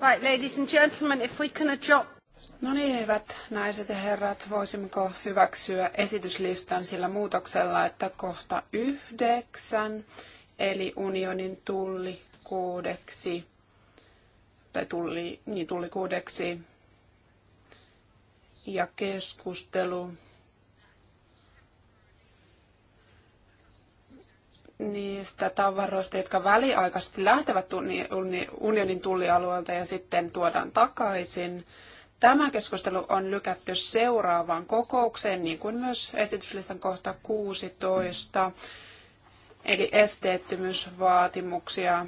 Right, ladies and gentlemen, if we can adjourn. No niin, hyvät naiset ja herrat, voisimmeko hyväksyä esityslistan sillä muutoksella, että kohta yhdeksän, eli unionin tulli kuudeksi, tai tulli, niin tulli kuudeksi, ja keskustelu niistä tavaroista, jotka väliaikaisesti lähtevät unionin tullialueelta ja sitten tuodaan takaisin. Tämä keskustelu on lykätty seuraavaan kokoukseen, niin kuin myös esityslistan kohta 16, eli esteettömyysvaatimuksia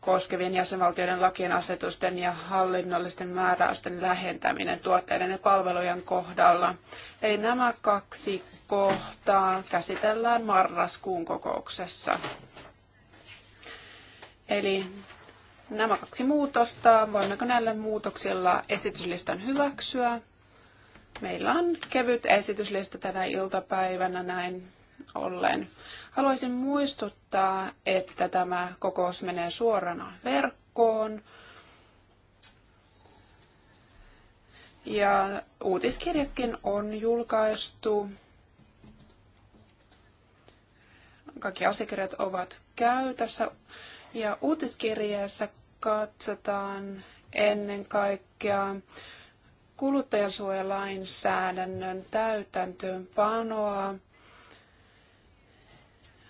koskevien jäsenvaltioiden lakien asetusten ja hallinnollisten määräysten lähentäminen tuotteiden ja palvelujen kohdalla. Eli nämä kaksi kohtaa käsitellään marraskuun kokouksessa. Eli nämä kaksi muutosta, voimmeko näillä muutoksilla esityslistan hyväksyä? Meillä on kevyt esityslista tänä iltapäivänä näin ollen. Haluaisin muistuttaa, että tämä kokous menee suorana verkkoon. Ja uutiskirjakin on julkaistu kaikki asiakirjat ovat käytössä. Ja uutiskirjeessä katsotaan ennen kaikkea kuluttajansuojalainsäädännön täytäntöönpanoa.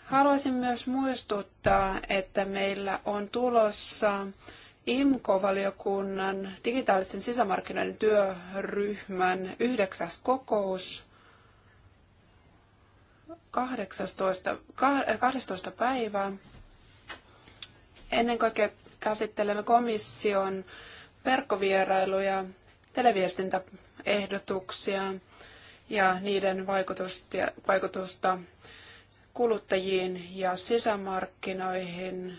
Haluaisin myös muistuttaa, että meillä on tulossa IMKO-valiokunnan digitaalisten sisämarkkinoiden työryhmän yhdeksäs kokous. 18, 12 eh, päivää. Ennen kaikkea käsittelemme komission verkkovierailuja, televiestintäehdotuksia ja niiden vaikutusta kuluttajiin ja sisämarkkinoihin.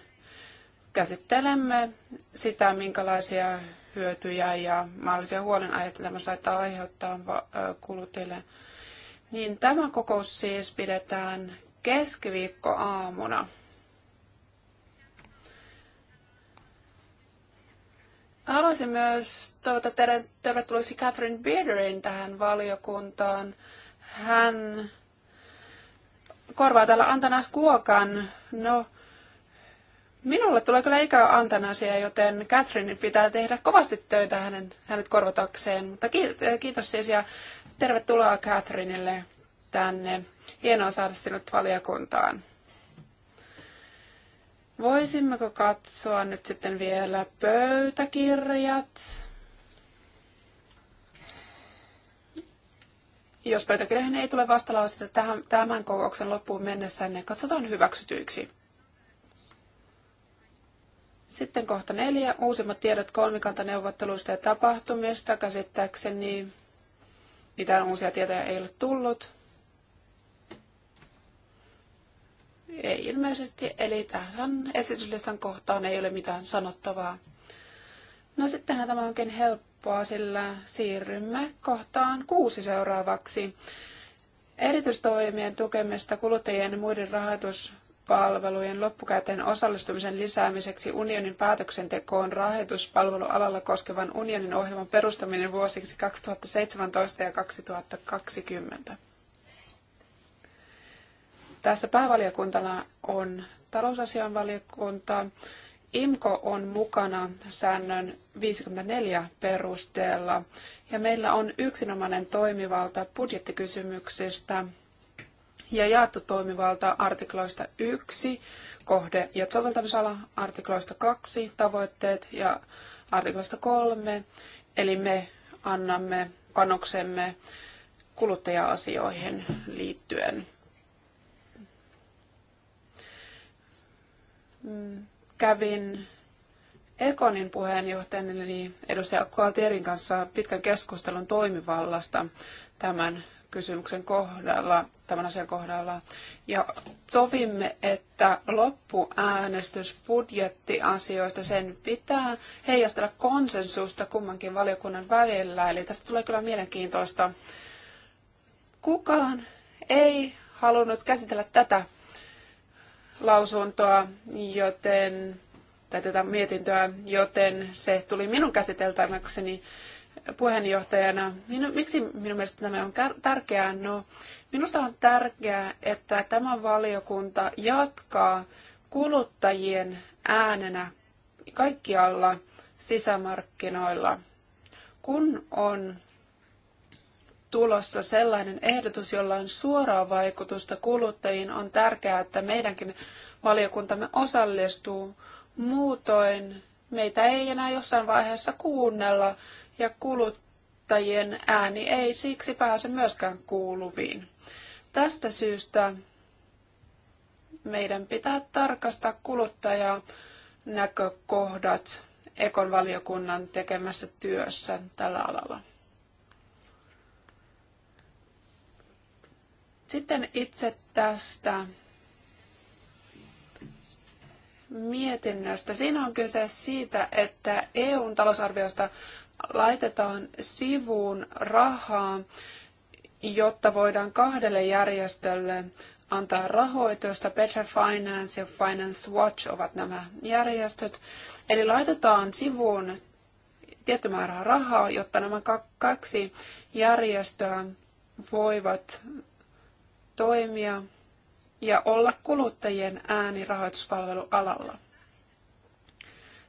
Käsittelemme sitä, minkälaisia hyötyjä ja mahdollisia huolenaiheita tämä saattaa aiheuttaa kuluttajille niin tämä kokous siis pidetään keskiviikkoaamuna. Haluaisin myös toivottaa teidän tervetulleeksi Catherine Bearderin tähän valiokuntaan. Hän korvaa täällä Antanas Kuokan. No, Minulle tulee kyllä ikävä asia, joten Catherine pitää tehdä kovasti töitä hänen, hänet korvatakseen. Mutta kiitos siis ja tervetuloa Catherineille tänne. Hienoa saada sinut valiokuntaan. Voisimmeko katsoa nyt sitten vielä pöytäkirjat? Jos pöytäkirjoihin ei tule vastalausetta tämän kokouksen loppuun mennessä, niin katsotaan hyväksytyiksi. Sitten kohta neljä, uusimmat tiedot kolmikantaneuvotteluista ja tapahtumista. Käsittääkseni mitään uusia tietoja ei ole tullut. Ei ilmeisesti, eli tähän esityslistan kohtaan ei ole mitään sanottavaa. No sittenhän tämä onkin helppoa, sillä siirrymme kohtaan kuusi seuraavaksi. Erityistoimien tukemista kuluttajien ja muiden rahoitus palvelujen loppukäyteen osallistumisen lisäämiseksi unionin päätöksentekoon rahoituspalvelualalla koskevan unionin ohjelman perustaminen vuosiksi 2017 ja 2020. Tässä päävaliokuntana on talousasiainvaliokunta. IMKO on mukana säännön 54 perusteella ja meillä on yksinomainen toimivalta budjettikysymyksistä – ja jaettu toimivalta artikloista 1, kohde ja soveltamisala, artikloista 2, tavoitteet ja artikloista 3, eli me annamme panoksemme kuluttaja-asioihin liittyen. Kävin Ekonin puheenjohtajan eli edustaja Koaltierin kanssa pitkän keskustelun toimivallasta tämän kysymyksen kohdalla, tämän asian kohdalla. Ja sovimme, että loppuäänestys budjettiasioista, sen pitää heijastella konsensusta kummankin valiokunnan välillä. Eli tästä tulee kyllä mielenkiintoista. Kukaan ei halunnut käsitellä tätä lausuntoa, joten, tai tätä mietintöä, joten se tuli minun käsiteltäväkseni puheenjohtajana. Minu, miksi minun mielestä tämä on tärkeää? No, minusta on tärkeää, että tämä valiokunta jatkaa kuluttajien äänenä kaikkialla sisämarkkinoilla. Kun on tulossa sellainen ehdotus, jolla on suoraa vaikutusta kuluttajiin, on tärkeää, että meidänkin valiokuntamme osallistuu. Muutoin meitä ei enää jossain vaiheessa kuunnella ja kuluttajien ääni ei siksi pääse myöskään kuuluviin. Tästä syystä meidän pitää tarkastaa kuluttajanäkökohdat Ekon valiokunnan tekemässä työssä tällä alalla. Sitten itse tästä mietinnöstä. Siinä on kyse siitä, että EUn talousarviosta laitetaan sivuun rahaa, jotta voidaan kahdelle järjestölle antaa rahoitusta. Better Finance ja Finance Watch ovat nämä järjestöt. Eli laitetaan sivuun tietty määrä rahaa, jotta nämä kaksi järjestöä voivat toimia ja olla kuluttajien ääni rahoituspalvelualalla.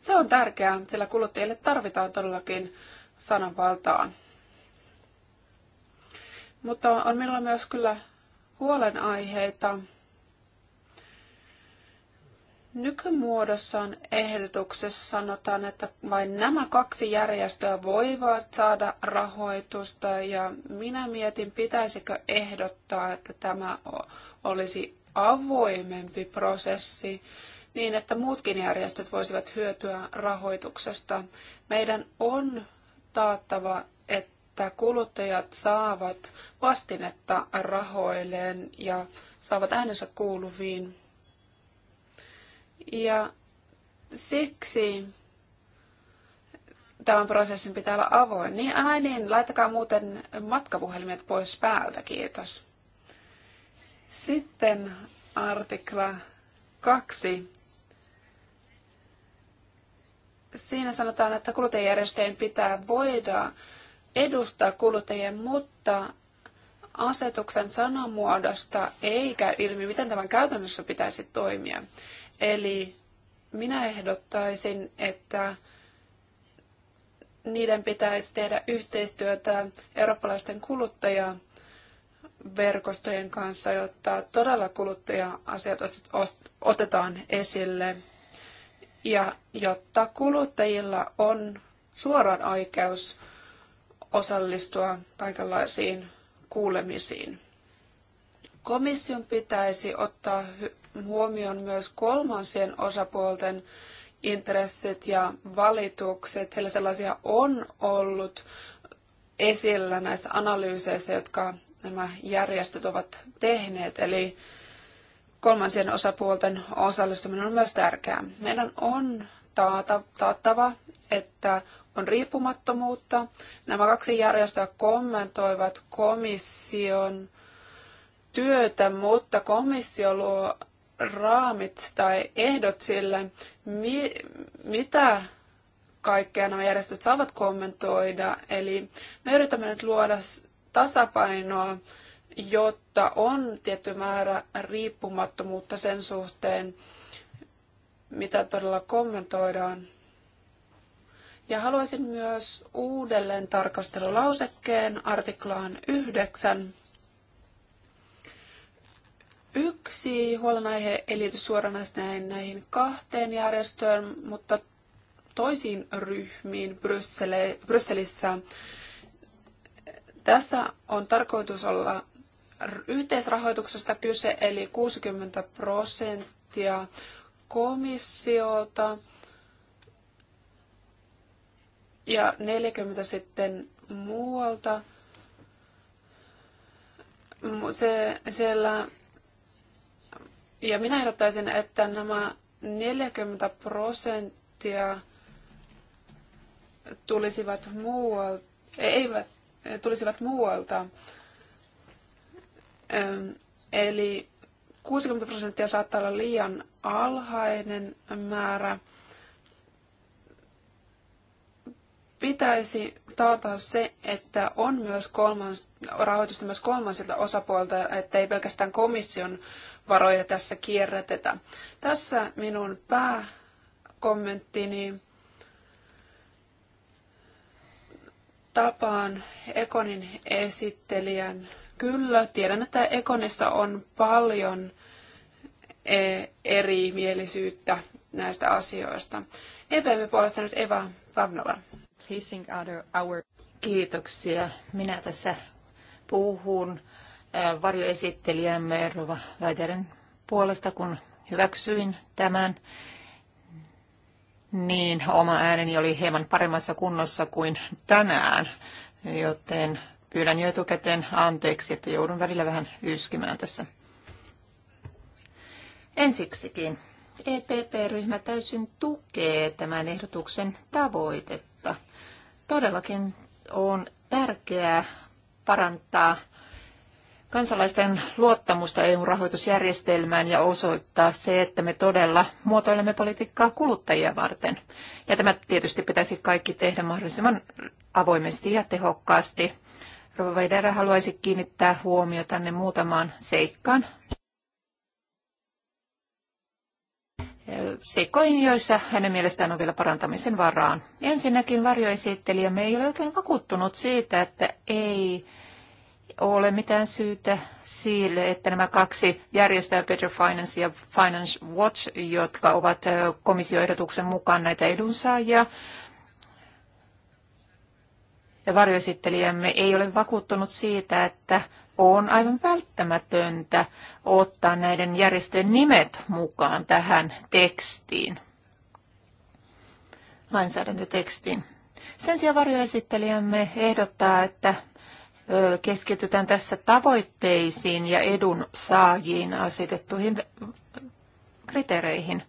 Se on tärkeää, sillä kuluttajille tarvitaan todellakin sananvaltaa. Mutta on minulla myös kyllä huolenaiheita. Nykymuodossaan ehdotuksessa sanotaan, että vain nämä kaksi järjestöä voivat saada rahoitusta ja minä mietin, pitäisikö ehdottaa, että tämä olisi avoimempi prosessi niin, että muutkin järjestöt voisivat hyötyä rahoituksesta. Meidän on taattava, että kuluttajat saavat vastinetta rahoilleen ja saavat äänensä kuuluviin. Ja siksi tämän prosessin pitää olla avoin. Niin, ai niin, laittakaa muuten matkapuhelimet pois päältä, kiitos. Sitten artikla kaksi siinä sanotaan, että kuluttajajärjestöjen pitää voida edustaa kuluttajien, mutta asetuksen sanamuodosta ei käy ilmi, miten tämän käytännössä pitäisi toimia. Eli minä ehdottaisin, että niiden pitäisi tehdä yhteistyötä eurooppalaisten kuluttajaverkostojen kanssa, jotta todella kuluttaja-asiat otetaan esille ja jotta kuluttajilla on suoran oikeus osallistua kaikenlaisiin kuulemisiin. Komission pitäisi ottaa huomioon myös kolmansien osapuolten intressit ja valitukset, sillä sellaisia on ollut esillä näissä analyyseissä, jotka nämä järjestöt ovat tehneet. Eli kolmansien osapuolten osallistuminen on myös tärkeää. Meidän on taattava, että on riippumattomuutta. Nämä kaksi järjestöä kommentoivat komission työtä, mutta komissio luo raamit tai ehdot sille, mi- mitä kaikkea nämä järjestöt saavat kommentoida. Eli me yritämme nyt luoda tasapainoa jotta on tietty määrä riippumattomuutta sen suhteen, mitä todella kommentoidaan. Ja haluaisin myös uudelleen tarkastelulausekkeen artiklaan 9. Yksi huolenaihe ei liity suoranaisesti näihin, näihin kahteen järjestöön, mutta toisiin ryhmiin Brysselissä. Tässä on tarkoitus olla yhteisrahoituksesta kyse, eli 60 prosenttia komissiolta ja 40 sitten muualta. Se, siellä, ja minä ehdottaisin, että nämä 40 prosenttia tulisivat muualta, e- eivät, tulisivat muualta. Eli 60 prosenttia saattaa olla liian alhainen määrä. Pitäisi taata se, että on myös kolmans, rahoitusta myös kolmansilta osapuolta, ettei pelkästään komission varoja tässä kierrätetä. Tässä minun pääkommenttini tapaan Ekonin esittelijän Kyllä, tiedän, että Ekonissa on paljon e, eri mielisyyttä näistä asioista. EPM puolesta nyt Eva Pavnova. Kiitoksia. Minä tässä puhun varjoesittelijämme Rova Väiteren puolesta, kun hyväksyin tämän. Niin, oma ääneni oli hieman paremmassa kunnossa kuin tänään, joten Pyydän jo etukäteen anteeksi, että joudun välillä vähän yskimään tässä. Ensiksikin EPP-ryhmä täysin tukee tämän ehdotuksen tavoitetta. Todellakin on tärkeää parantaa kansalaisten luottamusta EU-rahoitusjärjestelmään ja osoittaa se, että me todella muotoilemme politiikkaa kuluttajia varten. Ja tämä tietysti pitäisi kaikki tehdä mahdollisimman avoimesti ja tehokkaasti Rova Vedera haluaisi kiinnittää huomiota tänne muutamaan seikkaan. Seikkoihin, joissa hänen mielestään on vielä parantamisen varaan. Ensinnäkin me ei ole oikein vakuuttunut siitä, että ei ole mitään syytä sille, että nämä kaksi järjestöä, Better Finance ja Finance Watch, jotka ovat komissioehdotuksen mukaan näitä edunsaajia, varjoesittelijämme ei ole vakuuttunut siitä, että on aivan välttämätöntä ottaa näiden järjestöjen nimet mukaan tähän tekstiin, lainsäädäntötekstiin. Sen sijaan varjoesittelijämme ehdottaa, että keskitytään tässä tavoitteisiin ja edun saajiin asetettuihin kriteereihin.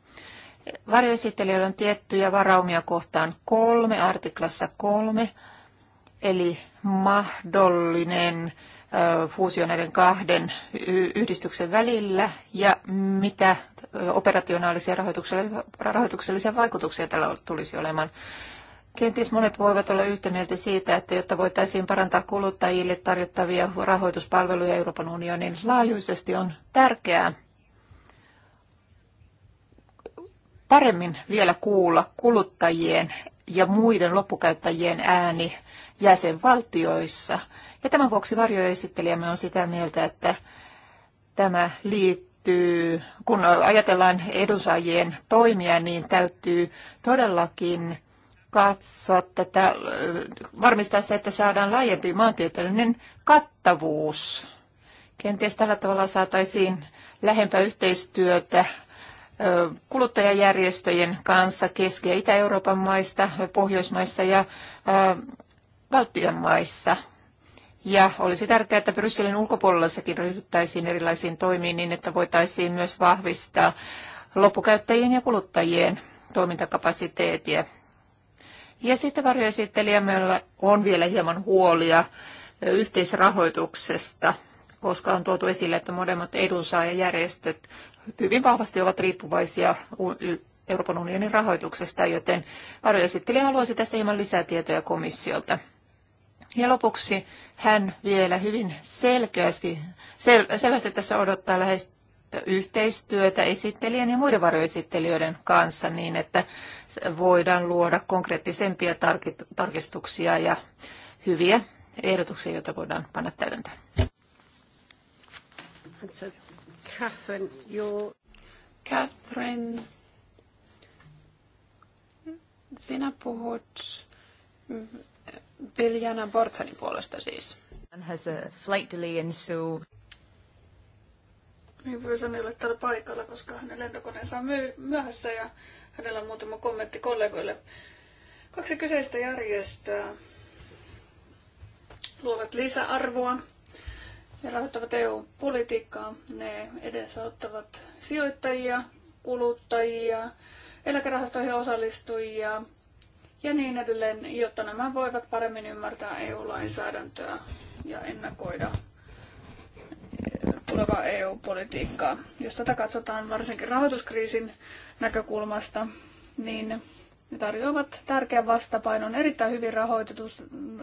Varjoesittelijöillä on tiettyjä varaumia kohtaan kolme, artiklassa kolme – eli mahdollinen fuusio näiden kahden yhdistyksen välillä ja mitä operationaalisia rahoituksellisia vaikutuksia tällä tulisi olemaan. Kenties monet voivat olla yhtä mieltä siitä, että jotta voitaisiin parantaa kuluttajille tarjottavia rahoituspalveluja Euroopan unionin laajuisesti on tärkeää paremmin vielä kuulla kuluttajien ja muiden loppukäyttäjien ääni jäsenvaltioissa. Ja tämän vuoksi varjoesittelijämme on sitä mieltä, että tämä liittyy, kun ajatellaan edunsaajien toimia, niin täytyy todellakin katsoa tätä, varmistaa se, että saadaan laajempi maantieteellinen kattavuus. Kenties tällä tavalla saataisiin lähempää yhteistyötä kuluttajajärjestöjen kanssa Keski- ja Itä-Euroopan maista, Pohjoismaissa ja Baltian maissa. Ja olisi tärkeää, että Brysselin ulkopuolellakin ryhdyttäisiin erilaisiin toimiin niin, että voitaisiin myös vahvistaa loppukäyttäjien ja kuluttajien toimintakapasiteetia. Ja sitten varjoesittelijämme on vielä hieman huolia yhteisrahoituksesta, koska on tuotu esille, että molemmat edunsaajajärjestöt hyvin vahvasti ovat riippuvaisia Euroopan unionin rahoituksesta, joten varjoesittelijä haluaisi tästä hieman lisää tietoja komissiolta. Ja lopuksi hän vielä hyvin selkeästi, sel, selvästi tässä odottaa lähes yhteistyötä esittelijän ja muiden varjoesittelijöiden kanssa niin, että voidaan luoda konkreettisempia tarkistuksia ja hyviä ehdotuksia, joita voidaan panna täytäntöön. Catherine, Catherine, sinä puhut Biljana Bortsanin puolesta siis. And has a flight delay and so... Niin Wilson ei ole täällä paikalla, koska hänen lentokoneensa on myy- myöhässä ja hänellä on muutama kommentti kollegoille. Kaksi kyseistä järjestöä luovat lisäarvoa ja rahoittavat EU-politiikkaa. Ne edesauttavat sijoittajia, kuluttajia, eläkerahastoihin osallistujia, ja niin edelleen, jotta nämä voivat paremmin ymmärtää EU-lainsäädäntöä ja ennakoida eh, tulevaa EU-politiikkaa. Jos tätä katsotaan varsinkin rahoituskriisin näkökulmasta, niin ne tarjoavat tärkeän vastapainon erittäin hyvin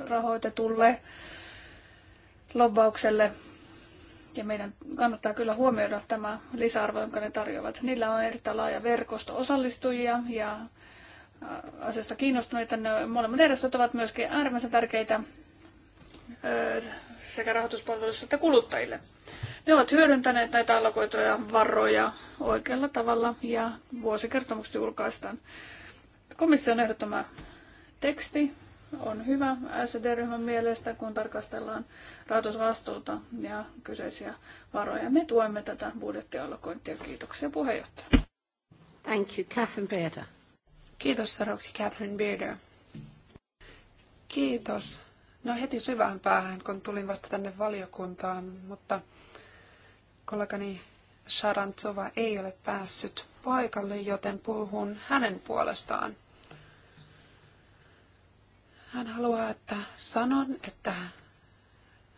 rahoitetulle lobbaukselle. Ja meidän kannattaa kyllä huomioida tämä lisäarvo, jonka ne tarjoavat. Niillä on erittäin laaja verkosto osallistujia ja asiasta kiinnostuneita. Ne molemmat järjestöt ovat myöskin äärimmäisen tärkeitä sekä rahoituspalveluissa että kuluttajille. Ne ovat hyödyntäneet näitä allokoituja varoja oikealla tavalla ja vuosikertomukset julkaistaan. Komission ehdottama teksti on hyvä SD-ryhmän mielestä, kun tarkastellaan rahoitusvastuuta ja kyseisiä varoja. Me tuemme tätä budjettiallokointia. Kiitoksia puheenjohtaja. Thank you, Catherine Beata. Kiitos seuraavaksi Catherine Bearder. Kiitos. No heti syvään päähän, kun tulin vasta tänne valiokuntaan, mutta kollegani Sharantsova ei ole päässyt paikalle, joten puhun hänen puolestaan. Hän haluaa, että sanon, että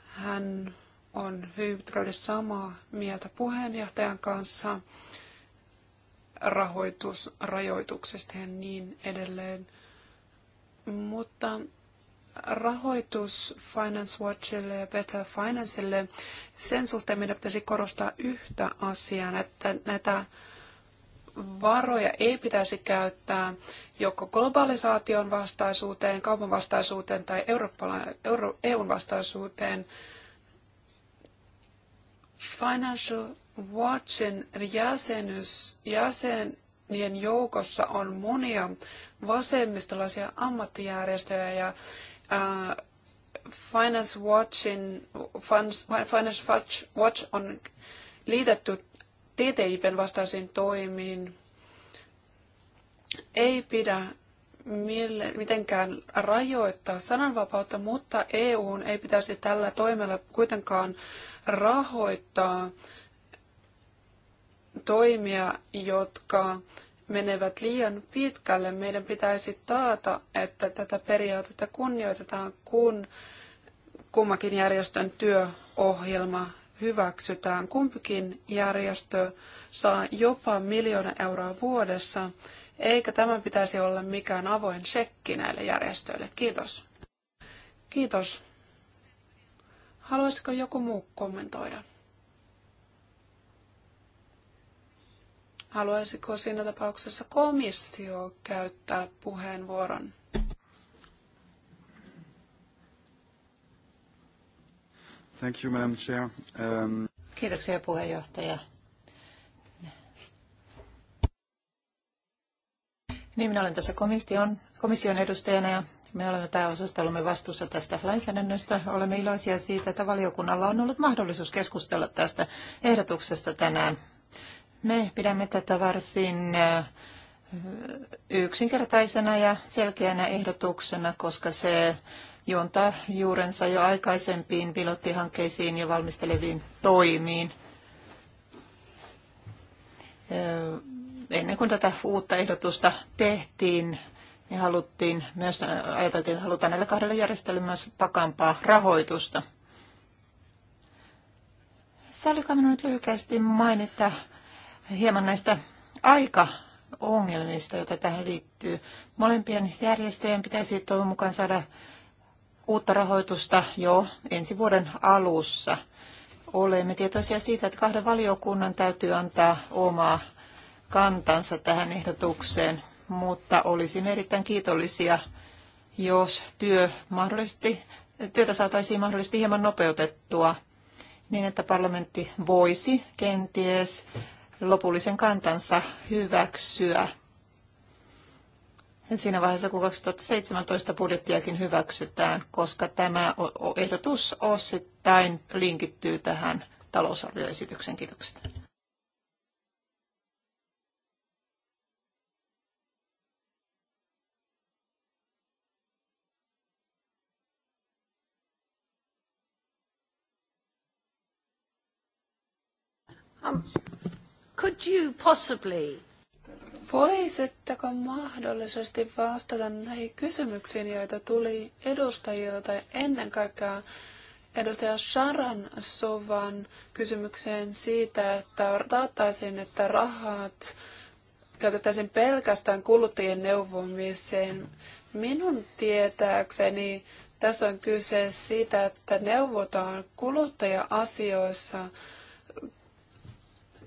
hän on hyvin pitkälti samaa mieltä puheenjohtajan kanssa rahoitusrajoituksista ja niin edelleen. Mutta rahoitus Finance Watchille ja Better Financeille, sen suhteen meidän pitäisi korostaa yhtä asiaa, että näitä varoja ei pitäisi käyttää joko globalisaation vastaisuuteen, kaupan vastaisuuteen tai Euro, EUn vastaisuuteen. Financial Watchin jäsenyys, jäsenien joukossa on monia vasemmistolaisia ammattijärjestöjä ja ää, äh, Finance Watchin, Finance Watch on liitetty TTIPn vastaisiin toimiin. Ei pidä mille, mitenkään rajoittaa sananvapautta, mutta EUn ei pitäisi tällä toimella kuitenkaan rahoittaa toimia, jotka menevät liian pitkälle. Meidän pitäisi taata, että tätä periaatetta kunnioitetaan, kun kummakin järjestön työohjelma hyväksytään. Kumpikin järjestö saa jopa miljoona euroa vuodessa, eikä tämä pitäisi olla mikään avoin sekki näille järjestöille. Kiitos. Kiitos. Haluaisiko joku muu kommentoida? Haluaisiko siinä tapauksessa komissio käyttää puheenvuoron? Thank you, Madam Chair. Um... Kiitoksia puheenjohtaja. Niin, minä olen tässä komission, komission edustajana ja me olemme olemme vastuussa tästä lainsäädännöstä. Olemme iloisia siitä, että valiokunnalla on ollut mahdollisuus keskustella tästä ehdotuksesta tänään me pidämme tätä varsin yksinkertaisena ja selkeänä ehdotuksena, koska se juontaa juurensa jo aikaisempiin pilottihankkeisiin ja valmisteleviin toimiin. Ennen kuin tätä uutta ehdotusta tehtiin, niin haluttiin myös, ajateltiin, että halutaan näille kahdelle järjestelylle myös takampaa rahoitusta. Sallikaa minun nyt lyhykäisesti mainita hieman näistä aikaongelmista, joita tähän liittyy. Molempien järjestöjen pitäisi toivon mukaan saada uutta rahoitusta jo ensi vuoden alussa. Olemme tietoisia siitä, että kahden valiokunnan täytyy antaa omaa kantansa tähän ehdotukseen, mutta olisimme erittäin kiitollisia, jos työ mahdollisesti, työtä saataisiin mahdollisesti hieman nopeutettua niin, että parlamentti voisi kenties lopullisen kantansa hyväksyä siinä vaiheessa, kun 2017 budjettiakin hyväksytään, koska tämä ehdotus osittain linkittyy tähän talousarvioesityksen. Kiitokset. Um, Could you possibly Voisitteko mahdollisesti vastata näihin kysymyksiin, joita tuli edustajilta ennen kaikkea edustaja Sharan Sovan kysymykseen siitä, että taattaisiin, että rahat käytettäisiin pelkästään kuluttajien neuvomiseen. Minun tietääkseni tässä on kyse siitä, että neuvotaan kuluttaja-asioissa –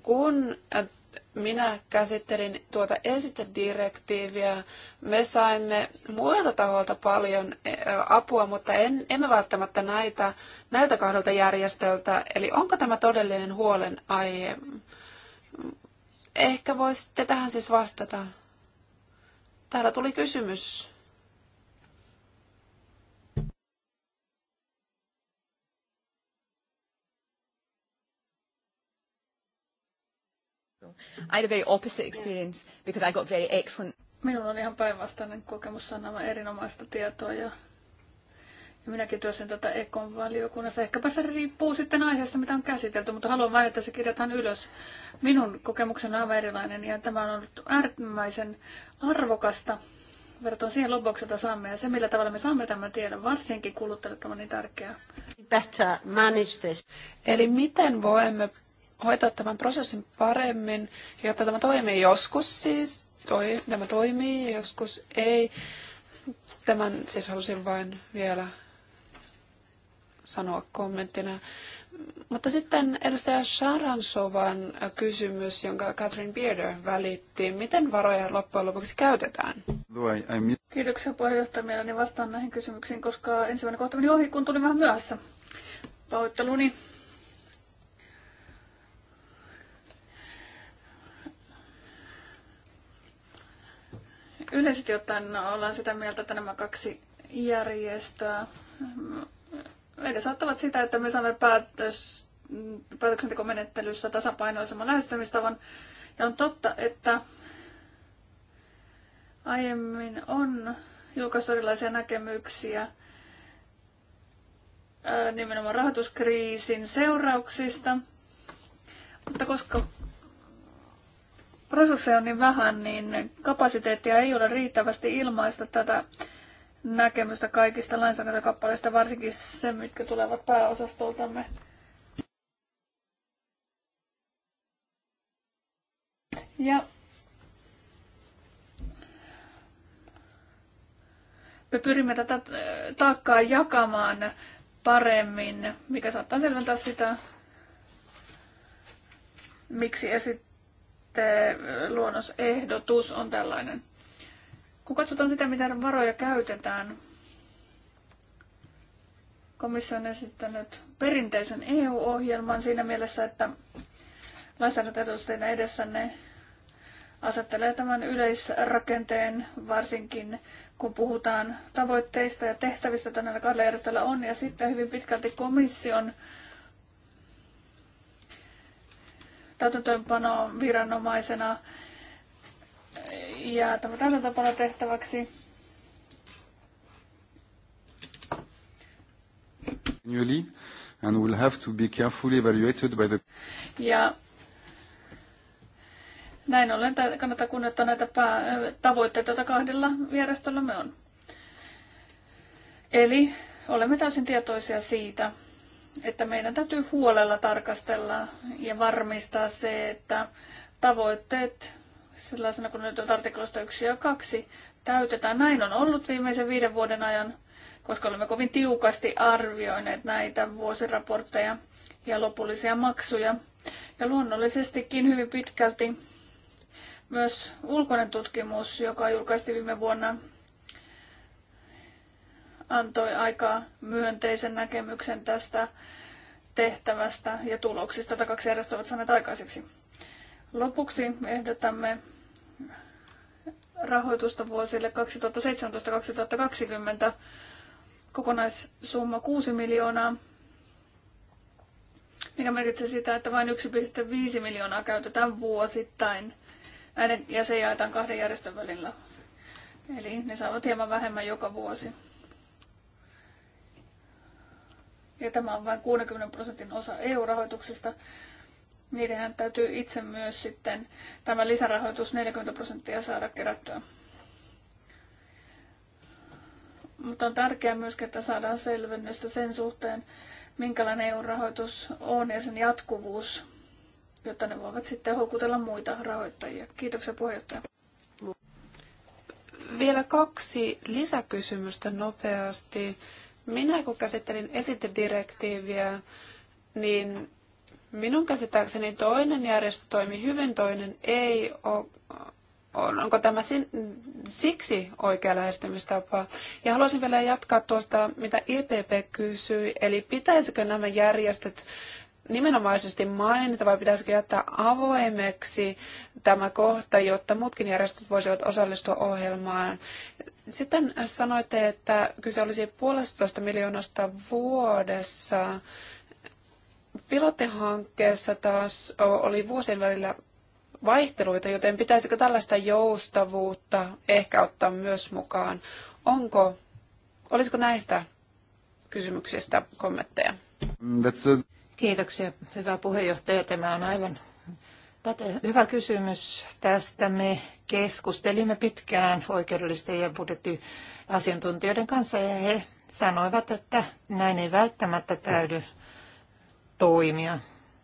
kun äh, minä käsittelin tuota esitedirektiiviä. Me saimme muilta taholta paljon äh, apua, mutta en, emme välttämättä näitä, näiltä kahdelta järjestöltä. Eli onko tämä todellinen huolenaihe? Ehkä voisitte tähän siis vastata. Täällä tuli kysymys. I had a very opposite experience because I got very excellent. Minulla on ihan päinvastainen kokemus, sain nämä erinomaista tietoa ja, ja minäkin työsin tätä Ekon valiokunnassa. Ehkäpä se riippuu sitten aiheesta, mitä on käsitelty, mutta haluan vain, että se kirjataan ylös. Minun kokemukseni on aivan erilainen ja tämä on ollut äärimmäisen arvokasta verrattuna siihen lopuksi, jota saamme ja se, millä tavalla me saamme tämän tiedon, varsinkin kuluttajille tämä on niin tärkeää. Better manage this. Eli miten voimme hoitaa tämän prosessin paremmin, jotta tämä toimii joskus siis, toi, tämä toimii joskus ei. Tämän siis halusin vain vielä sanoa kommenttina. Mutta sitten edustaja Sharansovan kysymys, jonka Catherine Bearder välitti. Miten varoja loppujen lopuksi käytetään? Kiitoksia puheenjohtaja mielelläni vastaan näihin kysymyksiin, koska ensimmäinen kohta meni ohi, kun tuli vähän myöhässä. Pahoitteluni. Yleisesti ottaen ollaan sitä mieltä, että nämä kaksi järjestöä mm, edesauttavat sitä, että me saamme päätös, päätöksentekomenettelyssä tasapainoisemman lähestymistavan. Ja on totta, että aiemmin on julkaistu erilaisia näkemyksiä nimenomaan rahoituskriisin seurauksista, mutta koska resursseja on niin vähän, niin kapasiteettia ei ole riittävästi ilmaista tätä näkemystä kaikista lainsäädäntökappaleista, varsinkin se, mitkä tulevat pääosastoltamme. Ja me pyrimme tätä äh, taakkaa jakamaan paremmin, mikä saattaa selventää sitä, miksi esittää sitten eh, luonnosehdotus on tällainen. Kun katsotaan sitä, miten varoja käytetään, komissio on esittänyt perinteisen EU-ohjelman siinä mielessä, että edessä ne asettelee tämän yleisrakenteen, varsinkin kun puhutaan tavoitteista ja tehtävistä, joita näillä kahdella järjestöllä on, ja sitten hyvin pitkälti komission täytäntöönpano viranomaisena ja tämä täytäntöönpano tehtäväksi. and will have to be carefully evaluated by the... Ja näin ollen kannattaa kunnioittaa näitä pää- tavoitteita, joita kahdella me on. Eli olemme täysin tietoisia siitä, että meidän täytyy huolella tarkastella ja varmistaa se, että tavoitteet sellaisena kuin nyt on artiklosta 1 ja 2 täytetään. Näin on ollut viimeisen viiden vuoden ajan, koska olemme kovin tiukasti arvioineet näitä vuosiraportteja ja lopullisia maksuja. Ja luonnollisestikin hyvin pitkälti myös ulkoinen tutkimus, joka julkaistiin viime vuonna, antoi aika myönteisen näkemyksen tästä tehtävästä ja tuloksista, joita kaksi järjestöä ovat saaneet aikaiseksi. Lopuksi ehdotamme rahoitusta vuosille 2017-2020 kokonaissumma 6 miljoonaa, mikä merkitsee sitä, että vain 1,5 miljoonaa käytetään vuosittain näiden, ja se jaetaan kahden järjestön välillä. Eli ne saavat hieman vähemmän joka vuosi. ja tämä on vain 60 prosentin osa EU-rahoituksesta, niidenhän täytyy itse myös sitten tämä lisärahoitus 40 prosenttia saada kerättyä. Mutta on tärkeää myös, että saadaan selvennystä sen suhteen, minkälainen EU-rahoitus on ja sen jatkuvuus, jotta ne voivat sitten houkutella muita rahoittajia. Kiitoksia puheenjohtaja. Vielä kaksi lisäkysymystä nopeasti. Minä kun käsittelin esitedirektiiviä, niin minun käsittääkseni toinen järjestö toimi hyvin, toinen ei. onko tämä siksi oikea lähestymistapa? Ja haluaisin vielä jatkaa tuosta, mitä IPP kysyi, eli pitäisikö nämä järjestöt nimenomaisesti mainita vai pitäisikö jättää avoimeksi tämä kohta, jotta muutkin järjestöt voisivat osallistua ohjelmaan. Sitten sanoitte, että kyse olisi puolestoista miljoonasta vuodessa. Pilottihankkeessa taas oli vuosien välillä vaihteluita, joten pitäisikö tällaista joustavuutta ehkä ottaa myös mukaan? Onko, olisiko näistä kysymyksistä kommentteja? Mm, Kiitoksia, hyvä puheenjohtaja. Tämä on aivan Tätä, hyvä kysymys. Tästä me keskustelimme pitkään oikeudellisten ja budjettiasiantuntijoiden kanssa ja he sanoivat, että näin ei välttämättä täydy toimia.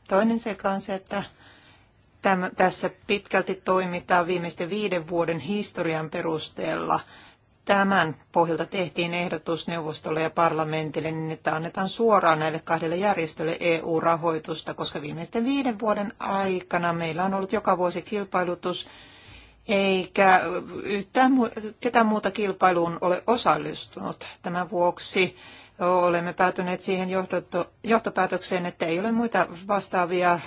Toinen sekä on se, että täm, tässä pitkälti toimitaan viimeisten viiden vuoden historian perusteella – tämän pohjalta tehtiin ehdotus neuvostolle ja parlamentille, niin että annetaan suoraan näille kahdelle järjestölle EU-rahoitusta, koska viimeisten viiden vuoden aikana meillä on ollut joka vuosi kilpailutus, eikä yhtään ketään muuta kilpailuun ole osallistunut. Tämän vuoksi olemme päätyneet siihen johtopäätökseen, että ei ole muita vastaavia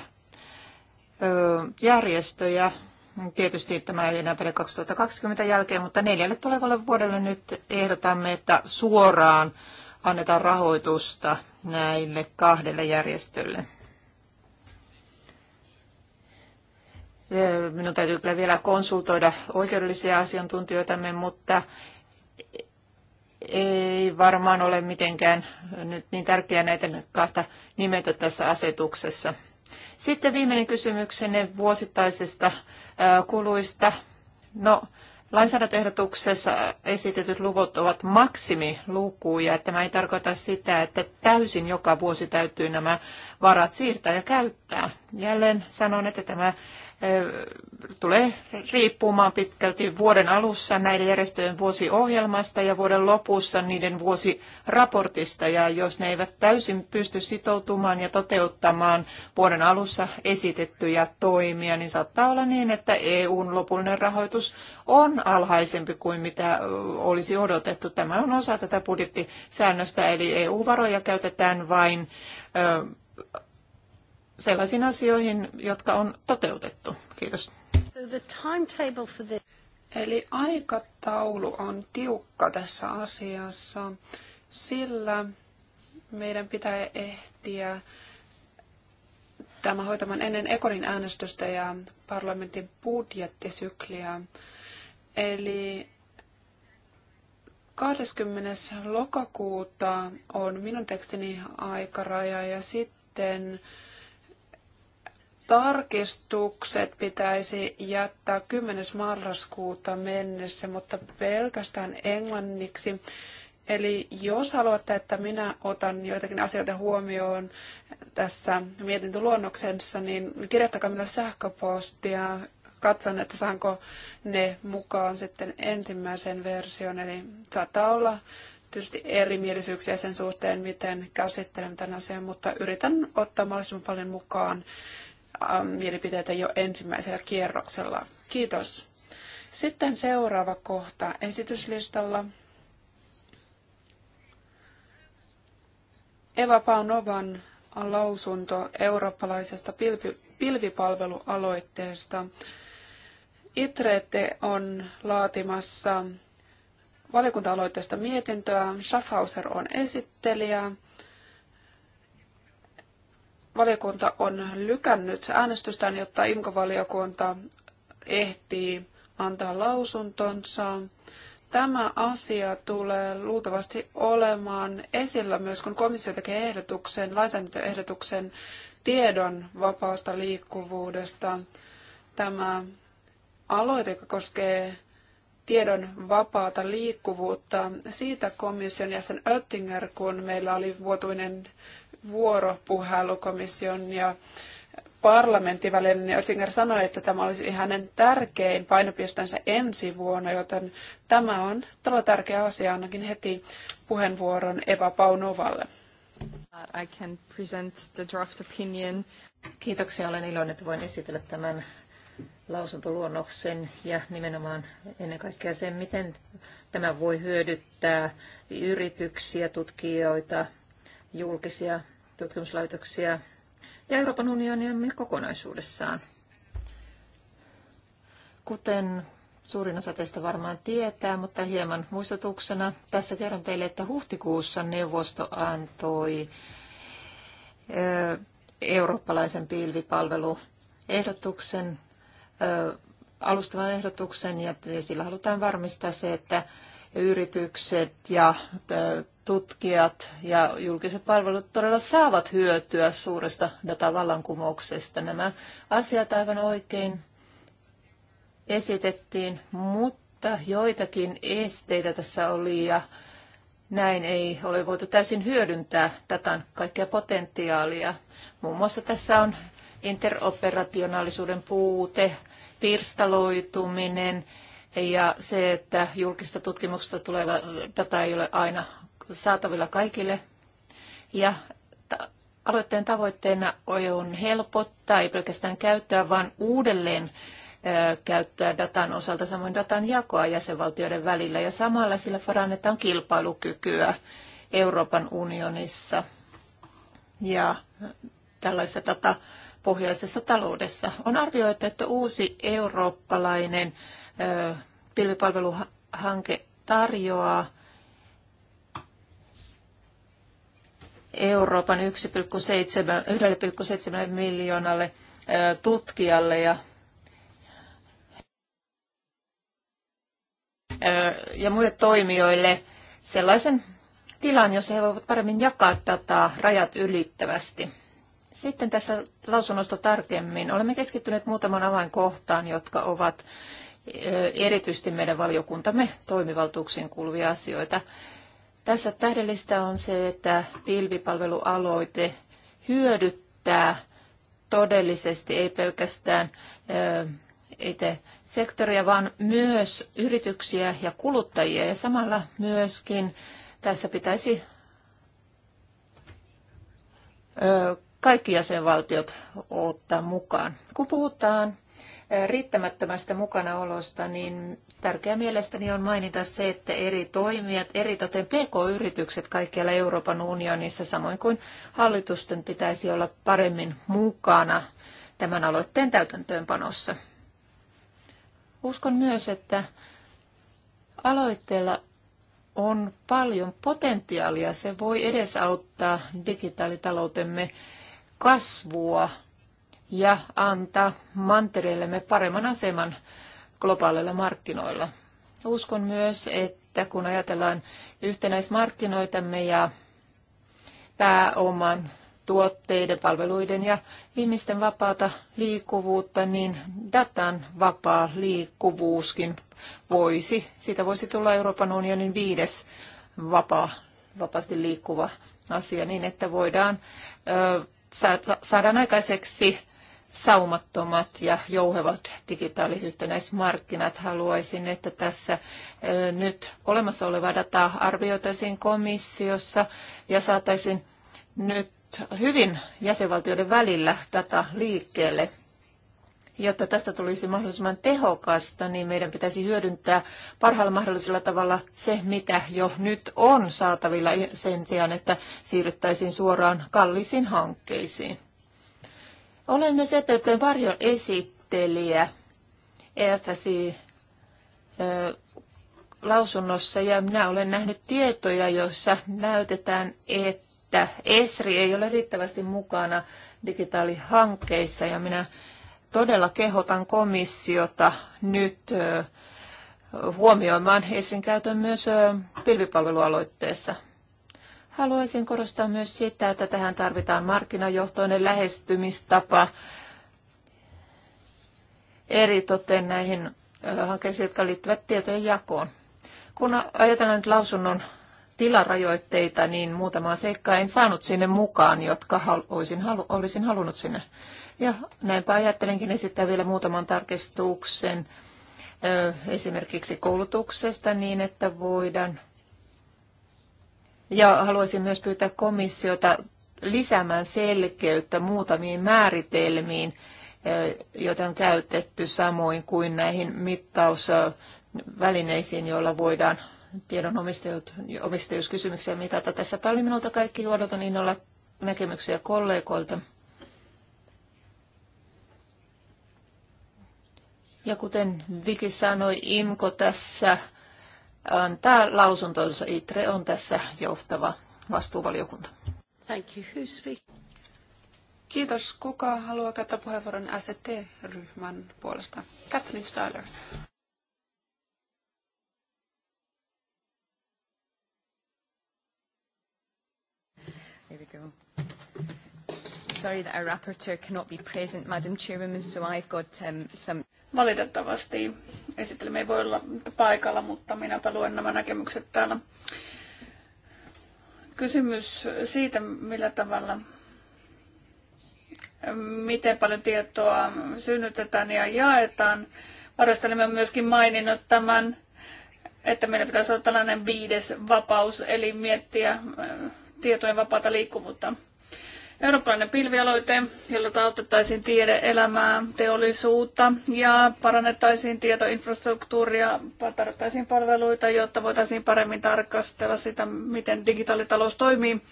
järjestöjä Tietysti tämä ei enää pidä 2020 jälkeen, mutta neljälle tulevalle vuodelle nyt ehdotamme, että suoraan annetaan rahoitusta näille kahdelle järjestölle. Minun täytyy kyllä vielä konsultoida oikeudellisia asiantuntijoitamme, mutta ei varmaan ole mitenkään nyt niin tärkeää näitä kahta nimetä tässä asetuksessa. Sitten viimeinen kysymyksenne vuosittaisesta kuluista. No, lainsäädäntöehdotuksessa esitetyt luvut ovat maksimilukuja. Tämä ei tarkoita sitä, että täysin joka vuosi täytyy nämä varat siirtää ja käyttää. Jälleen sanon, että tämä tulee riippumaan pitkälti vuoden alussa näiden järjestöjen vuosiohjelmasta ja vuoden lopussa niiden vuosiraportista. Ja jos ne eivät täysin pysty sitoutumaan ja toteuttamaan vuoden alussa esitettyjä toimia, niin saattaa olla niin, että EUn lopullinen rahoitus on alhaisempi kuin mitä olisi odotettu. Tämä on osa tätä budjettisäännöstä, eli EU-varoja käytetään vain sellaisiin asioihin, jotka on toteutettu. Kiitos. Eli aikataulu on tiukka tässä asiassa, sillä meidän pitää ehtiä tämä hoitamaan ennen Ekonin äänestystä ja parlamentin budjettisykliä. Eli 20. lokakuuta on minun tekstini aikaraja ja sitten tarkistukset pitäisi jättää 10. marraskuuta mennessä, mutta pelkästään englanniksi. Eli jos haluatte, että minä otan joitakin asioita huomioon tässä mietintöluonnoksessa, niin kirjoittakaa minulle sähköpostia. Katson, että saanko ne mukaan sitten ensimmäiseen versioon. Eli saattaa olla tietysti erimielisyyksiä sen suhteen, miten käsittelemme tämän asian, mutta yritän ottaa mahdollisimman paljon mukaan Ähm, mielipiteitä jo ensimmäisellä kierroksella. Kiitos. Sitten seuraava kohta esityslistalla. Eva Paunovan lausunto eurooppalaisesta pilvi, pilvipalvelualoitteesta. Itrete on laatimassa valiokunta-aloitteesta mietintöä. Schaffhauser on esittelijä valiokunta on lykännyt äänestystään, jotta imco valiokunta ehtii antaa lausuntonsa. Tämä asia tulee luultavasti olemaan esillä myös, kun komissio tekee ehdotuksen, lainsäädäntöehdotuksen tiedon vapaasta liikkuvuudesta. Tämä aloite, joka koskee tiedon vapaata liikkuvuutta. Siitä komission jäsen Oettinger, kun meillä oli vuotuinen vuoropuhelu komission ja parlamentin välillä, niin Oettinger sanoi, että tämä olisi hänen tärkein painopisteensä ensi vuonna, joten tämä on todella tärkeä asia ainakin heti puheenvuoron Eva Paunovalle. I can present the draft opinion. Kiitoksia, olen iloinen, että voin esitellä tämän lausuntoluonnoksen ja nimenomaan ennen kaikkea sen, miten tämä voi hyödyttää yrityksiä, tutkijoita, julkisia tutkimuslaitoksia ja Euroopan unionia kokonaisuudessaan. Kuten suurin osa teistä varmaan tietää, mutta hieman muistutuksena tässä kerron teille, että huhtikuussa neuvosto antoi eurooppalaisen pilvipalveluehdotuksen, alustavan ehdotuksen, ja sillä halutaan varmistaa se, että yritykset ja tutkijat ja julkiset palvelut todella saavat hyötyä suuresta datavallankumouksesta. Nämä asiat aivan oikein esitettiin, mutta joitakin esteitä tässä oli ja näin ei ole voitu täysin hyödyntää datan kaikkea potentiaalia. Muun muassa tässä on interoperationaalisuuden puute, pirstaloituminen, ja se, että julkista tutkimuksesta tuleva data ei ole aina saatavilla kaikille. Ja aloitteen tavoitteena on helpottaa, ei pelkästään käyttöä, vaan uudelleen käyttöä datan osalta, samoin datan jakoa jäsenvaltioiden välillä ja samalla sillä parannetaan kilpailukykyä Euroopan unionissa ja tällaisessa datapohjaisessa taloudessa. On arvioitu, että uusi eurooppalainen pilvipalveluhanke tarjoaa. Euroopan 1,7 miljoonalle tutkijalle ja ja muille toimijoille sellaisen tilan, jossa he voivat paremmin jakaa dataa rajat ylittävästi. Sitten tästä lausunnosta tarkemmin. Olemme keskittyneet muutaman avainkohtaan, jotka ovat erityisesti meidän valiokuntamme toimivaltuuksiin kuuluvia asioita. Tässä tähdellistä on se, että pilvipalvelualoite hyödyttää todellisesti ei pelkästään itse sektoria, vaan myös yrityksiä ja kuluttajia. Ja samalla myöskin tässä pitäisi kaikki jäsenvaltiot ottaa mukaan. Kun puhutaan riittämättömästä mukanaolosta, niin tärkeää mielestäni on mainita se, että eri toimijat, eri toten PK-yritykset kaikkialla Euroopan unionissa, samoin kuin hallitusten pitäisi olla paremmin mukana tämän aloitteen täytäntöönpanossa. Uskon myös, että aloitteella on paljon potentiaalia. Se voi edesauttaa digitaalitaloutemme kasvua ja antaa mantereillemme paremman aseman globaaleilla markkinoilla. Uskon myös, että kun ajatellaan yhtenäismarkkinoitamme ja pääoman, tuotteiden, palveluiden ja ihmisten vapaata liikkuvuutta, niin datan vapaa liikkuvuuskin voisi, siitä voisi tulla Euroopan unionin viides vapaa, vapaasti liikkuva asia niin, että voidaan ö, saada aikaiseksi saumattomat ja jouhevat digitaaliyhtenäismarkkinat. Haluaisin, että tässä nyt olemassa olevaa dataa arvioitaisiin komissiossa ja saataisiin nyt hyvin jäsenvaltioiden välillä data liikkeelle. Jotta tästä tulisi mahdollisimman tehokasta, niin meidän pitäisi hyödyntää parhaalla mahdollisella tavalla se, mitä jo nyt on saatavilla sen sijaan, että siirryttäisiin suoraan kallisiin hankkeisiin. Olen myös EPPn esittelijä EFSI lausunnossa ja minä olen nähnyt tietoja, joissa näytetään, että ESRI ei ole riittävästi mukana digitaalihankkeissa ja minä todella kehotan komissiota nyt huomioimaan ESRin käytön myös pilvipalvelualoitteessa. Haluaisin korostaa myös sitä, että tähän tarvitaan markkinajohtoinen lähestymistapa eri toteen näihin hankkeisiin, jotka liittyvät tietojen jakoon. Kun ajatellaan nyt lausunnon tilarajoitteita, niin muutamaa seikkaa en saanut sinne mukaan, jotka olisin, halu- olisin halunnut sinne. Ja näinpä ajattelenkin esittää vielä muutaman tarkistuksen esimerkiksi koulutuksesta niin, että voidaan ja haluaisin myös pyytää komissiota lisäämään selkeyttä muutamiin määritelmiin, joita on käytetty samoin kuin näihin mittausvälineisiin, joilla voidaan tiedon omistajuuskysymyksiä mitata. Tässä paljon minulta kaikki niin innolla näkemyksiä kollegoilta. Ja kuten Viki sanoi, IMKO tässä antaa lausuntonsa. ITRE on tässä johtava vastuuvaliokunta. Thank you. Kiitos. Kuka haluaa käyttää puheenvuoron ST-ryhmän puolesta? Katrin Styler. we go. Sorry that our rapporteur cannot be present, Madam Chairwoman, so I've got um, some... Valitettavasti esittelemme ei voi olla paikalla, mutta minäpä luen nämä näkemykset täällä. Kysymys siitä, millä tavalla miten paljon tietoa synnytetään ja jaetaan. Varastelemme on myöskin maininnut tämän, että meillä pitäisi olla tällainen viides vapaus, eli miettiä äh, tietojen vapaata liikkuvuutta. Eurooppalainen pilvialoite, jolla autettaisiin tiede-elämää, teollisuutta ja parannettaisiin tietoinfrastruktuuria, tarvittaisiin palveluita, jotta voitaisiin paremmin tarkastella sitä, miten digitaalitalous toimii.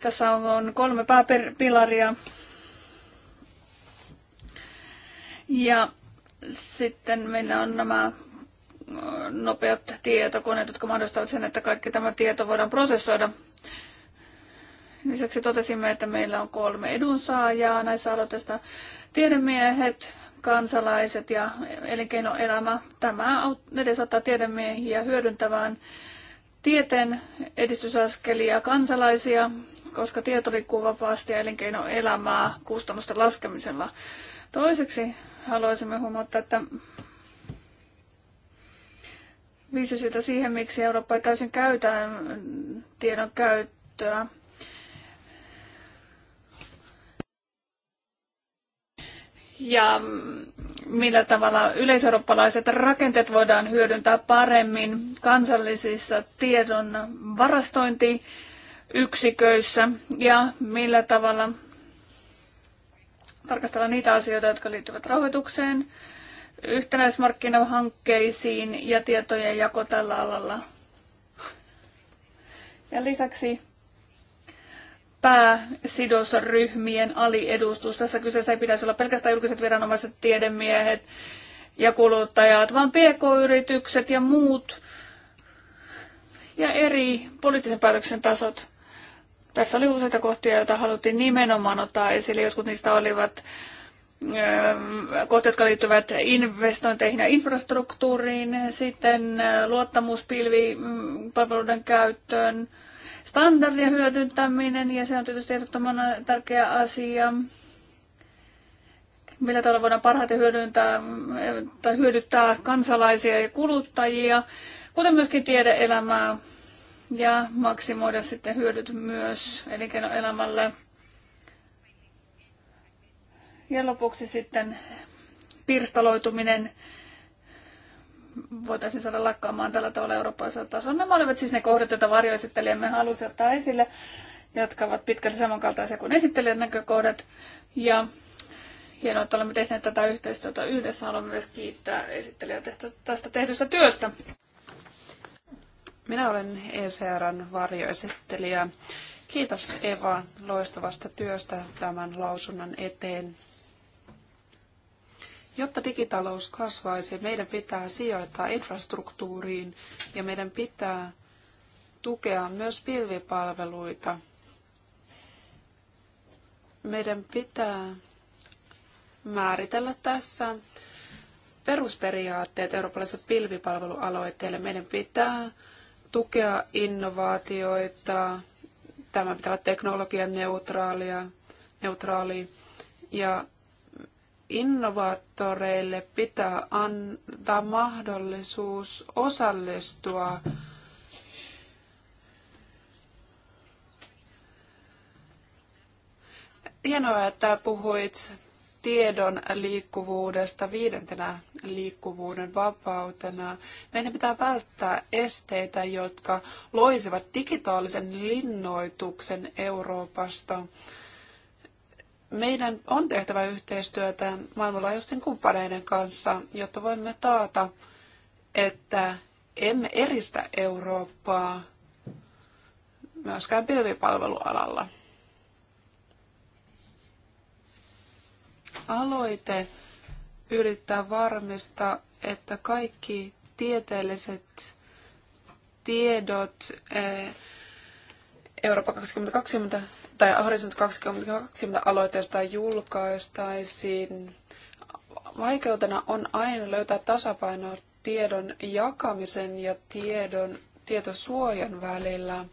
Tässä on kolme pääpilaria. Ja sitten meillä on nämä nopeat tietokoneet, jotka mahdollistavat sen, että kaikki tämä tieto voidaan prosessoida Lisäksi totesimme, että meillä on kolme edunsaajaa näissä aloitteista. Tiedemiehet, kansalaiset ja elinkeinoelämä. Tämä edesottaa tiedemiehiä hyödyntämään tieteen edistysaskelia kansalaisia, koska tieto liikkuu vapaasti ja elinkeinoelämää kustannusten laskemisella. Toiseksi haluaisimme huomauttaa, että viisi syytä siihen, miksi Eurooppa ei täysin käytä tiedon käyttöä. ja millä tavalla yleiseurooppalaiset rakenteet voidaan hyödyntää paremmin kansallisissa tiedon varastointiyksiköissä ja millä tavalla tarkastella niitä asioita, jotka liittyvät rahoitukseen, yhtenäismarkkinahankkeisiin ja tietojen jako tällä alalla. Ja lisäksi pääsidosryhmien aliedustus. Tässä kyseessä ei pitäisi olla pelkästään julkiset viranomaiset, tiedemiehet ja kuluttajat, vaan pk-yritykset ja muut ja eri poliittisen päätöksen tasot. Tässä oli useita kohtia, joita haluttiin nimenomaan ottaa esille. Jotkut niistä olivat kohteet, jotka liittyvät investointeihin ja infrastruktuuriin, sitten luottamuspilvipalveluiden mm, käyttöön, standardien hyödyntäminen ja se on tietysti ehdottoman tärkeä asia. Millä tavalla voidaan parhaiten hyödyntää, tai hyödyttää kansalaisia ja kuluttajia, kuten myöskin tiedeelämää ja maksimoida sitten hyödyt myös elinkeinoelämälle. Ja lopuksi sitten pirstaloituminen voitaisiin saada lakkaamaan tällä tavalla eurooppalaisella tasolla. Nämä olivat siis ne kohdat, joita varjoesittelijämme halusi ottaa esille, jotka ovat pitkälti samankaltaisia kuin esittelijän näkökohdat. Ja hienoa, että olemme tehneet tätä yhteistyötä yhdessä. Haluan myös kiittää esittelijää tästä tehdystä työstä. Minä olen ECRn varjoesittelijä. Kiitos Eva loistavasta työstä tämän lausunnon eteen. Jotta digitalous kasvaisi, meidän pitää sijoittaa infrastruktuuriin ja meidän pitää tukea myös pilvipalveluita. Meidän pitää määritellä tässä perusperiaatteet eurooppalaiselle pilvipalvelualoitteelle. Meidän pitää tukea innovaatioita, tämä pitää olla teknologian neutraalia, neutraali ja innovaattoreille pitää antaa mahdollisuus osallistua Hienoa, että puhuit tiedon liikkuvuudesta viidentenä liikkuvuuden vapautena. Meidän pitää välttää esteitä, jotka loisivat digitaalisen linnoituksen Euroopasta. Meidän on tehtävä yhteistyötä maailmanlaajuisten kumppaneiden kanssa, jotta voimme taata, että emme eristä Eurooppaa myöskään pilvipalvelualalla. Aloite yrittää varmistaa, että kaikki tieteelliset tiedot eh, Eurooppa 2020 tai Horizon 2020 aloitteesta julkaistaisiin. Vaikeutena on aina löytää tasapaino tiedon jakamisen ja tiedon, tietosuojan välillä.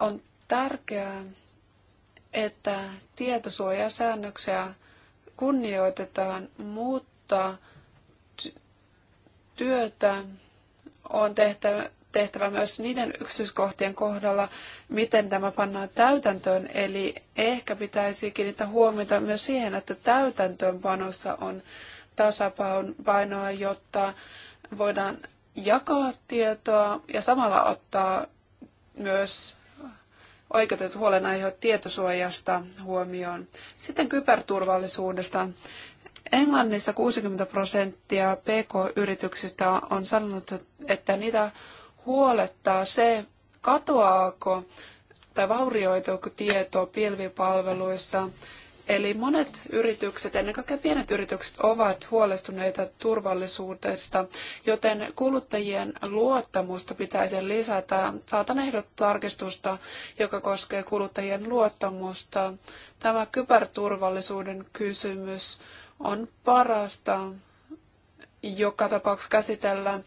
On tärkeää, että tietosuojasäännöksiä kunnioitetaan, mutta työtä on tehtävä tehtävä myös niiden yksityiskohtien kohdalla, miten tämä pannaan täytäntöön. Eli ehkä pitäisi kiinnittää huomiota myös siihen, että täytäntöönpanossa on tasapainoa, jotta voidaan jakaa tietoa ja samalla ottaa myös oikeutetut huolenaiheet tietosuojasta huomioon. Sitten kyberturvallisuudesta. Englannissa 60 prosenttia pk-yrityksistä on sanonut, että niitä huolettaa se, katoaako tai vaurioituuko tieto pilvipalveluissa. Eli monet yritykset, ennen kaikkea pienet yritykset, ovat huolestuneita turvallisuudesta, joten kuluttajien luottamusta pitäisi lisätä. Saatan ehdottaa tarkistusta, joka koskee kuluttajien luottamusta. Tämä kyberturvallisuuden kysymys on parasta joka tapauksessa käsitellä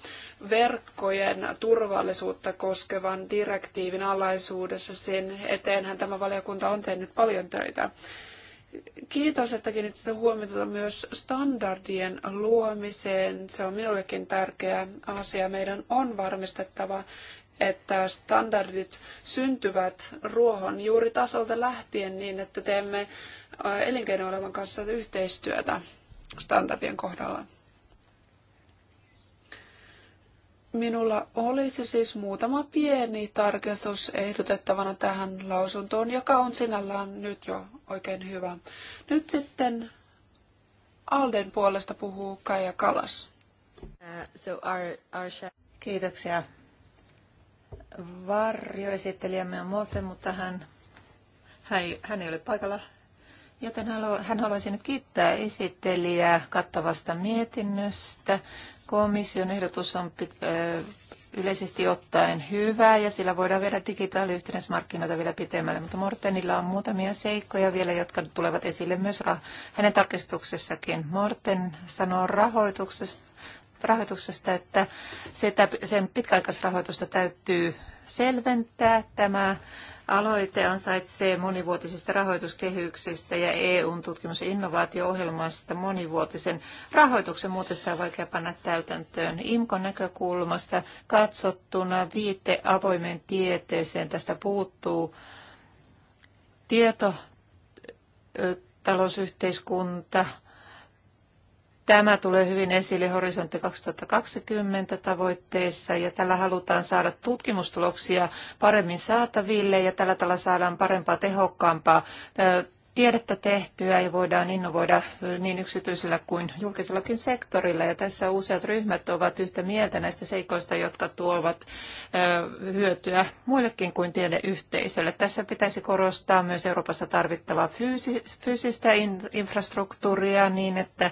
verkkojen turvallisuutta koskevan direktiivin alaisuudessa. Sen eteenhän tämä valiokunta on tehnyt paljon töitä. Kiitos, että kiinnititte huomiota myös standardien luomiseen. Se on minullekin tärkeä asia. Meidän on varmistettava, että standardit syntyvät ruohon juuri tasolta lähtien niin, että teemme elinkeinoelämän kanssa yhteistyötä standardien kohdalla. Minulla olisi siis muutama pieni tarkistus ehdotettavana tähän lausuntoon, joka on sinällään nyt jo oikein hyvä. Nyt sitten Alden puolesta puhuu Kaija Kalas. Uh, Kiitoksia. Varjoesittelijämme on Molte, mutta hän, hän, ei, hän ei ole paikalla. Joten hän haluaisi nyt kiittää esittelijää kattavasta mietinnöstä Komission ehdotus on yleisesti ottaen hyvä ja sillä voidaan viedä digitaaliyhteydensmarkkinoita vielä pitemmälle, mutta Mortenilla on muutamia seikkoja vielä, jotka tulevat esille myös hänen tarkistuksessakin. Morten sanoo rahoituksesta, rahoituksesta että sen pitkäaikaisrahoitusta täytyy selventää. Tämä Aloite ansaitsee monivuotisista rahoituskehyksistä ja EUn tutkimus- ja innovaatio-ohjelmasta monivuotisen rahoituksen. Muuten sitä on vaikea panna täytäntöön. IMKon näkökulmasta katsottuna viitte avoimeen tieteeseen. Tästä puuttuu tieto, talousyhteiskunta, Tämä tulee hyvin esille Horisontti 2020 tavoitteessa ja tällä halutaan saada tutkimustuloksia paremmin saataville ja tällä tavalla saadaan parempaa, tehokkaampaa tiedettä tehtyä ja voidaan innovoida niin yksityisellä kuin julkisellakin sektorilla. Ja tässä useat ryhmät ovat yhtä mieltä näistä seikoista, jotka tuovat hyötyä muillekin kuin tiedeyhteisölle. Tässä pitäisi korostaa myös Euroopassa tarvittavaa fyysistä infrastruktuuria niin, että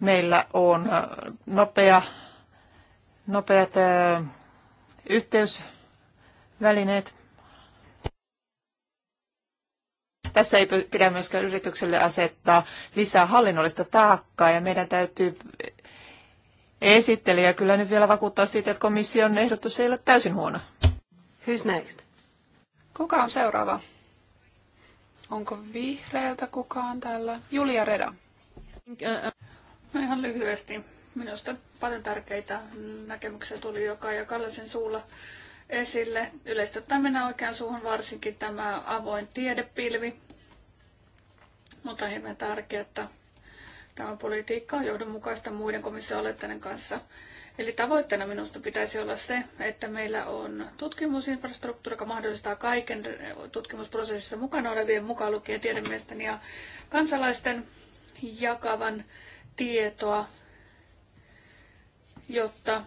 Meillä on äh, nopea, nopeat äh, yhteysvälineet. Tässä ei pidä myöskään yritykselle asettaa lisää hallinnollista taakkaa ja meidän täytyy esittelijä kyllä nyt vielä vakuuttaa siitä, että komission ehdotus ei ole täysin huono. Who's next? Kuka on seuraava? Onko vihreältä kukaan täällä? Julia Reda. Äh, No ihan lyhyesti. Minusta paljon tärkeitä näkemyksiä tuli joka ja Kallasin suulla esille. Yleisesti ottaen mennään oikean suuhun varsinkin tämä avoin tiedepilvi. Mutta on hirveän tärkeää, että tämä politiikka on johdonmukaista muiden komissioaletteiden kanssa. Eli tavoitteena minusta pitäisi olla se, että meillä on tutkimusinfrastruktuuri, joka mahdollistaa kaiken tutkimusprosessissa mukana olevien mukaan lukien tiedemiesten ja kansalaisten jakavan tietoa, jotta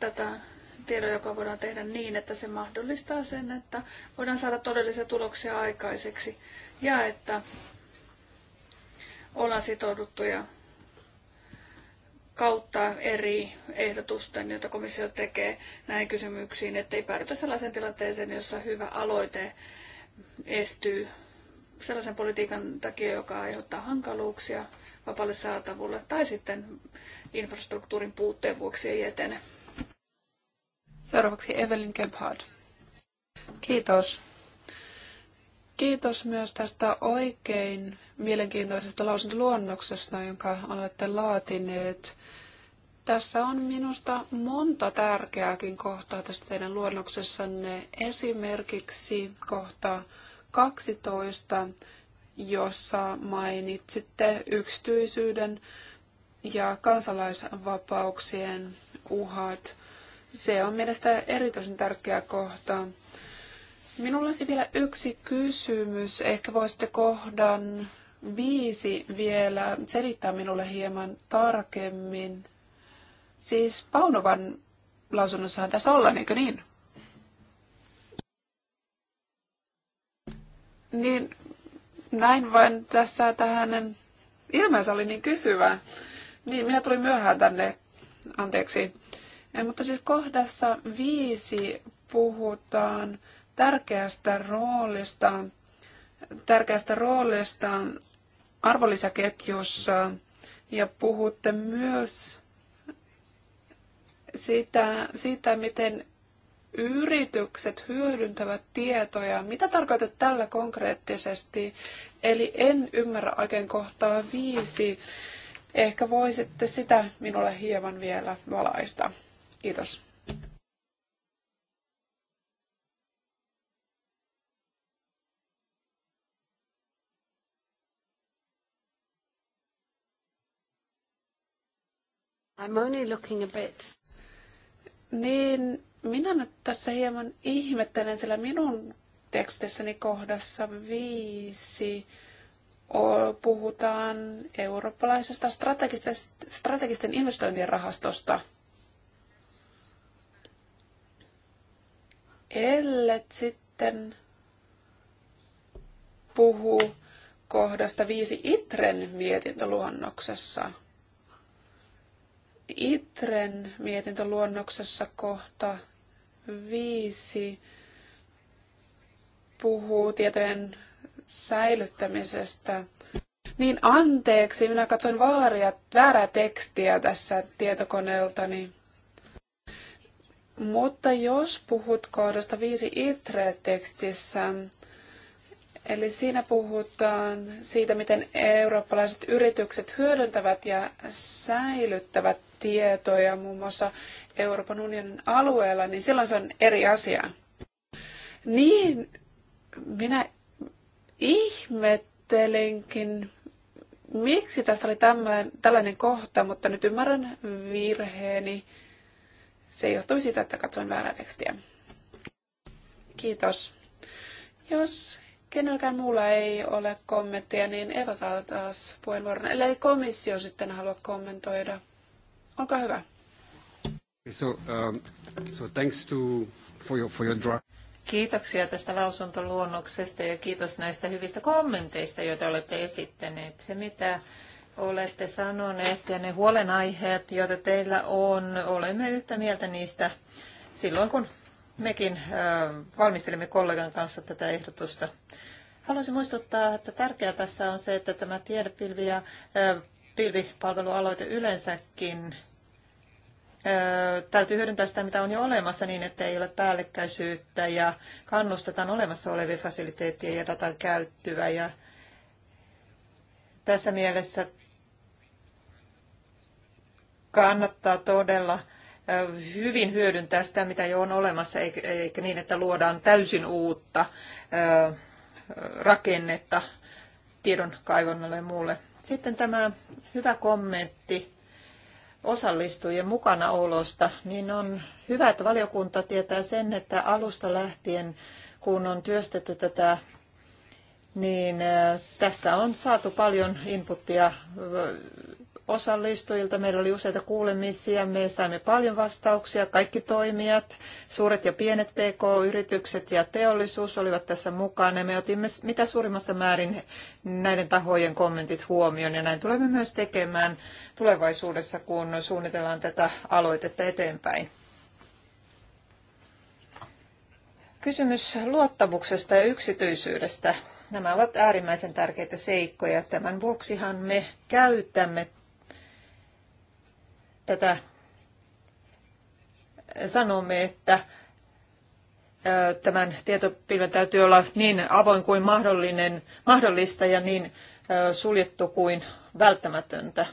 tätä tiedon, joka voidaan tehdä niin, että se mahdollistaa sen, että voidaan saada todellisia tuloksia aikaiseksi ja että ollaan sitouduttuja kautta eri ehdotusten, joita komissio tekee näihin kysymyksiin, ettei päädytä sellaiseen tilanteeseen, jossa hyvä aloite estyy sellaisen politiikan takia, joka aiheuttaa hankaluuksia vapaalle saatavulle tai sitten infrastruktuurin puutteen vuoksi ei etene. Seuraavaksi Evelyn Gebhard. Kiitos. Kiitos myös tästä oikein mielenkiintoisesta lausuntoluonnoksesta, jonka olette laatineet. Tässä on minusta monta tärkeääkin kohtaa tässä teidän luonnoksessanne. Esimerkiksi kohta 12, jossa mainitsitte yksityisyyden ja kansalaisvapauksien uhat. Se on mielestäni erityisen tärkeä kohta. Minulla olisi vielä yksi kysymys. Ehkä voisitte kohdan viisi vielä selittää minulle hieman tarkemmin. Siis Paunovan lausunnossahan tässä ollaan, eikö niin? Niin näin vain tässä, että hänen ilmeensä oli niin kysyvä. Niin, minä tulin myöhään tänne. Anteeksi. Eh, mutta siis kohdassa viisi puhutaan tärkeästä roolista, tärkeästä roolista arvonlisäketjussa ja puhutte myös sitä, siitä, miten yritykset hyödyntävät tietoja. Mitä tarkoitat tällä konkreettisesti? Eli en ymmärrä oikein kohtaa viisi. Ehkä voisitte sitä minulle hieman vielä valaista. Kiitos. I'm only looking a bit. Niin, minä nyt tässä hieman ihmettelen, sillä minun tekstissäni kohdassa viisi puhutaan eurooppalaisesta strategisten investointien rahastosta. Ellet sitten puhu kohdasta viisi Itren mietintöluonnoksessa. ITREN mietintöluonnoksessa kohta viisi puhuu tietojen säilyttämisestä. Niin anteeksi, minä katsoin vaaria, väärää tekstiä tässä tietokoneeltani. Mutta jos puhut kohdasta viisi ITRE-tekstissä, eli siinä puhutaan siitä, miten eurooppalaiset yritykset hyödyntävät ja säilyttävät tietoja muun muassa Euroopan unionin alueella, niin silloin se on eri asia. Niin minä ihmettelinkin, miksi tässä oli tämmöinen, tällainen kohta, mutta nyt ymmärrän virheeni. Se johtui siitä, että katsoin väärää tekstiä. Kiitos. Jos kenelläkään muulla ei ole kommenttia, niin Eva saa taas puheenvuoron. Eli komissio sitten halua kommentoida. Olkaa hyvä. So, um, so thanks to, for your, for your draft. Kiitoksia tästä lausuntoluonnoksesta ja kiitos näistä hyvistä kommenteista, joita olette esittäneet. Se, mitä olette sanoneet ja ne huolenaiheet, joita teillä on, olemme yhtä mieltä niistä silloin, kun mekin valmistelimme kollegan kanssa tätä ehdotusta. Haluaisin muistuttaa, että tärkeää tässä on se, että tämä tiedepilvi ja pilvipalvelualoite yleensäkin täytyy hyödyntää sitä, mitä on jo olemassa niin, että ei ole päällekkäisyyttä ja kannustetaan olemassa olevia fasiliteetteja ja datan käyttöä. Ja tässä mielessä kannattaa todella hyvin hyödyntää sitä, mitä jo on olemassa, eikä niin, että luodaan täysin uutta rakennetta tiedon kaivonnalle ja muulle. Sitten tämä hyvä kommentti osallistujien mukanaolosta, niin on hyvä, että valiokunta tietää sen, että alusta lähtien, kun on työstetty tätä, niin äh, tässä on saatu paljon inputtia äh, osallistujilta. Meillä oli useita kuulemisia, me saimme paljon vastauksia. Kaikki toimijat, suuret ja pienet PK-yritykset ja teollisuus olivat tässä mukana. Me otimme mitä suurimmassa määrin näiden tahojen kommentit huomioon ja näin tulemme myös tekemään tulevaisuudessa, kun suunnitellaan tätä aloitetta eteenpäin. Kysymys luottamuksesta ja yksityisyydestä. Nämä ovat äärimmäisen tärkeitä seikkoja. Tämän vuoksihan me käytämme tätä sanomme, että tämän tietopilven täytyy olla niin avoin kuin mahdollinen, mahdollista ja niin suljettu kuin välttämätöntä.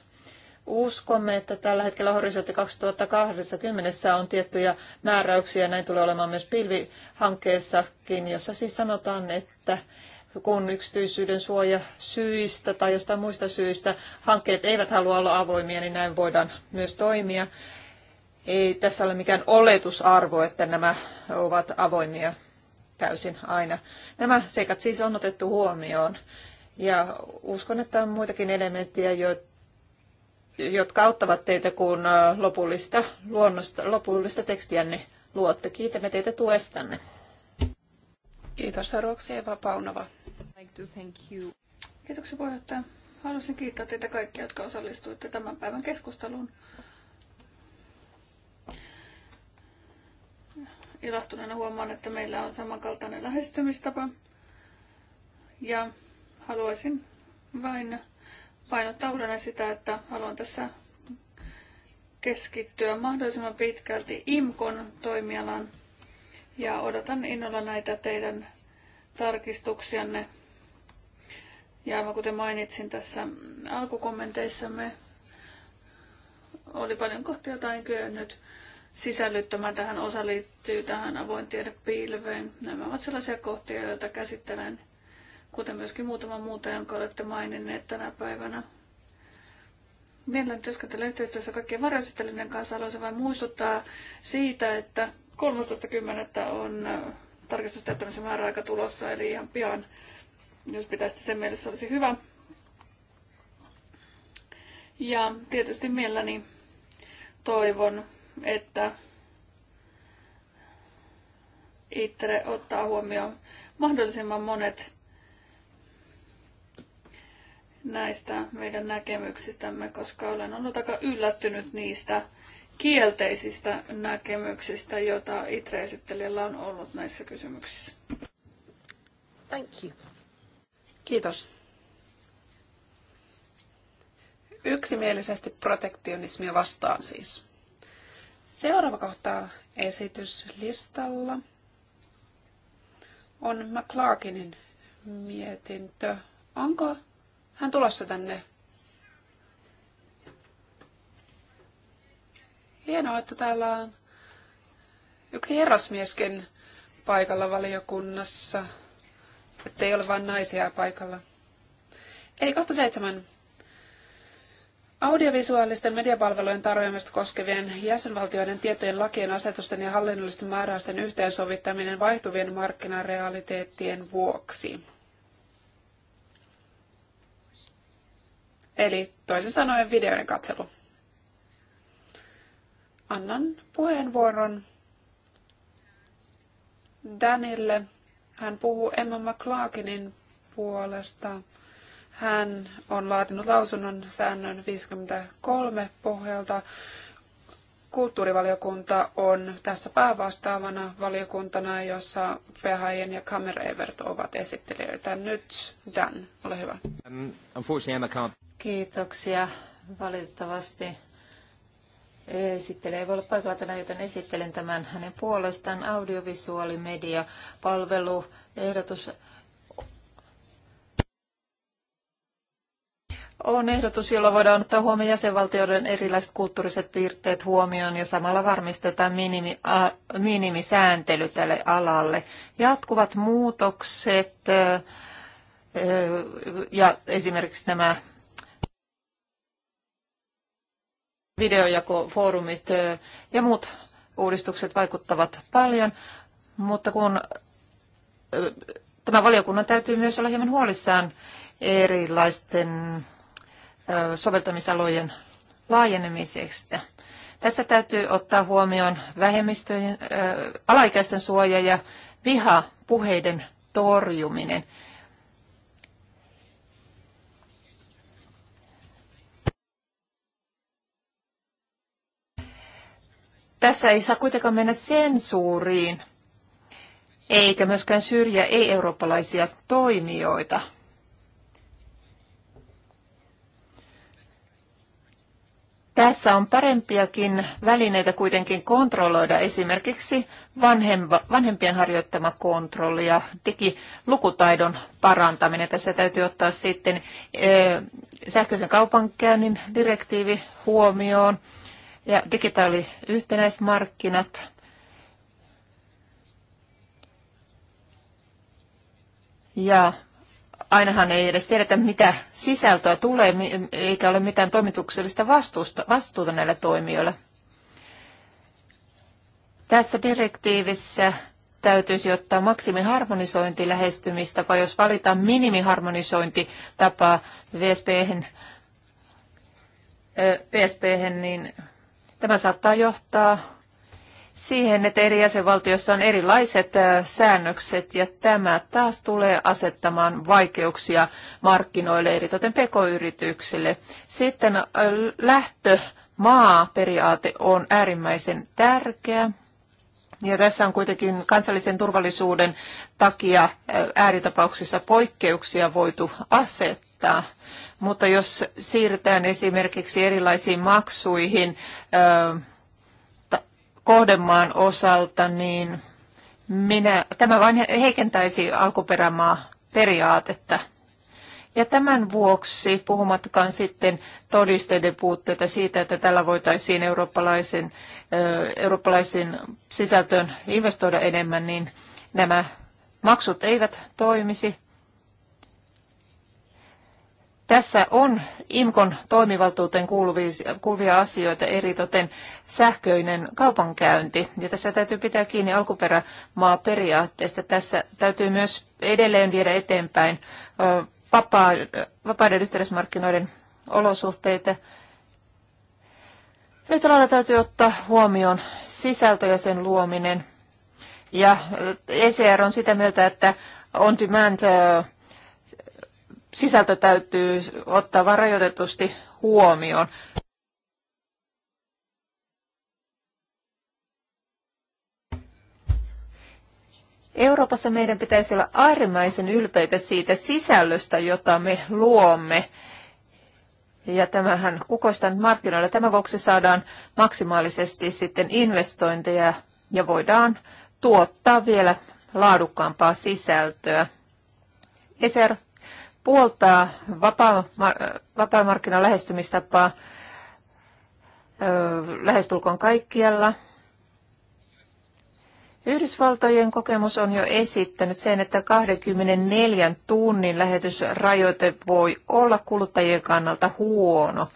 Uskomme, että tällä hetkellä horisontti 2020 on tiettyjä määräyksiä, näin tulee olemaan myös pilvihankkeessakin, jossa siis sanotaan, että kun yksityisyyden suoja syistä tai jostain muista syistä hankkeet eivät halua olla avoimia, niin näin voidaan myös toimia. Ei tässä ole mikään oletusarvo, että nämä ovat avoimia täysin aina. Nämä seikat siis on otettu huomioon. Ja uskon, että on muitakin elementtejä, jotka auttavat teitä, kun lopullista, luonnosta, lopullista tekstiänne luotte. Kiitämme teitä tuestanne. Kiitos, Ruoksi Eva Paunova like to thank you. Kiitoksia puheenjohtaja. Haluaisin kiittää teitä kaikkia, jotka osallistuitte tämän päivän keskusteluun. Ilahtuneena huomaan, että meillä on samankaltainen lähestymistapa. Ja haluaisin vain painottaa uudelleen sitä, että haluan tässä keskittyä mahdollisimman pitkälti IMKON toimialan ja odotan innolla näitä teidän tarkistuksianne ja aivan kuten mainitsin tässä alkukommenteissamme, oli paljon kohtia, jotain en kyennyt sisällyttämään tähän. Osa liittyy tähän avoin tiedepilveen. Nämä ovat sellaisia kohtia, joita käsittelen, kuten myöskin muutama muuta, jonka olette maininneet tänä päivänä. Mielelläni työskentelen yhteistyössä kaikkien varjoesittelyiden kanssa. Haluaisin vain muistuttaa siitä, että 13.10. on tarkistustehtävänsä määräaika tulossa, eli ihan pian jos pitäisi sen mielessä olisi hyvä. Ja tietysti mielelläni toivon, että Itre ottaa huomioon mahdollisimman monet näistä meidän näkemyksistämme, koska olen ollut aika yllättynyt niistä kielteisistä näkemyksistä, joita Itre-esittelijällä on ollut näissä kysymyksissä. Thank you. Kiitos. Yksimielisesti protektionismia vastaan siis. Seuraava kohta esityslistalla on McClarkinin mietintö. Onko hän tulossa tänne? Hienoa, että täällä on yksi herrasmieskin paikalla valiokunnassa ei ole vain naisia paikalla. Eli kohta seitsemän. Audiovisuaalisten mediapalvelujen tarjoamista koskevien jäsenvaltioiden tietojen lakien asetusten ja hallinnollisten määräysten yhteensovittaminen vaihtuvien markkinarealiteettien vuoksi. Eli toisin sanoen videoiden katselu. Annan puheenvuoron Danille hän puhuu Emma McClarkinin puolesta. Hän on laatinut lausunnon säännön 53 pohjalta. Kulttuurivaliokunta on tässä päävastaavana valiokuntana, jossa Fehajen ja Evert ovat esittelijöitä. Nyt Dan, ole hyvä. Um, Kiitoksia. Valitettavasti Esittelijä ei voi olla paikalla tänään, joten esittelen tämän hänen puolestaan. Audiovisuaalimedia, palvelu, ehdotus on ehdotus, jolla voidaan ottaa huomioon jäsenvaltioiden erilaiset kulttuuriset piirteet huomioon ja samalla varmistetaan minimi, a, minimisääntely tälle alalle. Jatkuvat muutokset ja esimerkiksi nämä videojakofoorumit ja muut uudistukset vaikuttavat paljon, mutta kun tämä valiokunnan täytyy myös olla hieman huolissaan erilaisten soveltamisalojen laajenemisestä. Tässä täytyy ottaa huomioon vähemmistöjen, alaikäisten suoja ja viha puheiden torjuminen. Tässä ei saa kuitenkaan mennä sensuuriin, eikä myöskään syrjä ei-eurooppalaisia toimijoita. Tässä on parempiakin välineitä kuitenkin kontrolloida esimerkiksi vanhempien harjoittama kontrolli ja digilukutaidon parantaminen. Tässä täytyy ottaa sitten sähköisen kaupankäynnin direktiivi huomioon ja digitaaliyhtenäismarkkinat. Ja ainahan ei edes tiedetä, mitä sisältöä tulee, eikä ole mitään toimituksellista vastuuta, vastuuta näillä toimijoilla. Tässä direktiivissä täytyisi ottaa maksimiharmonisointi vai jos valitaan minimiharmonisointitapa vsp hän niin Tämä saattaa johtaa siihen, että eri jäsenvaltioissa on erilaiset äh, säännökset ja tämä taas tulee asettamaan vaikeuksia markkinoille, eritoten pekoyrityksille. Sitten äh, lähtömaaperiaate on äärimmäisen tärkeä. Ja tässä on kuitenkin kansallisen turvallisuuden takia äh, ääritapauksissa poikkeuksia voitu asettaa mutta jos siirrytään esimerkiksi erilaisiin maksuihin kohdemaan osalta, niin minä, tämä vain heikentäisi alkuperämaa periaatetta. Ja tämän vuoksi, puhumattakaan sitten todisteiden puutteita siitä, että tällä voitaisiin eurooppalaisen, eurooppalaisen sisältöön investoida enemmän, niin nämä maksut eivät toimisi. Tässä on IMKON toimivaltuuteen kuuluvia asioita, eritoten sähköinen kaupankäynti. Ja tässä täytyy pitää kiinni alkuperämaaperiaatteesta. Tässä täytyy myös edelleen viedä eteenpäin vapaa, vapaiden yhteismarkkinoiden olosuhteita. Yhtä lailla täytyy ottaa huomioon sisältö ja sen luominen. Ja ECR on sitä mieltä, että on demand sisältö täytyy ottaa vain rajoitetusti huomioon. Euroopassa meidän pitäisi olla äärimmäisen ylpeitä siitä sisällöstä, jota me luomme. Ja tämähän kukoistan markkinoilla. Tämän vuoksi saadaan maksimaalisesti sitten investointeja ja voidaan tuottaa vielä laadukkaampaa sisältöä. ESER puoltaa vapaa, vapaamarkkinan lähestymistapaa lähestulkoon kaikkialla. Yhdysvaltojen kokemus on jo esittänyt sen, että 24 tunnin lähetysrajoite voi olla kuluttajien kannalta huono.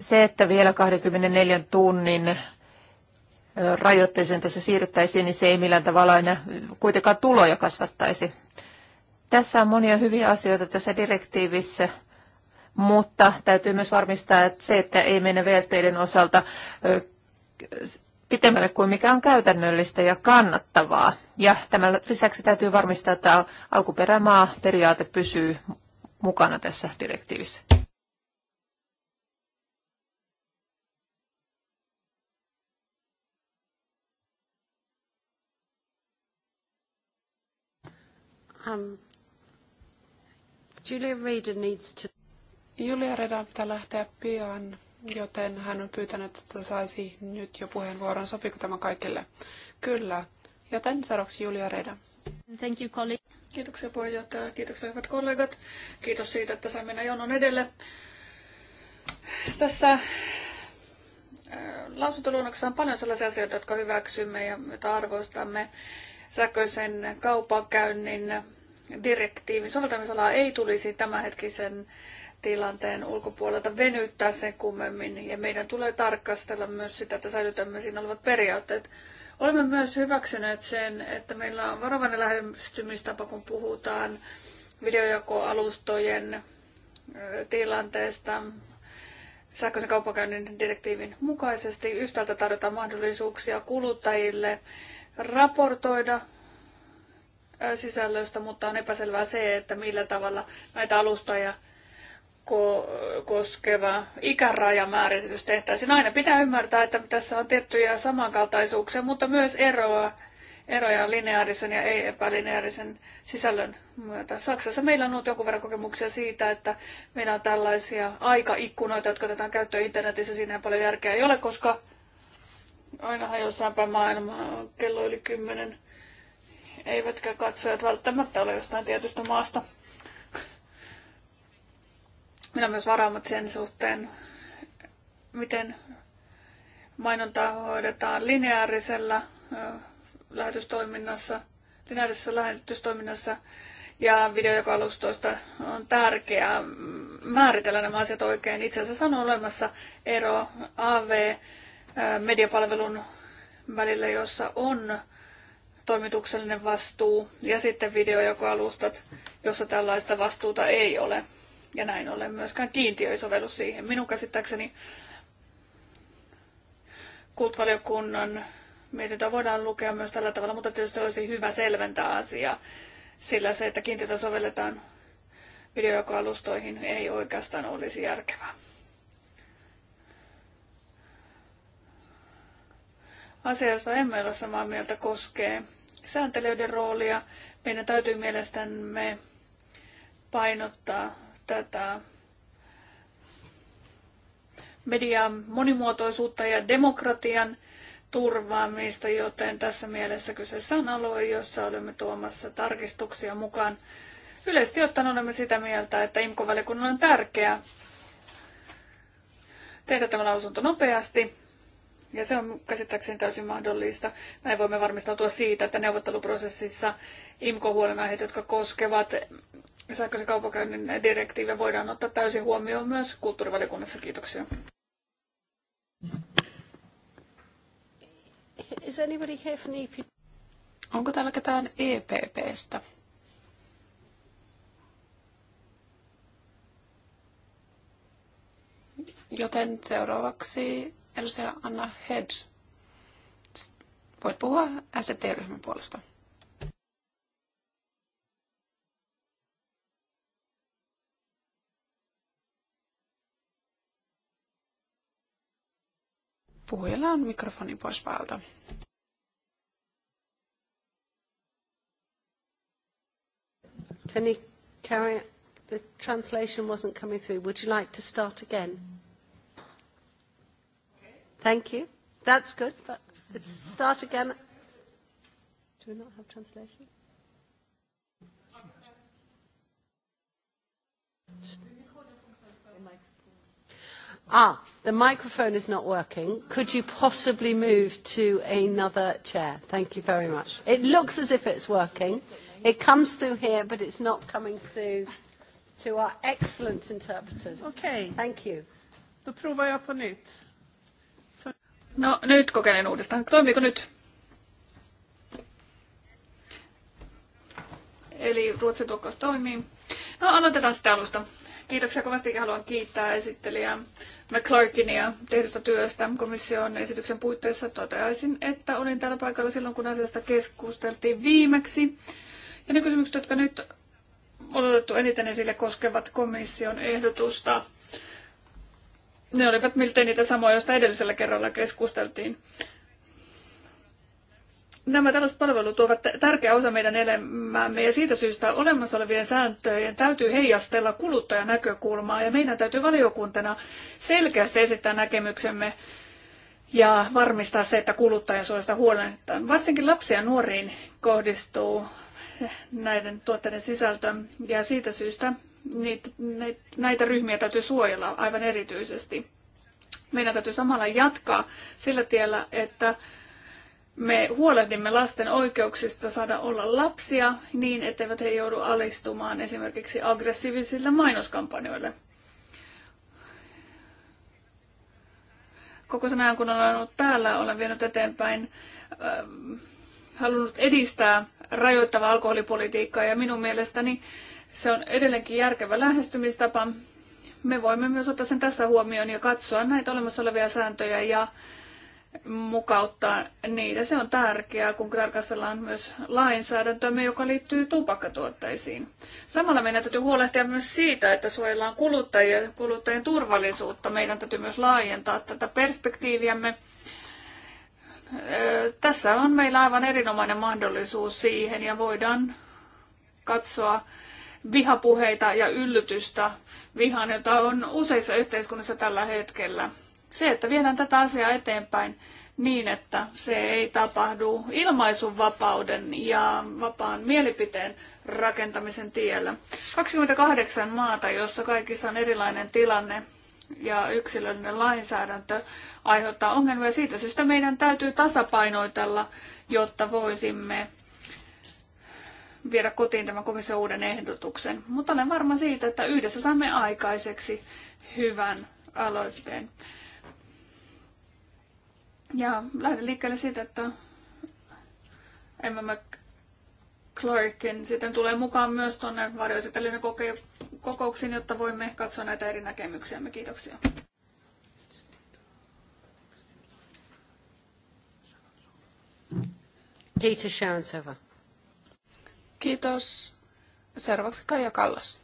Se, että vielä 24 tunnin rajoitteeseen tässä siirryttäisiin, niin se ei millään tavalla aina kuitenkaan tuloja kasvattaisi. Tässä on monia hyviä asioita tässä direktiivissä, mutta täytyy myös varmistaa, että se, että ei mennä VSPiden osalta pitemmälle kuin mikä on käytännöllistä ja kannattavaa. Ja tämän lisäksi täytyy varmistaa, että alkuperämaa periaate pysyy mukana tässä direktiivissä. Um, Julia Reda needs to... Julia Reda pitää lähteä pian, joten hän on pyytänyt, että saisi nyt jo puheenvuoron. Sopiiko tämä kaikille? Kyllä. Joten seuraavaksi Julia Reda. Thank you, colleague. Kiitoksia puheenjohtaja, kiitoksia hyvät kollegat. Kiitos siitä, että saimme mennä jonon edelle. Tässä äh, lausuntoluonnoksessa on paljon sellaisia asioita, jotka hyväksymme ja joita arvostamme. Sähköisen kaupankäynnin direktiivin soveltamisalaa ei tulisi tämänhetkisen tilanteen ulkopuolelta venyttää sen kummemmin ja meidän tulee tarkastella myös sitä, että säilytämme siinä olevat periaatteet. Olemme myös hyväksyneet sen, että meillä on varovainen lähestymistapa, kun puhutaan videojakoalustojen tilanteesta sähköisen kaupankäynnin direktiivin mukaisesti. Yhtäältä tarjotaan mahdollisuuksia kuluttajille raportoida sisällöstä, mutta on epäselvää se, että millä tavalla näitä alustoja ko- koskeva ikärajamääritys tehtäisiin. Aina pitää ymmärtää, että tässä on tiettyjä samankaltaisuuksia, mutta myös eroa, eroja lineaarisen ja ei-epälineaarisen sisällön myötä. Saksassa meillä on ollut joku verran kokemuksia siitä, että meillä on tällaisia aikaikkunoita, jotka otetaan käyttöön internetissä. Siinä ei paljon järkeä ei ole, koska ainahan jossain päin maailmaa kello yli kymmenen eivätkä katsojat välttämättä ole jostain tietystä maasta. Meillä on myös varaamat sen suhteen, miten mainontaa hoidetaan lineaarisella lähetystoiminnassa, lineaarisessa lähetystoiminnassa ja videojakalustoista on tärkeää määritellä nämä asiat oikein. Itse asiassa on olemassa ero AV-mediapalvelun välillä, jossa on toimituksellinen vastuu ja sitten videojakoalustat, jossa tällaista vastuuta ei ole. Ja näin ollen myöskään kiintiö ei sovellu siihen. Minun käsittääkseni kultvaliokunnan mietintöä voidaan lukea myös tällä tavalla, mutta tietysti olisi hyvä selventää asia, sillä se, että kiintiötä sovelletaan videojakoalustoihin ei oikeastaan olisi järkevää. Asia, jossa emme ole samaa mieltä, koskee sääntelijöiden roolia. Meidän täytyy mielestämme painottaa tätä median monimuotoisuutta ja demokratian turvaamista, joten tässä mielessä kyseessä on alue, jossa olemme tuomassa tarkistuksia mukaan. Yleisesti ottaen olemme sitä mieltä, että IMKO-valiokunnan on tärkeää tehdä tämä lausunto nopeasti ja se on käsittääkseni täysin mahdollista. Näin voimme varmistautua siitä, että neuvotteluprosessissa IMCO-huolenaiheet, jotka koskevat sähköisen kaupankäynnin direktiiviä, voidaan ottaa täysin huomioon myös kulttuurivaliokunnassa. Kiitoksia. Is anybody have e Onko täällä ketään EPPstä? Joten seuraavaksi Edustaja Anna Hedge, voit puhua SFT-ryhmän puolesta. Puhujalla on mikrofoni pois päältä. Can you carry the translation wasn't coming through. Would you like to start again? Thank you. That's good, but let's start again. Do we not have translation? Ah, the microphone is not working. Could you possibly move to another chair? Thank you very much. It looks as if it's working. It comes through here, but it's not coming through to our excellent interpreters. Okay. Thank you. Då provar jag på nytt. No nyt kokeilen uudestaan. Toimiiko nyt? Eli ruotsin tulkkaus toimii. No aloitetaan sitten alusta. Kiitoksia kovasti haluan kiittää esittelijää McClarkinia tehdystä työstä komission esityksen puitteissa. Toteaisin, että olin täällä paikalla silloin, kun asiasta keskusteltiin viimeksi. Ja ne kysymykset, jotka nyt on otettu eniten esille, koskevat komission ehdotusta ne olivat miltei niitä samoja, joista edellisellä kerralla keskusteltiin. Nämä tällaiset palvelut ovat tärkeä osa meidän elämäämme ja siitä syystä olemassa olevien sääntöjen täytyy heijastella kuluttajan näkökulmaa ja meidän täytyy valiokuntana selkeästi esittää näkemyksemme ja varmistaa se, että kuluttajan kuluttajansuojasta huolehditaan. Varsinkin lapsia ja nuoriin kohdistuu näiden tuotteiden sisältö ja siitä syystä niitä, näitä ryhmiä täytyy suojella aivan erityisesti. Meidän täytyy samalla jatkaa sillä tiellä, että me huolehdimme lasten oikeuksista saada olla lapsia niin, etteivät he joudu alistumaan esimerkiksi aggressiivisille mainoskampanjoille. Koko sen ajan, kun olen ollut täällä, olen vienyt eteenpäin äh, halunnut edistää rajoittavaa alkoholipolitiikkaa ja minun mielestäni äh, se on edelleenkin järkevä lähestymistapa. Me voimme myös ottaa sen tässä huomioon ja katsoa näitä olemassa olevia sääntöjä ja mukauttaa niitä. Se on tärkeää, kun tarkastellaan myös lainsäädäntöämme, joka liittyy tupakkatuotteisiin. Samalla meidän täytyy huolehtia myös siitä, että suojellaan kuluttajia ja kuluttajien turvallisuutta. Meidän täytyy myös laajentaa tätä perspektiiviämme. Tässä on meillä aivan erinomainen mahdollisuus siihen ja voidaan katsoa vihapuheita ja yllytystä vihaan, jota on useissa yhteiskunnissa tällä hetkellä. Se, että viedään tätä asiaa eteenpäin niin, että se ei tapahdu ilmaisunvapauden ja vapaan mielipiteen rakentamisen tiellä. 28 maata, jossa kaikissa on erilainen tilanne ja yksilöllinen lainsäädäntö aiheuttaa ongelmia. Siitä syystä meidän täytyy tasapainoitella, jotta voisimme viedä kotiin tämän komission uuden ehdotuksen. Mutta olen varma siitä, että yhdessä saamme aikaiseksi hyvän aloitteen. Ja lähden liikkeelle siitä, että Emma McClarkin sitten tulee mukaan myös tuonne varjoesittelyyn kokouksiin, jotta voimme katsoa näitä eri näkemyksiämme. Kiitoksia. Dita Sharon Kiitos. Seuraavaksi Kaija Kallas.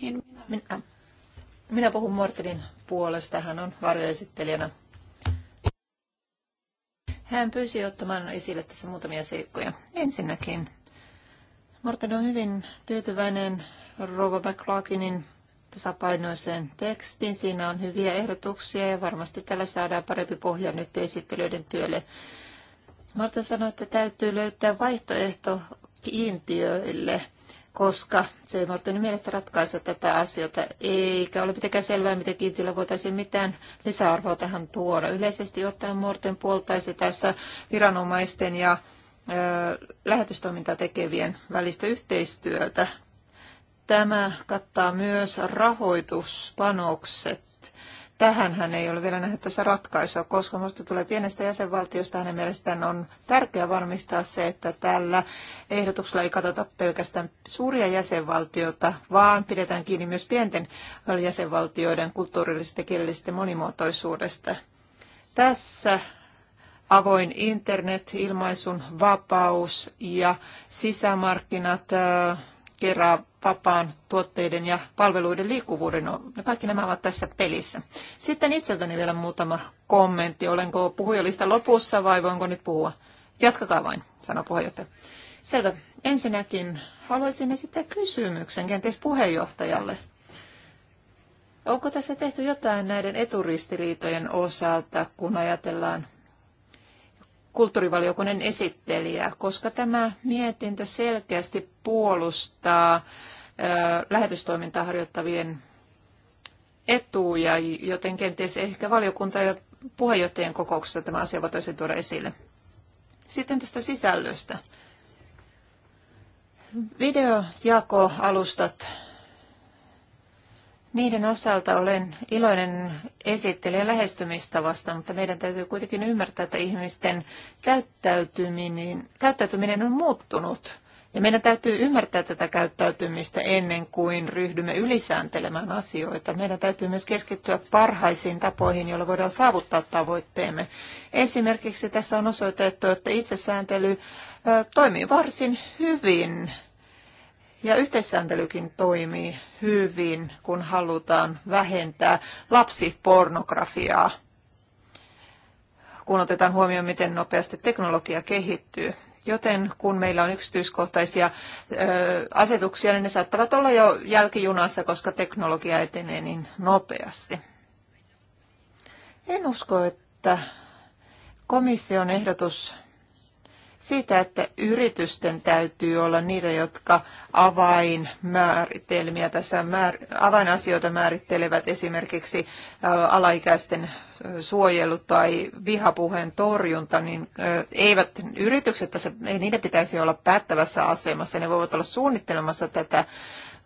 Niin minä. minä. Minä puhun Mortelin puolesta. Hän on varjoesittelijänä. Hän pyysi ottamaan esille tässä muutamia seikkoja. Ensinnäkin, Morten on hyvin tyytyväinen Rova McLaughlinin tasapainoiseen tekstiin. Siinä on hyviä ehdotuksia ja varmasti tällä saadaan parempi pohja nyt esittelyiden työlle. Marta sanoi, että täytyy löytää vaihtoehto kiintiöille, koska se ei Martinin mielestä ratkaise tätä asiaa, eikä ole mitenkään selvää, miten kiintiöllä voitaisiin mitään lisäarvoa tähän tuoda. Yleisesti ottaen Morten puoltaisi tässä viranomaisten ja lähetystoimintaa tekevien välistä yhteistyötä. Tämä kattaa myös rahoituspanokset Tähän hän ei ole vielä nähnyt tässä ratkaisua, koska minusta tulee pienestä jäsenvaltiosta. Hänen mielestään on tärkeää varmistaa se, että tällä ehdotuksella ei katsota pelkästään suuria jäsenvaltioita, vaan pidetään kiinni myös pienten jäsenvaltioiden kulttuurillisesta ja kielellisestä monimuotoisuudesta. Tässä avoin internet, ilmaisun vapaus ja sisämarkkinat äh, kerää vapaan tuotteiden ja palveluiden liikkuvuuden. No, kaikki nämä ovat tässä pelissä. Sitten itseltäni vielä muutama kommentti. Olenko puhujalista lopussa vai voinko nyt puhua? Jatkakaa vain, sanoi puheenjohtaja. Selvä. Ensinnäkin haluaisin esittää kysymyksen kenties puheenjohtajalle. Onko tässä tehty jotain näiden eturistiriitojen osalta, kun ajatellaan kulttuurivaliokunnan esittelijä, koska tämä mietintö selkeästi puolustaa lähetystoimintaa harjoittavien etuja, joten kenties ehkä valiokunta ja puheenjohtajien kokouksessa tämä asia voitaisiin tuoda esille. Sitten tästä sisällöstä. Videojakoalustat niiden osalta olen iloinen esittelijä lähestymistavasta, mutta meidän täytyy kuitenkin ymmärtää, että ihmisten käyttäytyminen, käyttäytyminen on muuttunut. Ja meidän täytyy ymmärtää tätä käyttäytymistä ennen kuin ryhdymme ylisääntelemään asioita. Meidän täytyy myös keskittyä parhaisiin tapoihin, joilla voidaan saavuttaa tavoitteemme. Esimerkiksi tässä on osoitettu, että itsesääntely toimii varsin hyvin ja yhteissääntelykin toimii hyvin, kun halutaan vähentää lapsipornografiaa, kun otetaan huomioon, miten nopeasti teknologia kehittyy. Joten kun meillä on yksityiskohtaisia ö, asetuksia, niin ne saattavat olla jo jälkijunassa, koska teknologia etenee niin nopeasti. En usko, että komission ehdotus siitä, että yritysten täytyy olla niitä, jotka avainmääritelmiä tässä määr, avainasioita määrittelevät esimerkiksi äh, alaikäisten äh, suojelu tai vihapuheen torjunta, niin äh, eivät yritykset tässä, ei niiden pitäisi olla päättävässä asemassa, ne voivat olla suunnittelemassa tätä,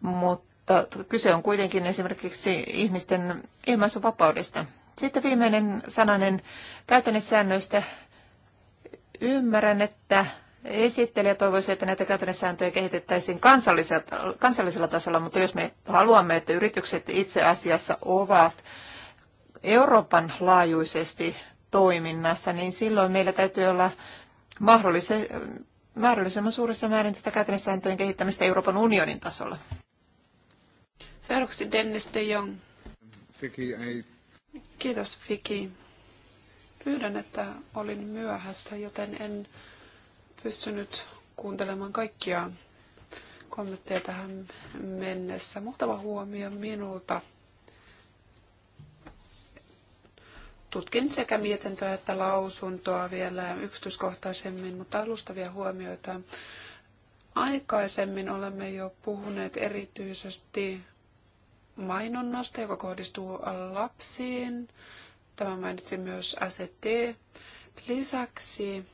mutta kyse on kuitenkin esimerkiksi ihmisten ilmaisuvapaudesta. Sitten viimeinen sananen käytännössäännöistä Ymmärrän, että esittelijä toivoisi, että näitä sääntöjä kehitettäisiin kansallisella, tasolla, mutta jos me haluamme, että yritykset itse asiassa ovat Euroopan laajuisesti toiminnassa, niin silloin meillä täytyy olla mahdollisimman suuressa määrin tätä sääntöjen kehittämistä Euroopan unionin tasolla. Seuraavaksi Dennis de Jong. Vicky, Kiitos Fiki. Pyydän, että olin myöhässä, joten en pystynyt kuuntelemaan kaikkia kommentteja tähän mennessä. muhtava huomio minulta. Tutkin sekä mietintöä että lausuntoa vielä yksityiskohtaisemmin, mutta alustavia huomioita. Aikaisemmin olemme jo puhuneet erityisesti mainonnasta, joka kohdistuu lapsiin, Tämä mainitsi myös ACD. Lisäksi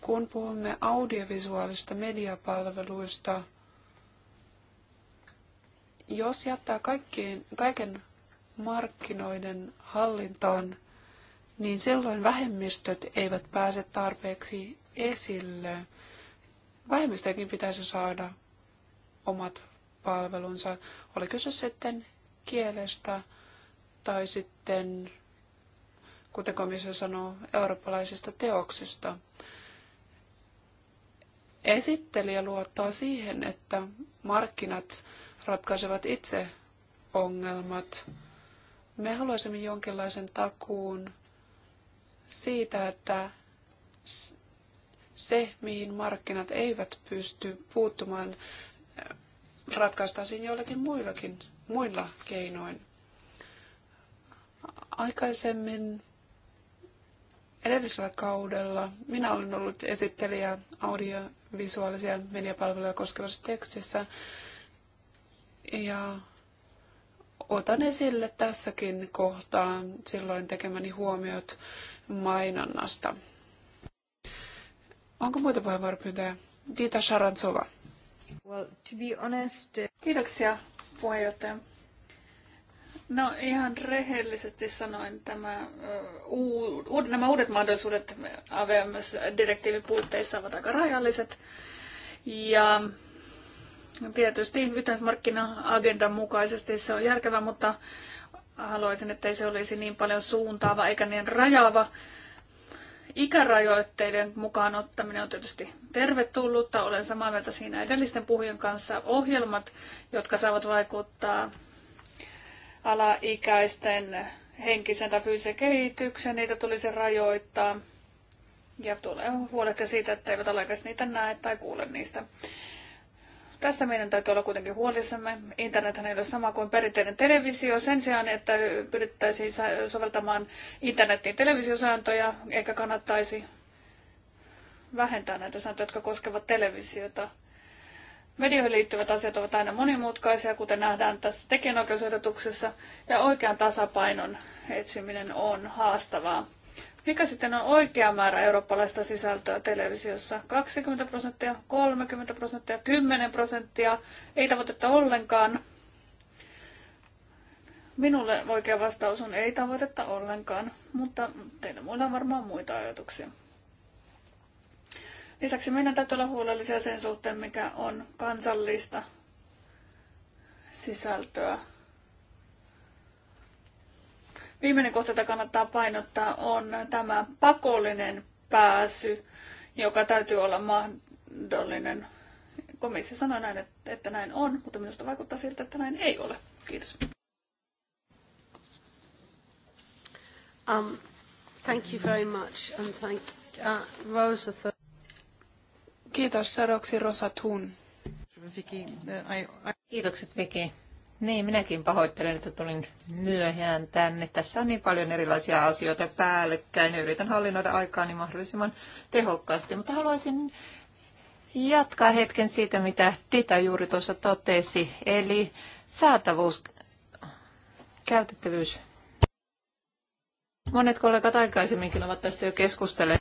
kun puhumme audiovisuaalista mediapalveluista, jos jättää kaikkiin, kaiken markkinoiden hallintaan, niin silloin vähemmistöt eivät pääse tarpeeksi esille. Vähemmistöjäkin pitäisi saada omat palvelunsa, oli kyse sitten kielestä tai sitten, kuten komissio sanoo, eurooppalaisista teoksista. Esittelijä luottaa siihen, että markkinat ratkaisevat itse ongelmat. Me haluaisimme jonkinlaisen takuun siitä, että se, mihin markkinat eivät pysty puuttumaan, ratkaistaisiin joillakin muillakin, muilla keinoin. Aikaisemmin edellisellä kaudella minä olen ollut esittelijä audiovisuaalisia mediapalveluja koskevassa tekstissä ja otan esille tässäkin kohtaa silloin tekemäni huomiot mainonnasta. Onko muita puheenvuoropyyntöjä? Dita Sharantsova. Well, to be honest... Uh, Kiitoksia puheenjohtaja. No ihan rehellisesti sanoin, tämä, uh, nämä uudet mahdollisuudet AVMS-direktiivin puutteissa ovat aika rajalliset. Ja tietysti yhteismarkkina-agendan mukaisesti se on järkevä, mutta haluaisin, että ei se olisi niin paljon suuntaava eikä niin rajaava Ikärajoitteiden mukaan ottaminen on tietysti tervetullutta. Olen samaa mieltä siinä edellisten puhujien kanssa. Ohjelmat, jotka saavat vaikuttaa alaikäisten henkisen tai fyysisen kehityksen, niitä tulisi rajoittaa. Ja tulee huolehtia siitä, että eivät alaikäiset niitä näe tai kuule niistä. Tässä meidän täytyy olla kuitenkin huolissamme. Internet ei ole sama kuin perinteinen televisio. Sen sijaan, että pyrittäisiin soveltamaan internetin televisiosääntöjä, eikä kannattaisi vähentää näitä sääntöjä, jotka koskevat televisiota. Medioihin liittyvät asiat ovat aina monimutkaisia, kuten nähdään tässä tekijänoikeusehdotuksessa, ja oikean tasapainon etsiminen on haastavaa. Mikä sitten on oikea määrä eurooppalaista sisältöä televisiossa? 20 prosenttia, 30 prosenttia, 10 prosenttia, ei tavoitetta ollenkaan. Minulle oikea vastaus on ei tavoitetta ollenkaan, mutta teillä muilla on varmaan muita ajatuksia. Lisäksi meidän täytyy olla huolellisia sen suhteen, mikä on kansallista sisältöä Viimeinen kohta, jota kannattaa painottaa, on tämä pakollinen pääsy, joka täytyy olla mahdollinen. Komissio sanoi näin, että näin on, mutta minusta vaikuttaa siltä, että näin ei ole. Kiitos. Um, thank you very much and thank uh, Rosa. Th- Kiitos seuraavaksi Rosa Thun. Uh, Kiitokset Vicky. Niin, minäkin pahoittelen, että tulin myöhään tänne. Tässä on niin paljon erilaisia asioita päällekkäin yritän hallinnoida aikaani mahdollisimman tehokkaasti, mutta haluaisin jatkaa hetken siitä, mitä Dita juuri tuossa totesi, eli saatavuus, käytettävyys. Monet kollegat aikaisemminkin ovat tästä jo keskustelleet.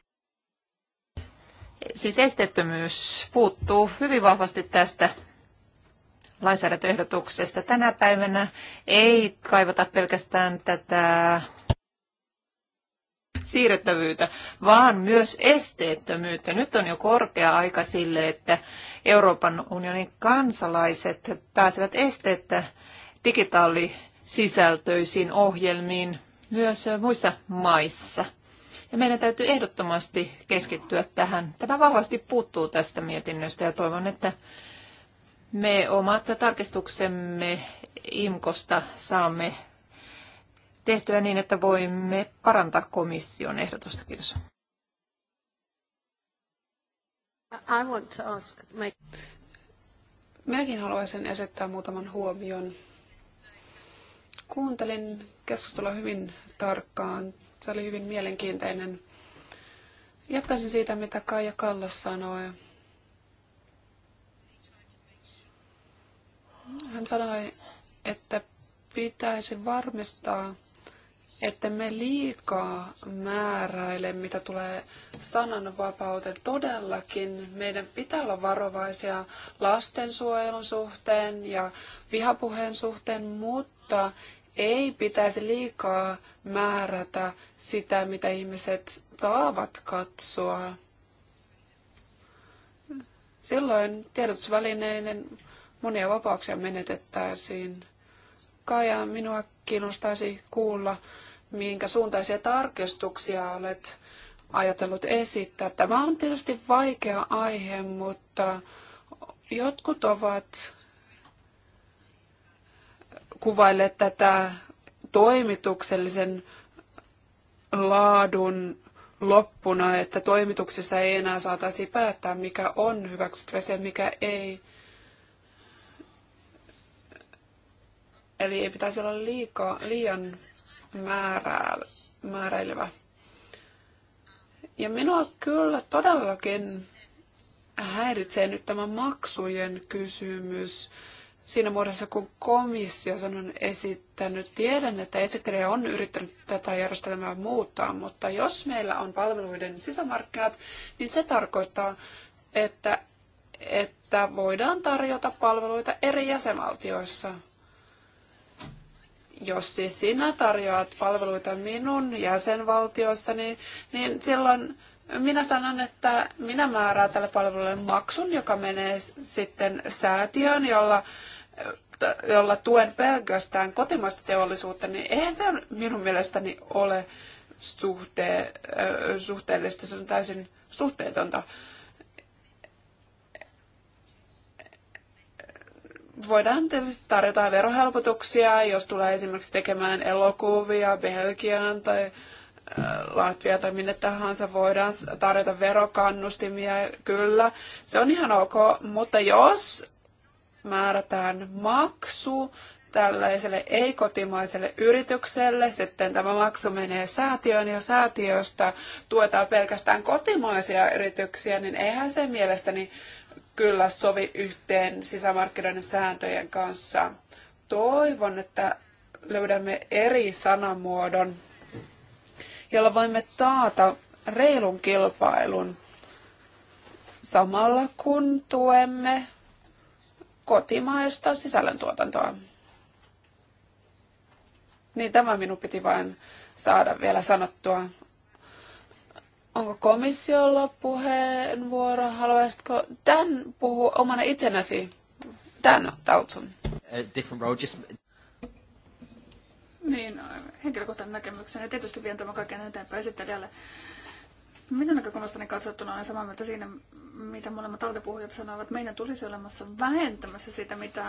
Siis estettömyys puuttuu hyvin vahvasti tästä lainsäädäntöehdotuksesta. Tänä päivänä ei kaivata pelkästään tätä siirrettävyyttä, vaan myös esteettömyyttä. Nyt on jo korkea aika sille, että Euroopan unionin kansalaiset pääsevät esteettä digitaalisisältöisiin ohjelmiin myös muissa maissa. Ja meidän täytyy ehdottomasti keskittyä tähän. Tämä vahvasti puuttuu tästä mietinnöstä ja toivon, että me omat tarkistuksemme IMKosta saamme tehtyä niin, että voimme parantaa komission ehdotusta. Kiitos. I want to ask my... Minäkin haluaisin esittää muutaman huomion. Kuuntelin keskustelua hyvin tarkkaan. Se oli hyvin mielenkiintoinen. Jatkaisin siitä, mitä Kaija Kallas sanoi. Hän sanoi, että pitäisi varmistaa, että me liikaa määräile, mitä tulee sananvapauteen. Todellakin meidän pitää olla varovaisia lastensuojelun suhteen ja vihapuheen suhteen, mutta ei pitäisi liikaa määrätä sitä, mitä ihmiset saavat katsoa. Silloin tiedotusvälineiden monia vapauksia menetettäisiin. Kaja, minua kiinnostaisi kuulla, minkä suuntaisia tarkistuksia olet ajatellut esittää. Tämä on tietysti vaikea aihe, mutta jotkut ovat kuvailleet tätä toimituksellisen laadun loppuna, että toimituksessa ei enää saataisi päättää, mikä on hyväksyttävä ja mikä ei. Eli ei pitäisi olla liiko, liian määrää, määräilevä. Ja minua kyllä todellakin häiritsee nyt tämä maksujen kysymys siinä muodossa, kun komissio sen on esittänyt. Tiedän, että esittelijä on yrittänyt tätä järjestelmää muuttaa, mutta jos meillä on palveluiden sisämarkkinat, niin se tarkoittaa, että, että voidaan tarjota palveluita eri jäsenvaltioissa jos siis sinä tarjoat palveluita minun jäsenvaltiossani, niin silloin minä sanon, että minä määrään tälle palvelulle maksun, joka menee sitten säätiöön, jolla, jolla tuen pelkästään kotimaista teollisuutta, niin eihän se minun mielestäni ole suhte, suhteellista, se on täysin suhteetonta. voidaan tietysti tarjota verohelpotuksia, jos tulee esimerkiksi tekemään elokuvia Belgiaan tai äh, Latvia tai minne tahansa voidaan tarjota verokannustimia, kyllä. Se on ihan ok, mutta jos määrätään maksu tällaiselle ei-kotimaiselle yritykselle, sitten tämä maksu menee säätiöön ja säätiöstä tuetaan pelkästään kotimaisia yrityksiä, niin eihän se mielestäni kyllä sovi yhteen sisämarkkinoiden sääntöjen kanssa. Toivon, että löydämme eri sanamuodon, jolla voimme taata reilun kilpailun samalla kun tuemme kotimaista sisällöntuotantoa. Niin tämä minun piti vain saada vielä sanottua. Onko komissiolla puheenvuoro? Haluaisitko Dan puhua omana itsenäsi? Dan Dautsun. different role, just... Niin, no, henkilökohtainen näkemykseni. Ja tietysti vien tämän kaiken eteenpäin esittelijälle. Minun näkökulmastani katsottuna olen samaa mieltä siinä, mitä molemmat sanovat. sanoivat. Meidän tulisi olemassa vähentämässä sitä, mitä,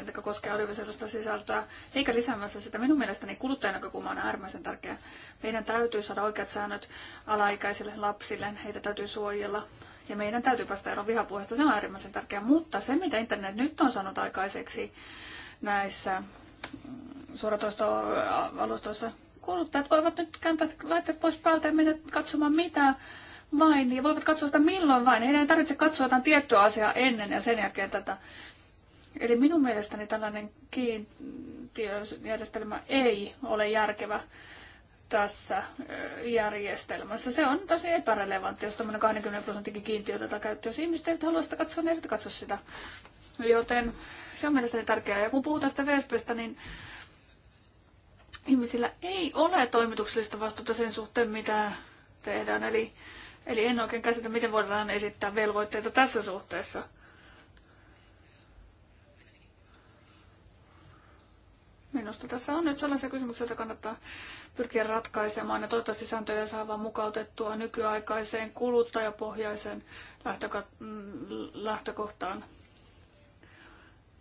mitä koskee audiovisuaalista sisältöä, eikä lisäämässä sitä. Minun mielestäni kuluttajan näkökulma on äärimmäisen tärkeä. Meidän täytyy saada oikeat säännöt alaikäisille lapsille, heitä täytyy suojella. Ja meidän täytyy päästä eroon vihapuheesta, se on äärimmäisen tärkeää. Mutta se, mitä internet nyt on saanut aikaiseksi näissä suoratoistoalustoissa, kuluttajat voivat nyt kääntää laitteet pois päältä ja mennä katsomaan mitä vain, ja voivat katsoa sitä milloin vain. Heidän ei tarvitse katsoa jotain tiettyä asiaa ennen ja sen jälkeen tätä. Eli minun mielestäni tällainen kiintiöjärjestelmä ei ole järkevä tässä järjestelmässä. Se on tosi epärelevantti, jos tämmöinen 20 prosentin kiintiö tätä käyttöä. Jos ihmiset eivät halua sitä katsoa, niin eivät katso sitä. Joten se on mielestäni tärkeää. Ja kun puhutaan tästä VSPstä, niin ihmisillä ei ole toimituksellista vastuuta sen suhteen, mitä tehdään. Eli, eli en oikein käsitä, miten voidaan esittää velvoitteita tässä suhteessa. Minusta tässä on nyt sellaisia kysymyksiä, joita kannattaa pyrkiä ratkaisemaan ja toivottavasti sääntöjä saadaan mukautettua nykyaikaiseen kuluttajapohjaiseen mm, lähtökohtaan.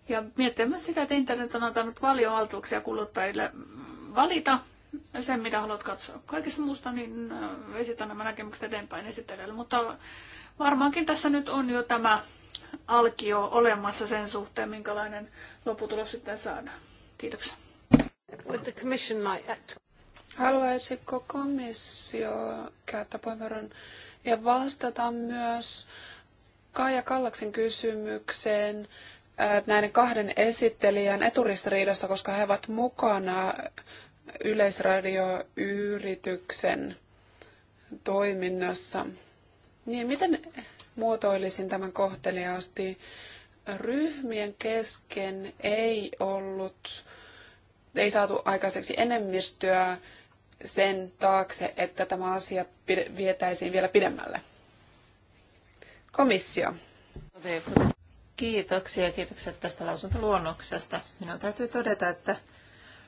Ja miettiä myös sitä, että internet on antanut paljon valtuuksia kuluttajille valita sen, mitä haluat katsoa. Kaikessa muusta niin äh, esitän nämä näkemykset eteenpäin esittelijälle, mutta varmaankin tässä nyt on jo tämä alkio olemassa sen suhteen, minkälainen lopputulos sitten saadaan. Kiitoksia. Would the commission like Haluaisiko komissio käyttää puheenvuoron ja vastata myös Kaija Kallaksen kysymykseen Äh, näiden kahden esittelijän eturistiriidasta, koska he ovat mukana yleisradioyrityksen toiminnassa. Niin, miten muotoilisin tämän kohteliaasti? Ryhmien kesken ei ollut, ei saatu aikaiseksi enemmistöä sen taakse, että tämä asia vietäisiin vielä pidemmälle. Komissio. Kiitoksia, kiitokset tästä lausuntoluonnoksesta. Minun täytyy todeta, että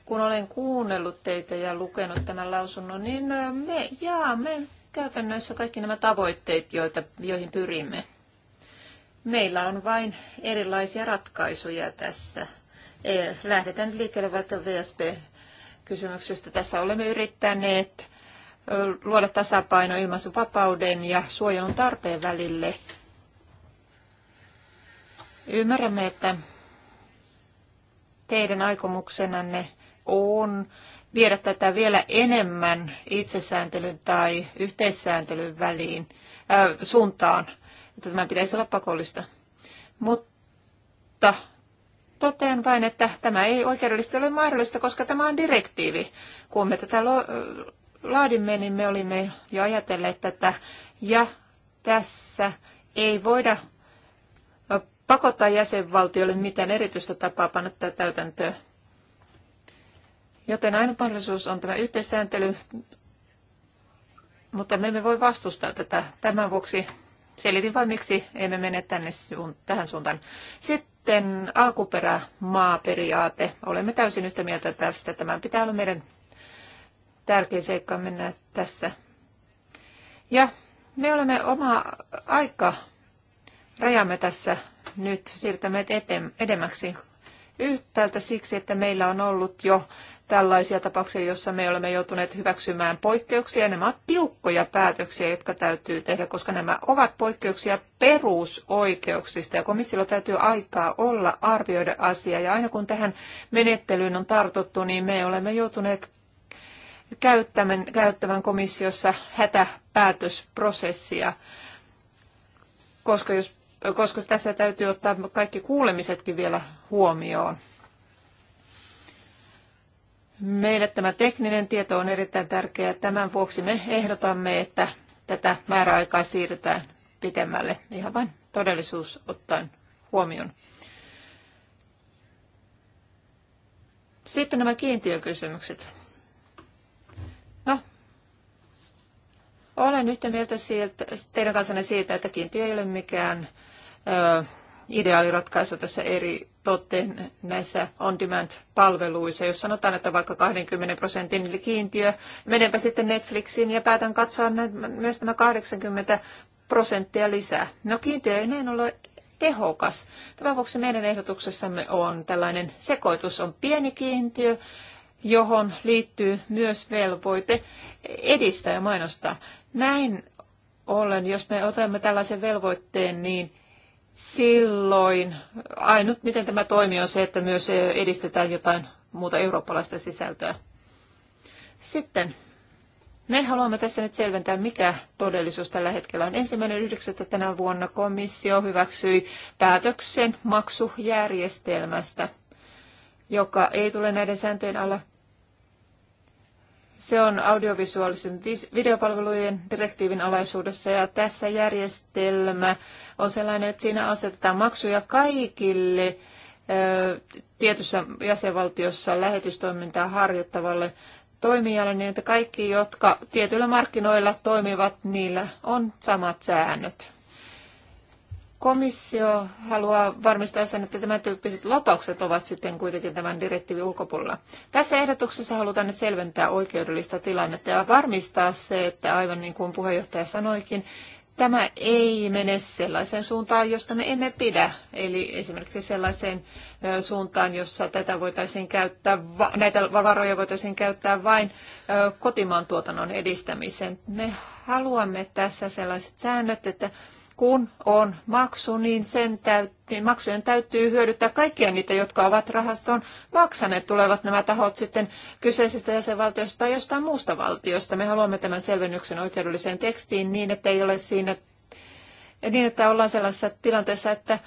kun olen kuunnellut teitä ja lukenut tämän lausunnon, niin me jaamme käytännössä kaikki nämä tavoitteet, joita, joihin pyrimme. Meillä on vain erilaisia ratkaisuja tässä. E, lähdetään liikkeelle vaikka VSP-kysymyksestä. Tässä olemme yrittäneet luoda tasapaino ilmaisun vapauden ja suojelun tarpeen välille Ymmärrämme, että teidän aikomuksenanne on viedä tätä vielä enemmän itsesääntelyn tai yhteissääntelyn väliin äh, suuntaan, että tämä pitäisi olla pakollista. Mutta totean vain, että tämä ei oikeudellisesti ole mahdollista, koska tämä on direktiivi. Kun me tätä laadimme, niin me olimme jo ajatelleet tätä ja tässä ei voida pakottaa jäsenvaltiolle mitään erityistä tapaa panna tätä täytäntöön. Joten ainoa mahdollisuus on tämä yhteissääntely, mutta me emme voi vastustaa tätä. Tämän vuoksi selitin vain, miksi emme mene tänne suun, tähän suuntaan. Sitten alkuperämaaperiaate. Olemme täysin yhtä mieltä tästä. Tämän pitää olla meidän tärkein seikka mennä tässä. Ja me olemme oma aika rajamme tässä nyt siirtäneet edemmäksi yhtäältä siksi, että meillä on ollut jo tällaisia tapauksia, joissa me olemme joutuneet hyväksymään poikkeuksia. Nämä ovat tiukkoja päätöksiä, jotka täytyy tehdä, koska nämä ovat poikkeuksia perusoikeuksista. Ja komissiolla täytyy aikaa olla arvioida asiaa. Ja aina kun tähän menettelyyn on tartuttu, niin me olemme joutuneet käyttämään, käyttämään komissiossa hätäpäätösprosessia. Koska jos koska tässä täytyy ottaa kaikki kuulemisetkin vielä huomioon. Meille tämä tekninen tieto on erittäin tärkeä. Tämän vuoksi me ehdotamme, että tätä määräaikaa siirretään pitemmälle ihan vain todellisuus ottaen huomioon. Sitten nämä kiintiökysymykset. No, olen yhtä mieltä sieltä, teidän kanssanne siitä, että kiintiö ei ole mikään ideaaliratkaisu tässä eri toteen näissä on-demand-palveluissa, jos sanotaan, että vaikka 20 prosentin kiintiö, menenpä sitten Netflixiin ja päätän katsoa myös nämä 80 prosenttia lisää. No kiintiö ei näin ole tehokas. Tämän vuoksi meidän ehdotuksessamme on tällainen sekoitus, on pieni kiintiö, johon liittyy myös velvoite edistää ja mainostaa. Näin ollen, jos me otamme tällaisen velvoitteen, niin silloin ainut, miten tämä toimii, on se, että myös edistetään jotain muuta eurooppalaista sisältöä. Sitten me haluamme tässä nyt selventää, mikä todellisuus tällä hetkellä on. Ensimmäinen yhdeksättä tänä vuonna komissio hyväksyi päätöksen maksujärjestelmästä, joka ei tule näiden sääntöjen alla, se on audiovisuaalisen videopalvelujen direktiivin alaisuudessa ja tässä järjestelmä on sellainen, että siinä asetetaan maksuja kaikille tietyssä jäsenvaltiossa lähetystoimintaa harjoittavalle toimijalle, niin että kaikki, jotka tietyillä markkinoilla toimivat, niillä on samat säännöt komissio haluaa varmistaa sen, että tämän tyyppiset lopaukset ovat sitten kuitenkin tämän direktiivin ulkopuolella. Tässä ehdotuksessa halutaan nyt selventää oikeudellista tilannetta ja varmistaa se, että aivan niin kuin puheenjohtaja sanoikin, tämä ei mene sellaiseen suuntaan, josta me emme pidä. Eli esimerkiksi sellaiseen suuntaan, jossa tätä voitaisiin käyttää, näitä varoja voitaisiin käyttää vain kotimaan tuotannon edistämiseen. Me haluamme tässä sellaiset säännöt, että kun on maksu, niin sen täytyy, niin maksujen täytyy hyödyttää kaikkia niitä, jotka ovat rahaston maksaneet. Tulevat nämä tahot sitten kyseisestä jäsenvaltiosta tai jostain muusta valtiosta. Me haluamme tämän selvennyksen oikeudelliseen tekstiin niin, että ei ole siinä, niin että ollaan sellaisessa tilanteessa, että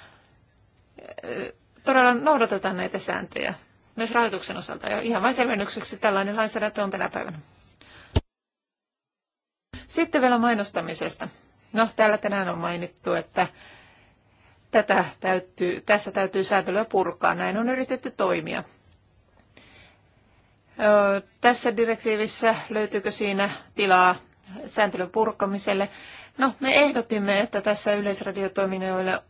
eh, todella noudatetaan näitä sääntöjä myös rahoituksen osalta. Ja ihan vain selvennykseksi tällainen lainsäädäntö on tänä päivänä. Sitten vielä mainostamisesta. No, täällä tänään on mainittu, että tätä täytyy, tässä täytyy säätelyä purkaa. Näin on yritetty toimia. Tässä direktiivissä löytyykö siinä tilaa sääntelyn purkamiselle? No, me ehdotimme, että tässä yleisradiotoiminnoille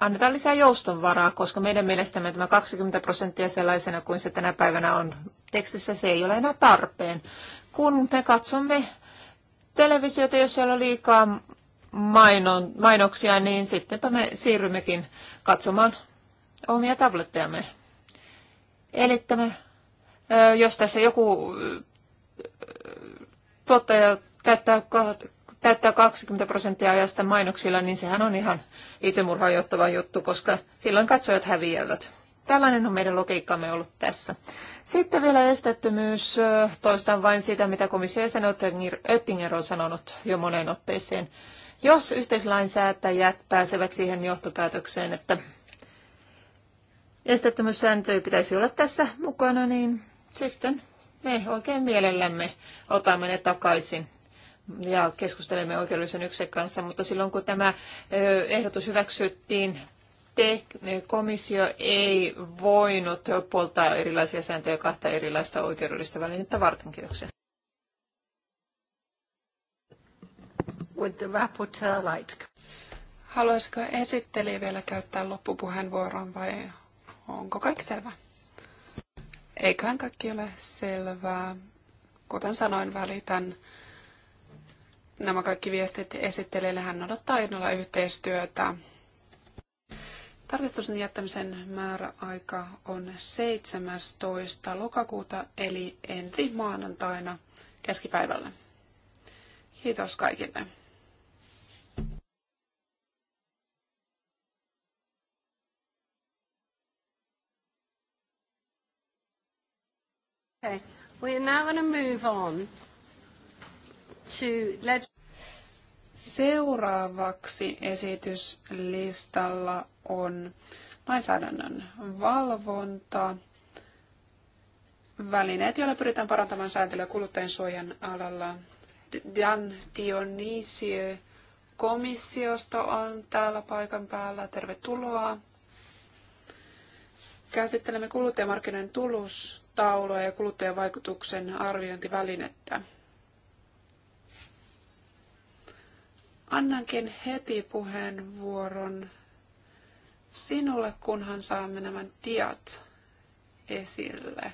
annetaan lisää joustonvaraa, koska meidän mielestämme tämä 20 prosenttia sellaisena kuin se tänä päivänä on tekstissä, se ei ole enää tarpeen. Kun me katsomme televisiota, jos siellä on liikaa mainon, mainoksia, niin sittenpä me siirrymmekin katsomaan omia tablettejamme. Eli tämä, jos tässä joku tuottaja käyttää, täyttää 20 prosenttia ajasta mainoksilla, niin sehän on ihan itsemurhaan johtava juttu, koska silloin katsojat häviävät. Tällainen on meidän logiikkamme ollut tässä. Sitten vielä estettömyys. Toistan vain sitä, mitä komissio jäsen Oettinger on sanonut jo moneen otteeseen. Jos yhteislainsäätäjät pääsevät siihen johtopäätökseen, että esteettömyyssääntöjä pitäisi olla tässä mukana, niin sitten me oikein mielellämme otamme ne takaisin ja keskustelemme oikeudellisen yksin kanssa, mutta silloin kun tämä ehdotus hyväksyttiin, te, komissio ei voinut polttaa erilaisia sääntöjä kahta erilaista oikeudellista välinettä varten. Kiitoksia. Would the rapporteur like to... Haluaisiko esittelijä vielä käyttää loppupuheenvuoron vai onko kaikki selvä? Eiköhän kaikki ole selvää. Kuten sanoin, välitän nämä kaikki viestit esittelijälle. Hän odottaa innolla yhteistyötä. Tarkistuksen jättämisen määräaika on 17. lokakuuta eli ensi maanantaina keskipäivällä. Kiitos kaikille. Okay. now going to move on to Seuraavaksi esityslistalla on lainsäädännön valvonta, välineet, joilla pyritään parantamaan sääntelyä suojan alalla. Dan Dionisio komissiosta on täällä paikan päällä. Tervetuloa. Käsittelemme kuluttajamarkkinoiden tulos taulua ja kuluttajavaikutuksen arviointivälinettä. Annankin heti puheenvuoron sinulle, kunhan saamme nämä diat esille.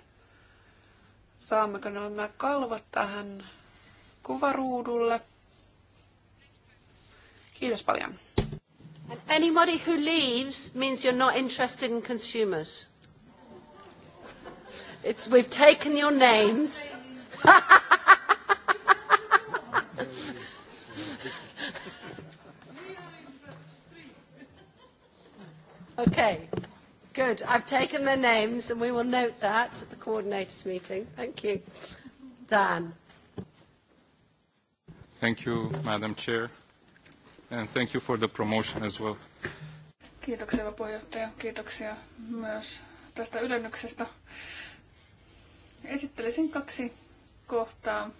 Saammeko nämä kalvot tähän kuvaruudulle? Kiitos paljon. And anybody who leaves means you're not interested in consumers. It's, we've taken your names. okay, good. I've taken their names and we will note that at the coordinators meeting. Thank you. Dan. Thank you, Madam Chair. And thank you for the promotion as well. Kiitoksia, puheenjohtaja. Kiitoksia myös tästä ylennyksestä. Esittelisin kaksi kohtaa.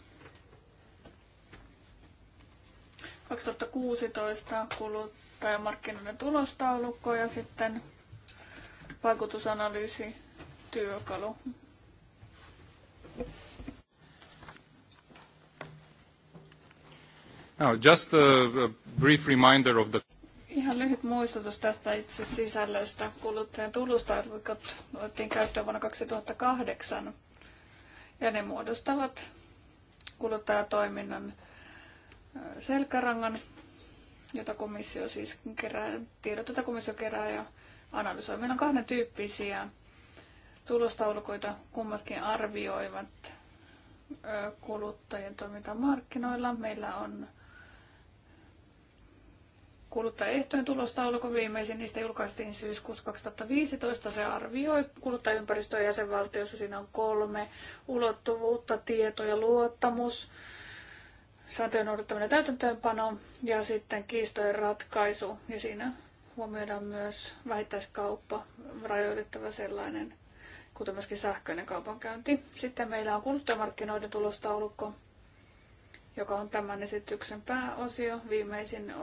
2016 kuluttajamarkkinoiden tulostaulukko ja sitten vaikutusanalyysityökalu. työkalu. Now, just a brief reminder of the... Ihan lyhyt muistutus tästä itse sisällöstä. Kuluttajan tulostaulukot otettiin käyttöön vuonna 2008 ja ne muodostavat kuluttajatoiminnan selkärangan, jota komissio siis kerää, tiedot, jota komissio kerää ja analysoi. Meillä on kahden tyyppisiä tulostaulukoita, kummatkin arvioivat kuluttajien toimintaa markkinoilla. Meillä on kuluttajaehtojen tulostaulukon viimeisin. Niistä julkaistiin syyskuussa 2015. Se arvioi kuluttajaympäristöä jäsenvaltiossa. Siinä on kolme ulottuvuutta, tieto ja luottamus, sääntöjen noudattaminen ja täytäntöönpano ja sitten kiistojen ratkaisu. Ja siinä huomioidaan myös vähittäiskauppa, rajoitettava sellainen, kuten myöskin sähköinen kaupankäynti. Sitten meillä on kuluttajamarkkinoiden tulostaulukko, joka on tämän esityksen pääosio. Viimeisin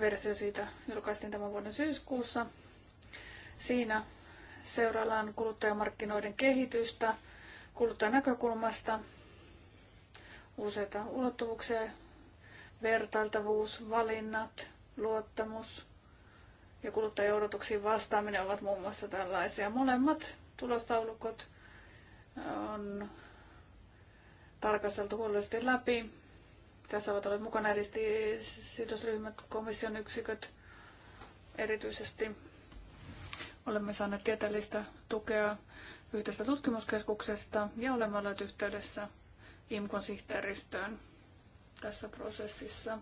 versio siitä julkaistiin tämän vuoden syyskuussa. Siinä seuraillaan kuluttajamarkkinoiden kehitystä kuluttajan näkökulmasta, useita ulottuvuuksia, vertailtavuus, valinnat, luottamus ja kuluttajien odotuksiin vastaaminen ovat muun muassa tällaisia. Molemmat tulostaulukot on tarkasteltu huolellisesti läpi tässä ovat olleet mukana eri sidosryhmät, komission yksiköt erityisesti. Olemme saaneet tieteellistä tukea yhteistä tutkimuskeskuksesta ja olemme olleet yhteydessä IMKon sihteeristöön tässä prosessissa.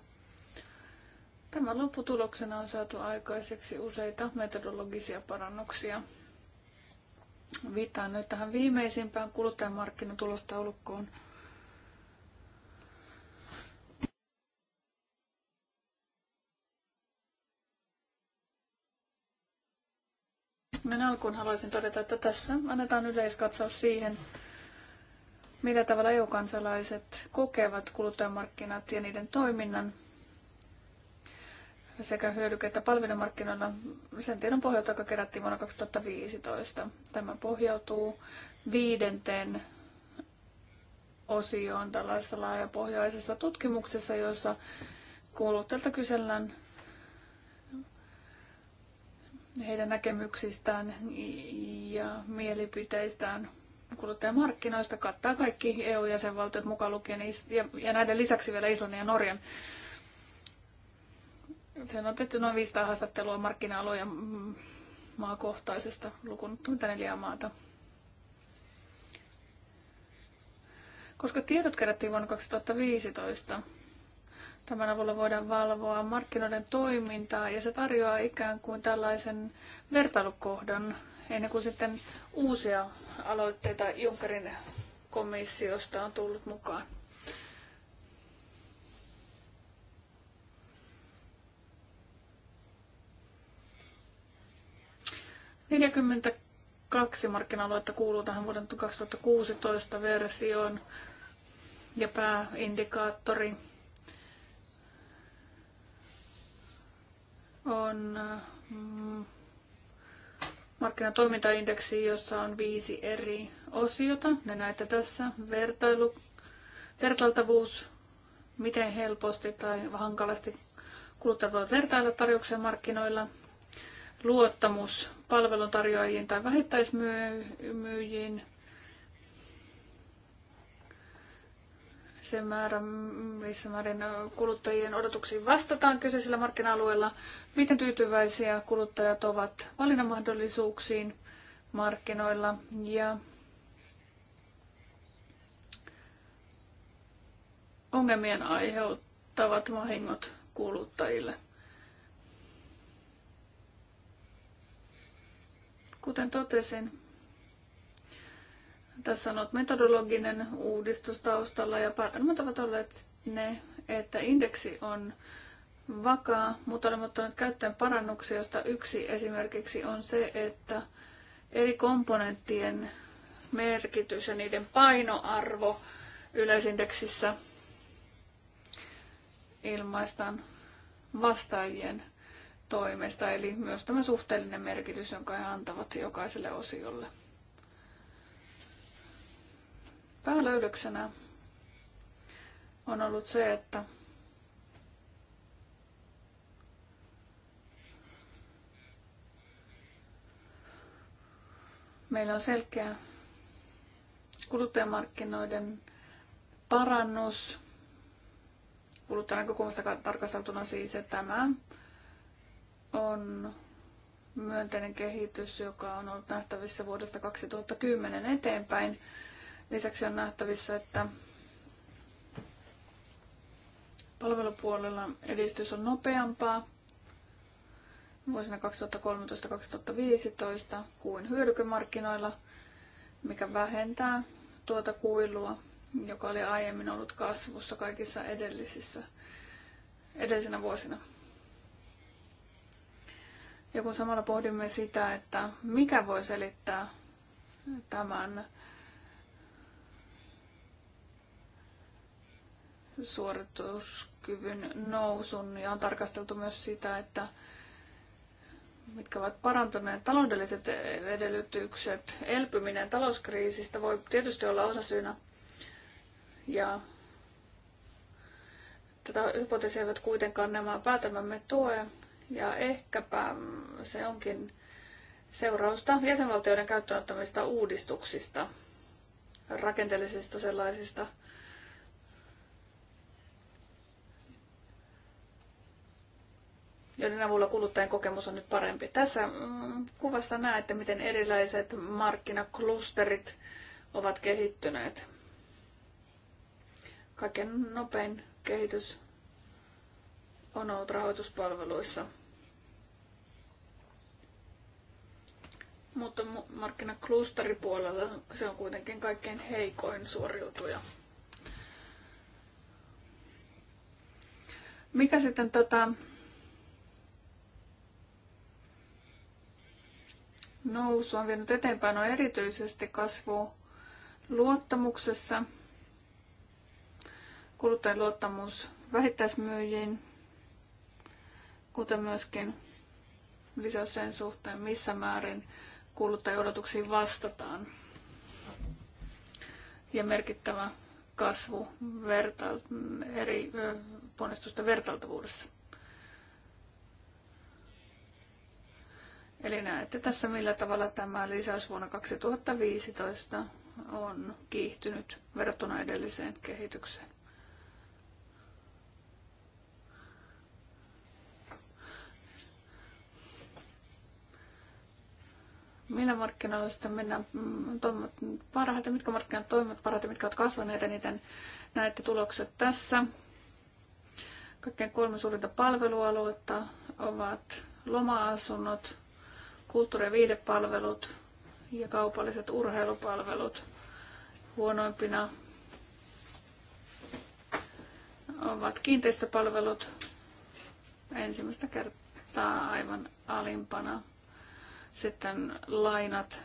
Tämän lopputuloksena on saatu aikaiseksi useita metodologisia parannuksia. Viittaan nyt tähän viimeisimpään kuluttajamarkkinatulostaulukkoon – Minä alkuun haluaisin todeta, että tässä annetaan yleiskatsaus siihen, millä tavalla EU-kansalaiset kokevat kuluttajamarkkinat ja niiden toiminnan sekä hyödyke- että palvelumarkkinoilla sen tiedon pohjalta, joka kerättiin vuonna 2015. Tämä pohjautuu viidenteen osioon tällaisessa laajapohjaisessa tutkimuksessa, jossa kuluttajilta kysellään heidän näkemyksistään ja mielipiteistään kuluttajamarkkinoista kattaa kaikki EU-jäsenvaltiot mukaan lukien ja näiden lisäksi vielä Islannin ja Norjan. Sen on tehty noin 500 haastattelua markkina-aloja maakohtaisesta lukuun neljää maata. Koska tiedot kerättiin vuonna 2015, Tämän avulla voidaan valvoa markkinoiden toimintaa ja se tarjoaa ikään kuin tällaisen vertailukohdan ennen kuin sitten uusia aloitteita Junckerin komissiosta on tullut mukaan. kaksi markkina-aluetta kuuluu tähän vuoden 2016 versioon ja pääindikaattori on mm, markkinatoimintaindeksi, jossa on viisi eri osiota. Ne näette tässä. Vertailu, vertailtavuus, miten helposti tai hankalasti kuluttajat voivat vertailla tarjouksia markkinoilla. Luottamus palveluntarjoajiin tai vähittäismyyjiin. se määrä, missä määrin kuluttajien odotuksiin vastataan kyseisellä markkina-alueella, miten tyytyväisiä kuluttajat ovat valinnanmahdollisuuksiin markkinoilla ja ongelmien aiheuttavat vahingot kuluttajille. Kuten totesin, tässä on metodologinen uudistus taustalla ja päätelmät ovat olleet ne, että indeksi on vakaa, mutta olemme ottaneet käyttöön parannuksia, josta yksi esimerkiksi on se, että eri komponenttien merkitys ja niiden painoarvo yleisindeksissä ilmaistaan vastaajien toimesta, eli myös tämä suhteellinen merkitys, jonka he antavat jokaiselle osiolle. Päälöydöksenä on ollut se, että meillä on selkeä kuluttajamarkkinoiden parannus. Kuluttajan näkökulmasta tarkasteltuna siis, että tämä on myönteinen kehitys, joka on ollut nähtävissä vuodesta 2010 eteenpäin. Lisäksi on nähtävissä, että palvelupuolella edistys on nopeampaa vuosina 2013-2015 kuin hyödykemarkkinoilla, mikä vähentää tuota kuilua, joka oli aiemmin ollut kasvussa kaikissa edellisissä, edellisinä vuosina. Ja kun samalla pohdimme sitä, että mikä voi selittää tämän suorituskyvyn nousun ja on tarkasteltu myös sitä, että mitkä ovat parantuneet taloudelliset edellytykset. Elpyminen talouskriisistä voi tietysti olla osasyynä ja tätä hypoteesia eivät kuitenkaan nämä päätämämme tue ja ehkäpä se onkin seurausta jäsenvaltioiden käyttöönottamista uudistuksista, rakenteellisista sellaisista – joiden avulla kuluttajan kokemus on nyt parempi. Tässä mm, kuvassa näette, miten erilaiset markkinaklusterit ovat kehittyneet. Kaiken nopein kehitys on ollut rahoituspalveluissa. Mutta markkinaklusteripuolella se on kuitenkin kaikkein heikoin suoriutuja. Mikä sitten tätä tota nousu on vienyt eteenpäin on erityisesti kasvu luottamuksessa, kuluttajien luottamus vähittäismyyjiin, kuten myöskin lisäys sen suhteen, missä määrin kuluttajien odotuksiin vastataan. Ja merkittävä kasvu verta- eri ponnistusten vertailtavuudessa. Eli näette tässä millä tavalla tämä lisäys vuonna 2015 on kiihtynyt verrattuna edelliseen kehitykseen. millä markkinoilla sitten mennään mm, toimivat parhaiten, mitkä markkinat toimivat parhaiten, mitkä ovat kasvaneet eniten. Näette tulokset tässä. Kaikkein kolme suurinta palvelualuetta ovat loma-asunnot, kulttuuri- ja viidepalvelut ja kaupalliset urheilupalvelut huonoimpina ovat kiinteistöpalvelut ensimmäistä kertaa aivan alimpana. Sitten lainat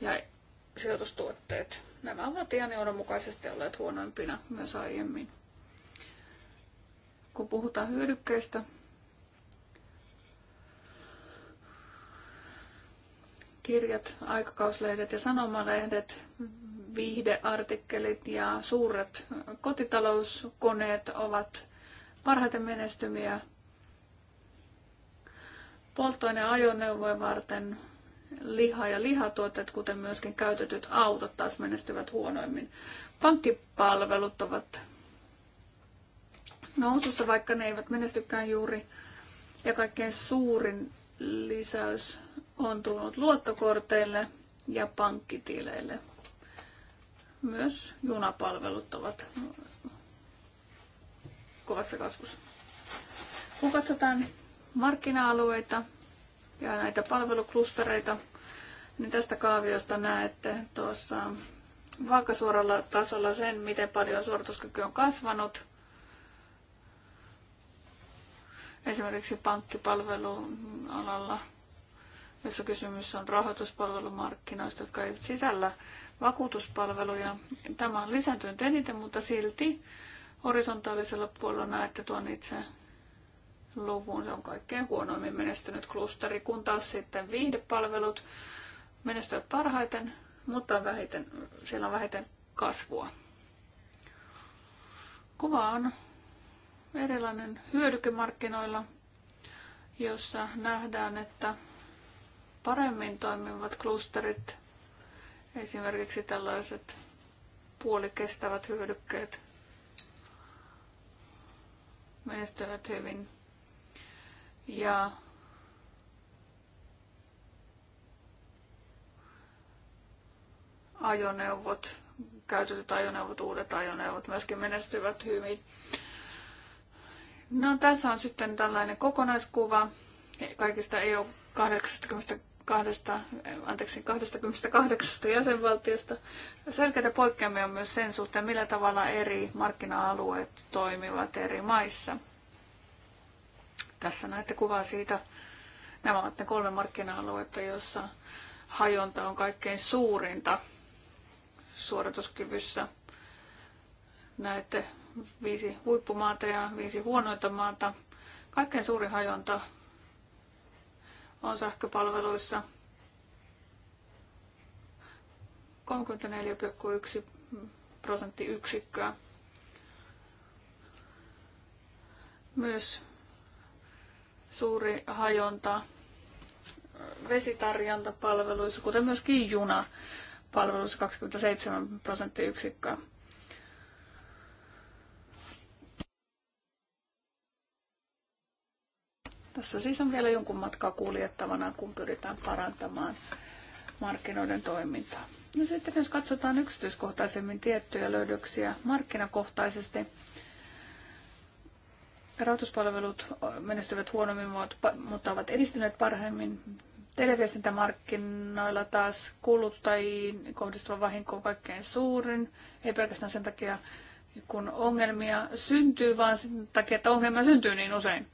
ja sijoitustuotteet. Nämä ovat ihan johdonmukaisesti olleet huonoimpina myös aiemmin. Kun puhutaan hyödykkeistä, kirjat, aikakauslehdet ja sanomalehdet, viihdeartikkelit ja suuret kotitalouskoneet ovat parhaiten menestymiä polttoaineajoneuvoja varten liha- ja lihatuotteet, kuten myöskin käytetyt autot, taas menestyvät huonoimmin. Pankkipalvelut ovat nousussa, vaikka ne eivät menestykään juuri. Ja kaikkein suurin lisäys on tullut luottokorteille ja pankkitileille. Myös junapalvelut ovat kovassa kasvussa. Kun katsotaan markkina-alueita ja näitä palveluklustereita, niin tästä kaaviosta näette tuossa vaakasuoralla tasolla sen, miten paljon suorituskyky on kasvanut. Esimerkiksi pankkipalvelun alalla jossa kysymys on rahoituspalvelumarkkinoista, jotka eivät sisällä vakuutuspalveluja. Tämä on lisääntynyt eniten, mutta silti horisontaalisella puolella näette tuon itse luvun. Se on kaikkein huonoimmin menestynyt klusteri, kun taas sitten viihdepalvelut menestyvät parhaiten, mutta on vähiten, siellä on vähiten kasvua. Kuva on erilainen hyödykemarkkinoilla, jossa nähdään, että paremmin toimivat klusterit, esimerkiksi tällaiset puolikestävät hyödykkeet, menestyvät hyvin. Ja ajoneuvot, käytetyt ajoneuvot, uudet ajoneuvot myöskin menestyvät hyvin. No tässä on sitten tällainen kokonaiskuva kaikista EU 80 kahdesta, anteeksi, 28 jäsenvaltiosta. Selkeitä poikkeamia on myös sen suhteen, millä tavalla eri markkina-alueet toimivat eri maissa. Tässä näette kuvaa siitä. Nämä ovat ne kolme markkina-aluetta, joissa hajonta on kaikkein suurinta suorituskyvyssä. Näette viisi huippumaata ja viisi huonoita maata. Kaikkein suurin hajonta on sähköpalveluissa. 34,1 prosenttiyksikköä. Myös suuri hajonta vesitarjontapalveluissa, kuten myöskin junapalveluissa 27 prosenttiyksikköä. Tässä siis on vielä jonkun matkaa kuljettavana, kun pyritään parantamaan markkinoiden toimintaa. No sitten jos katsotaan yksityiskohtaisemmin tiettyjä löydöksiä markkinakohtaisesti, rahoituspalvelut menestyvät huonommin, mutta ovat edistyneet parhaimmin. Televiestintämarkkinoilla taas kuluttajiin kohdistuva vahinko on kaikkein suurin, ei pelkästään sen takia, kun ongelmia syntyy, vaan sen takia, että ongelmia syntyy niin usein.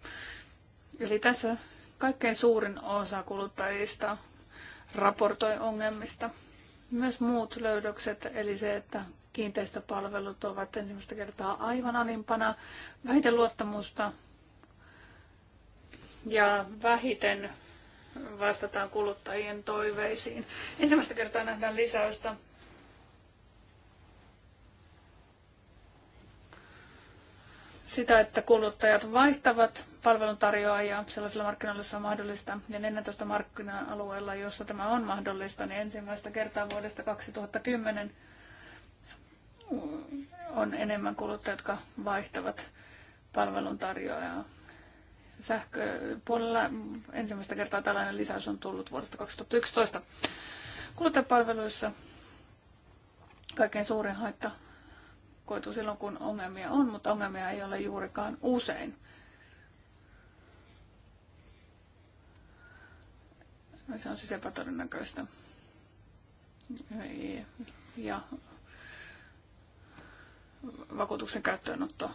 Eli tässä kaikkein suurin osa kuluttajista raportoi ongelmista. Myös muut löydökset, eli se, että kiinteistöpalvelut ovat ensimmäistä kertaa aivan alimpana, vähiten luottamusta ja vähiten vastataan kuluttajien toiveisiin. Ensimmäistä kertaa nähdään lisäystä sitä, että kuluttajat vaihtavat palveluntarjoajia sellaisilla markkinoilla, joissa on mahdollista. Ja 14 markkina-alueella, jossa tämä on mahdollista, niin ensimmäistä kertaa vuodesta 2010 on enemmän kuluttajia, jotka vaihtavat palveluntarjoajaa. Sähköpuolella ensimmäistä kertaa tällainen lisäys on tullut vuodesta 2011. Kuluttajapalveluissa kaikkein suurin haitta koituu silloin, kun ongelmia on, mutta ongelmia ei ole juurikaan usein. Se on siis epätodennäköistä. Ja vakuutuksen käyttöönotto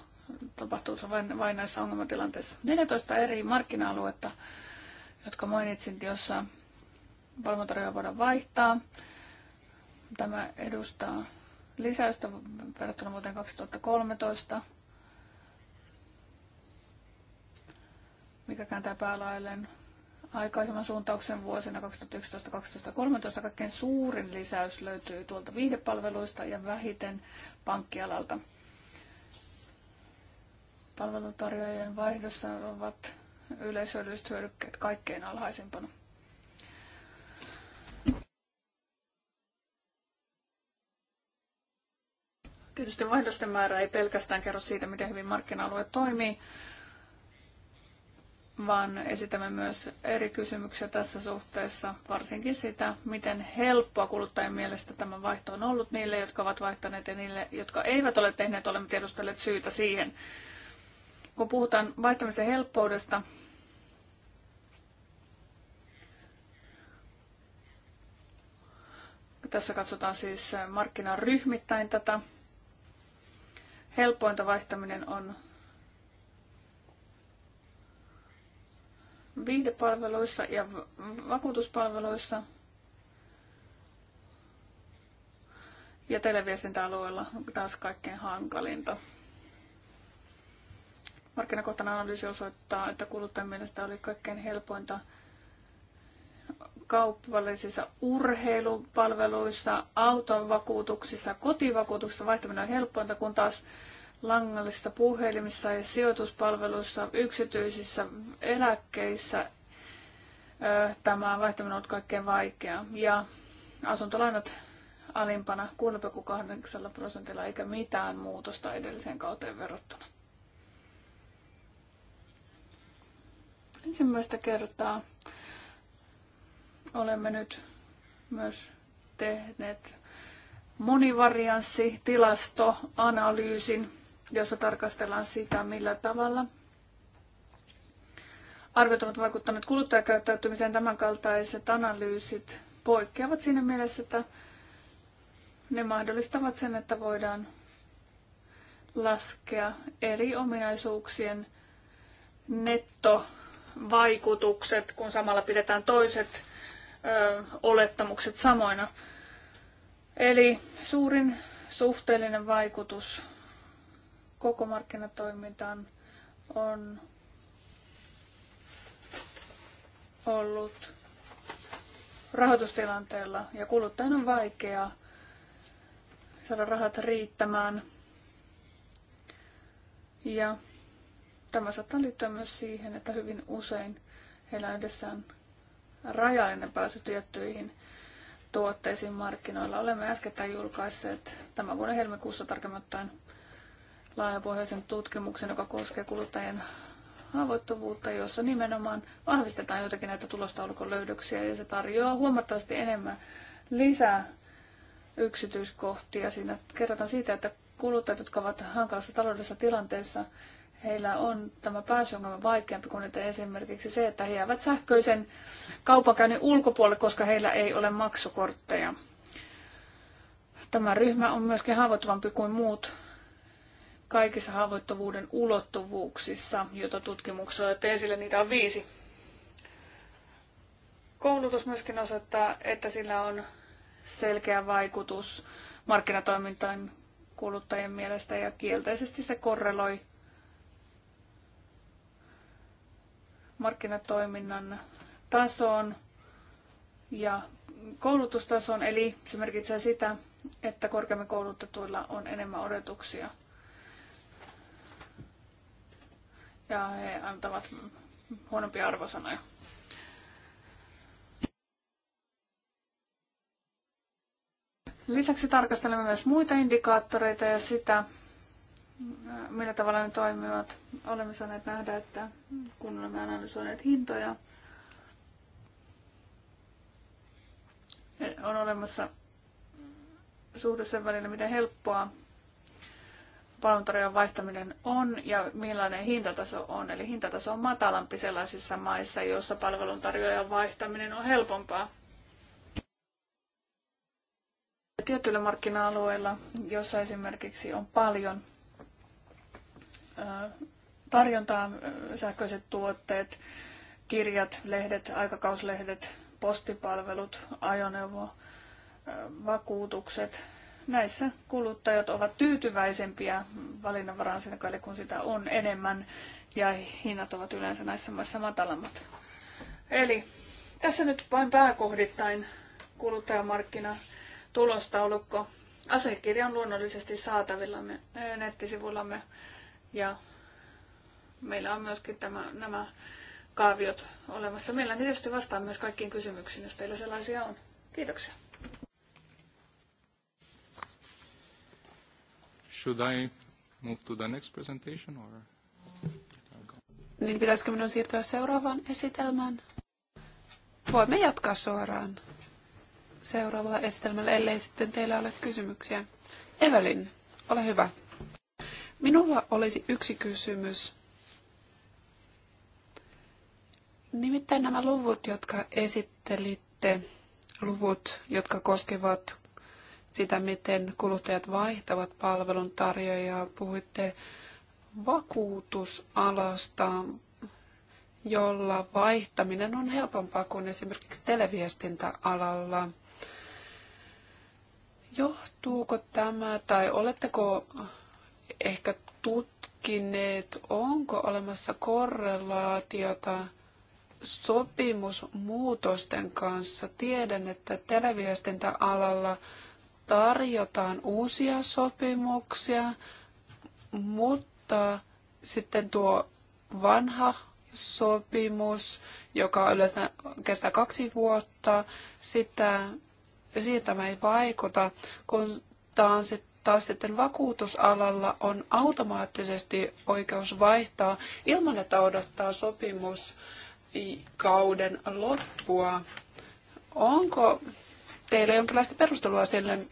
tapahtuu vain, näissä ongelmatilanteissa. 14 eri markkina-aluetta, jotka mainitsin, jossa palveluntarjoaja voidaan vaihtaa. Tämä edustaa lisäystä verrattuna vuoteen 2013, mikä kääntää päälailleen aikaisemman suuntauksen vuosina 2011-2013 kaikkein suurin lisäys löytyy tuolta viihdepalveluista ja vähiten pankkialalta. Palvelutarjoajien vaihdossa ovat yleishyödylliset hyödykkeet kaikkein alhaisimpana. Tietysti vaihdosten määrä ei pelkästään kerro siitä, miten hyvin markkina-alue toimii, vaan esitämme myös eri kysymyksiä tässä suhteessa, varsinkin sitä, miten helppoa kuluttajien mielestä tämä vaihto on ollut niille, jotka ovat vaihtaneet ja niille, jotka eivät ole tehneet, olemme tiedustelleet syytä siihen. Kun puhutaan vaihtamisen helppoudesta, tässä katsotaan siis markkinaryhmittäin tätä helpointa vaihtaminen on viihdepalveluissa ja vakuutuspalveluissa ja televiestintäalueella taas kaikkein hankalinta. Markkinakohtainen analyysi osoittaa, että kuluttajan mielestä oli kaikkein helpointa kaupallisissa urheilupalveluissa, auton vakuutuksissa, kotivakuutuksissa vaihtaminen on helpointa, kun taas langallisissa puhelimissa ja sijoituspalveluissa, yksityisissä eläkkeissä tämä vaihtaminen on ollut kaikkein vaikea. Ja asuntolainat alimpana 6,8 prosentilla eikä mitään muutosta edelliseen kauteen verrattuna. Ensimmäistä kertaa Olemme nyt myös tehneet monivarianssitilastoanalyysin, jossa tarkastellaan sitä, millä tavalla arviot ovat vaikuttaneet kuluttajakäyttäytymiseen. Tämänkaltaiset analyysit poikkeavat siinä mielessä, että ne mahdollistavat sen, että voidaan laskea eri ominaisuuksien nettovaikutukset, kun samalla pidetään toiset olettamukset samoina. Eli suurin suhteellinen vaikutus koko markkinatoimintaan on ollut rahoitustilanteella ja kuluttajan on vaikeaa saada rahat riittämään. Ja tämä saattaa liittyä myös siihen, että hyvin usein heillä edessään rajallinen pääsy tiettyihin tuotteisiin markkinoilla. Olemme äskettäin julkaisseet tämän vuoden helmikuussa tarkemmin laajapohjaisen tutkimuksen, joka koskee kuluttajien haavoittuvuutta, jossa nimenomaan vahvistetaan jotakin näitä tulostaulukon löydöksiä ja se tarjoaa huomattavasti enemmän lisää yksityiskohtia. Siinä kerrotaan siitä, että kuluttajat, jotka ovat hankalassa taloudellisessa tilanteessa, heillä on tämä pääsyongelma vaikeampi kuin että esimerkiksi se, että he jäävät sähköisen kaupankäynnin ulkopuolelle, koska heillä ei ole maksukortteja. Tämä ryhmä on myöskin haavoittuvampi kuin muut kaikissa haavoittuvuuden ulottuvuuksissa, joita tutkimuksessa olette esille, niitä on viisi. Koulutus myöskin osoittaa, että sillä on selkeä vaikutus markkinatoimintaan kuluttajien mielestä ja kielteisesti se korreloi markkinatoiminnan tasoon ja koulutustasoon, eli se merkitsee sitä, että korkeammin koulutetuilla on enemmän odotuksia. Ja he antavat huonompia arvosanoja. Lisäksi tarkastelemme myös muita indikaattoreita ja sitä, millä tavalla ne toimivat. Olemme saaneet nähdä, että kun olemme analysoineet hintoja, on olemassa suhde sen välillä, miten helppoa palveluntarjoajan vaihtaminen on ja millainen hintataso on. Eli hintataso on matalampi sellaisissa maissa, joissa palveluntarjoajan vaihtaminen on helpompaa. Tietyillä markkina-alueilla, jossa esimerkiksi on paljon tarjontaa, sähköiset tuotteet, kirjat, lehdet, aikakauslehdet, postipalvelut, ajoneuvo, vakuutukset. Näissä kuluttajat ovat tyytyväisempiä valinnanvaraan sen kun sitä on enemmän ja hinnat ovat yleensä näissä maissa matalammat. Eli tässä nyt vain pääkohdittain kuluttajamarkkina tulostaulukko. Asiakirja on luonnollisesti saatavilla nettisivuillamme ja meillä on myöskin tämä, nämä kaaviot olemassa. Meillä tietysti vastaan myös kaikkiin kysymyksiin, jos teillä sellaisia on. Kiitoksia. Should I move to the next presentation or... Niin pitäisikö minun siirtyä seuraavaan esitelmään? Voimme jatkaa suoraan seuraavalla esitelmällä, ellei sitten teillä ole kysymyksiä. Evelin, ole hyvä. Minulla olisi yksi kysymys. Nimittäin nämä luvut, jotka esittelitte, luvut, jotka koskevat sitä, miten kuluttajat vaihtavat palvelun tarjoajaa. Puhuitte vakuutusalasta, jolla vaihtaminen on helpompaa kuin esimerkiksi televiestintäalalla. Johtuuko tämä tai oletteko ehkä tutkineet, onko olemassa korrelaatiota sopimusmuutosten kanssa. Tiedän, että televiestintäalalla tarjotaan uusia sopimuksia, mutta sitten tuo vanha sopimus, joka yleensä kestää kaksi vuotta, sitä, siitä mä ei vaikuta, kun taas taas sitten vakuutusalalla on automaattisesti oikeus vaihtaa ilman, että odottaa sopimuskauden loppua. Onko teillä jonkinlaista perustelua sille,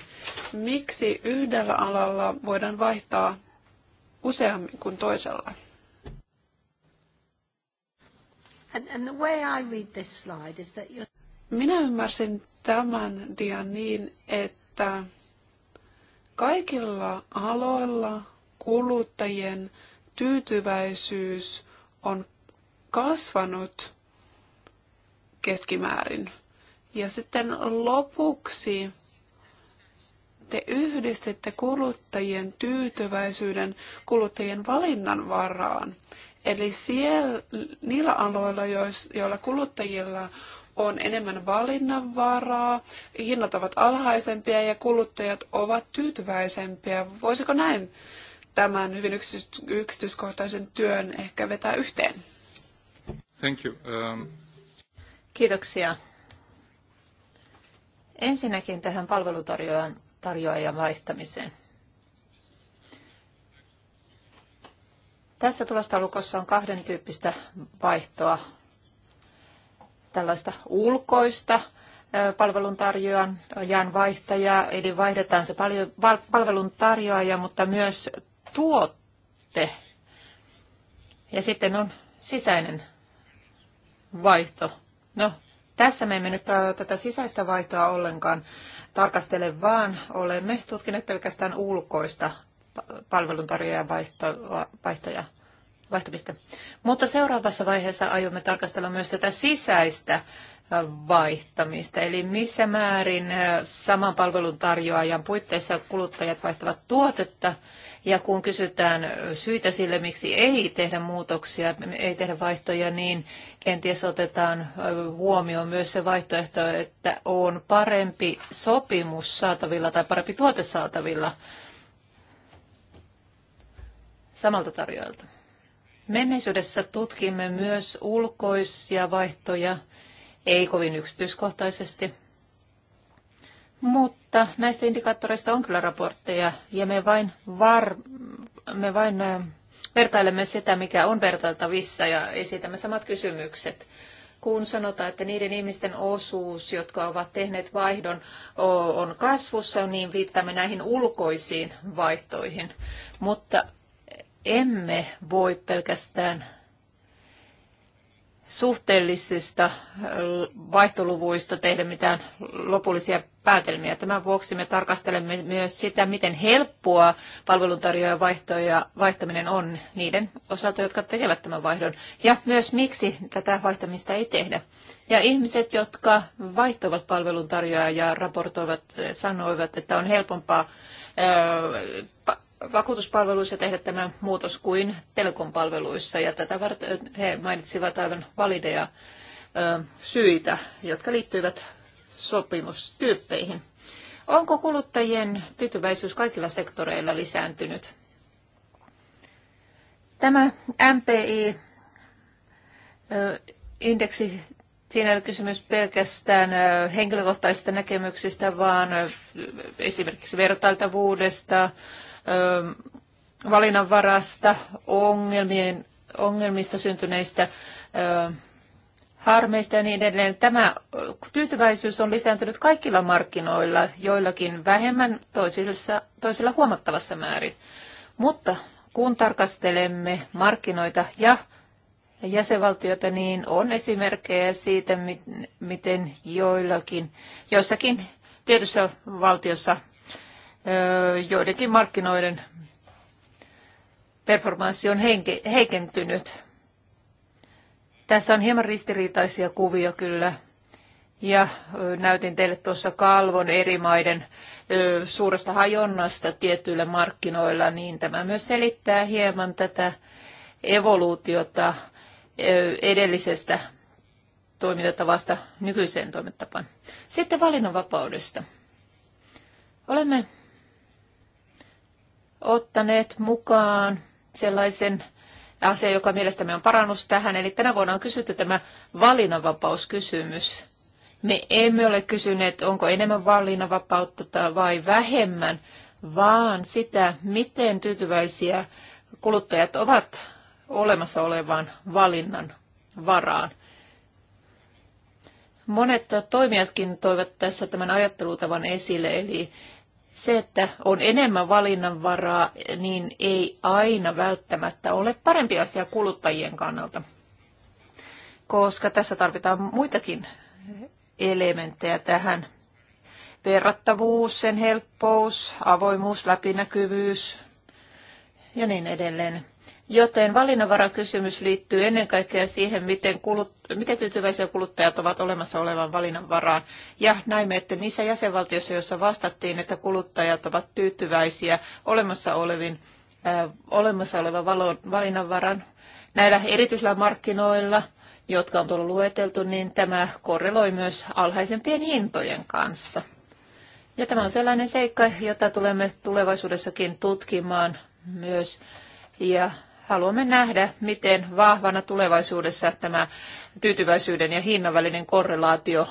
miksi yhdellä alalla voidaan vaihtaa useammin kuin toisella? Minä ymmärsin tämän dian niin, että Kaikilla aloilla kuluttajien tyytyväisyys on kasvanut keskimäärin. Ja sitten lopuksi te yhdistitte kuluttajien tyytyväisyyden kuluttajien valinnan varaan. Eli siellä, niillä aloilla, joilla kuluttajilla on enemmän valinnanvaraa, hinnat ovat alhaisempia ja kuluttajat ovat tyytyväisempiä. Voisiko näin tämän hyvin yksityiskohtaisen työn ehkä vetää yhteen? Thank you. Um... Kiitoksia. Ensinnäkin tähän palvelutarjoajan tarjoajan vaihtamiseen. Tässä tulostalukossa on kahden tyyppistä vaihtoa tällaista ulkoista palveluntarjoajan vaihtajaa, eli vaihdetaan se palveluntarjoaja, mutta myös tuotte. Ja sitten on sisäinen vaihto. No, tässä me emme nyt tätä sisäistä vaihtoa ollenkaan tarkastele, vaan olemme tutkineet pelkästään ulkoista palveluntarjoajan vaihtajaa vaihtamista. Mutta seuraavassa vaiheessa aiomme tarkastella myös tätä sisäistä vaihtamista, eli missä määrin saman palvelun tarjoajan puitteissa kuluttajat vaihtavat tuotetta, ja kun kysytään syitä sille, miksi ei tehdä muutoksia, ei tehdä vaihtoja, niin kenties otetaan huomioon myös se vaihtoehto, että on parempi sopimus saatavilla tai parempi tuote saatavilla samalta tarjoajalta. Menneisyydessä tutkimme myös ulkoisia vaihtoja, ei kovin yksityiskohtaisesti, mutta näistä indikaattoreista on kyllä raportteja ja me vain, var, me vain vertailemme sitä, mikä on vertailtavissa ja esitämme samat kysymykset. Kun sanotaan, että niiden ihmisten osuus, jotka ovat tehneet vaihdon, on kasvussa, niin viittaamme näihin ulkoisiin vaihtoihin. Mutta emme voi pelkästään suhteellisista äh, vaihtoluvuista tehdä mitään lopullisia päätelmiä. Tämän vuoksi me tarkastelemme myös sitä, miten helppoa palveluntarjoajan vaihtoja, vaihtaminen on niiden osalta, jotka tekevät tämän vaihdon, ja myös miksi tätä vaihtamista ei tehdä. Ja ihmiset, jotka vaihtoivat palveluntarjoajaa ja raportoivat, sanoivat, että on helpompaa äh, vakuutuspalveluissa tehdä tämä muutos kuin telekompalveluissa. Ja tätä varten he mainitsivat aivan valideja syitä, jotka liittyivät sopimustyyppeihin. Onko kuluttajien tyytyväisyys kaikilla sektoreilla lisääntynyt? Tämä MPI-indeksi, siinä ei ole kysymys pelkästään henkilökohtaisista näkemyksistä, vaan esimerkiksi vertailtavuudesta, valinnanvarasta, ongelmien, ongelmista syntyneistä harmeista ja niin edelleen. Tämä tyytyväisyys on lisääntynyt kaikilla markkinoilla, joillakin vähemmän, toisilla, toisilla huomattavassa määrin. Mutta kun tarkastelemme markkinoita ja jäsenvaltioita, niin on esimerkkejä siitä, miten joillakin, joissakin tietyssä valtiossa joidenkin markkinoiden performanssi on heikentynyt. Tässä on hieman ristiriitaisia kuvia kyllä. Ja näytin teille tuossa kalvon eri maiden suuresta hajonnasta tietyillä markkinoilla, niin tämä myös selittää hieman tätä evoluutiota edellisestä toimintatavasta nykyiseen toimintatapaan. Sitten valinnanvapaudesta. Olemme ottaneet mukaan sellaisen asia, joka mielestämme on parannus tähän. Eli tänä vuonna on kysytty tämä valinnanvapauskysymys. Me emme ole kysyneet, onko enemmän valinnanvapautta vai vähemmän, vaan sitä, miten tyytyväisiä kuluttajat ovat olemassa olevaan valinnan varaan. Monet toimijatkin toivat tässä tämän ajattelutavan esille, eli se, että on enemmän valinnanvaraa, niin ei aina välttämättä ole parempi asia kuluttajien kannalta, koska tässä tarvitaan muitakin elementtejä tähän. Verrattavuus, sen helppous, avoimuus, läpinäkyvyys ja niin edelleen. Joten valinnanvarakysymys liittyy ennen kaikkea siihen, miten, kulut, miten tyytyväisiä kuluttajat ovat olemassa olevan valinnanvaraan. Ja näimme, että niissä jäsenvaltioissa, joissa vastattiin, että kuluttajat ovat tyytyväisiä olemassa, olevin, äh, olemassa olevan valo, valinnanvaran, näillä erityisillä markkinoilla, jotka on tullut lueteltu, niin tämä korreloi myös alhaisempien hintojen kanssa. Ja tämä on sellainen seikka, jota tulemme tulevaisuudessakin tutkimaan myös. Ja haluamme nähdä, miten vahvana tulevaisuudessa tämä tyytyväisyyden ja hinnan välinen korrelaatio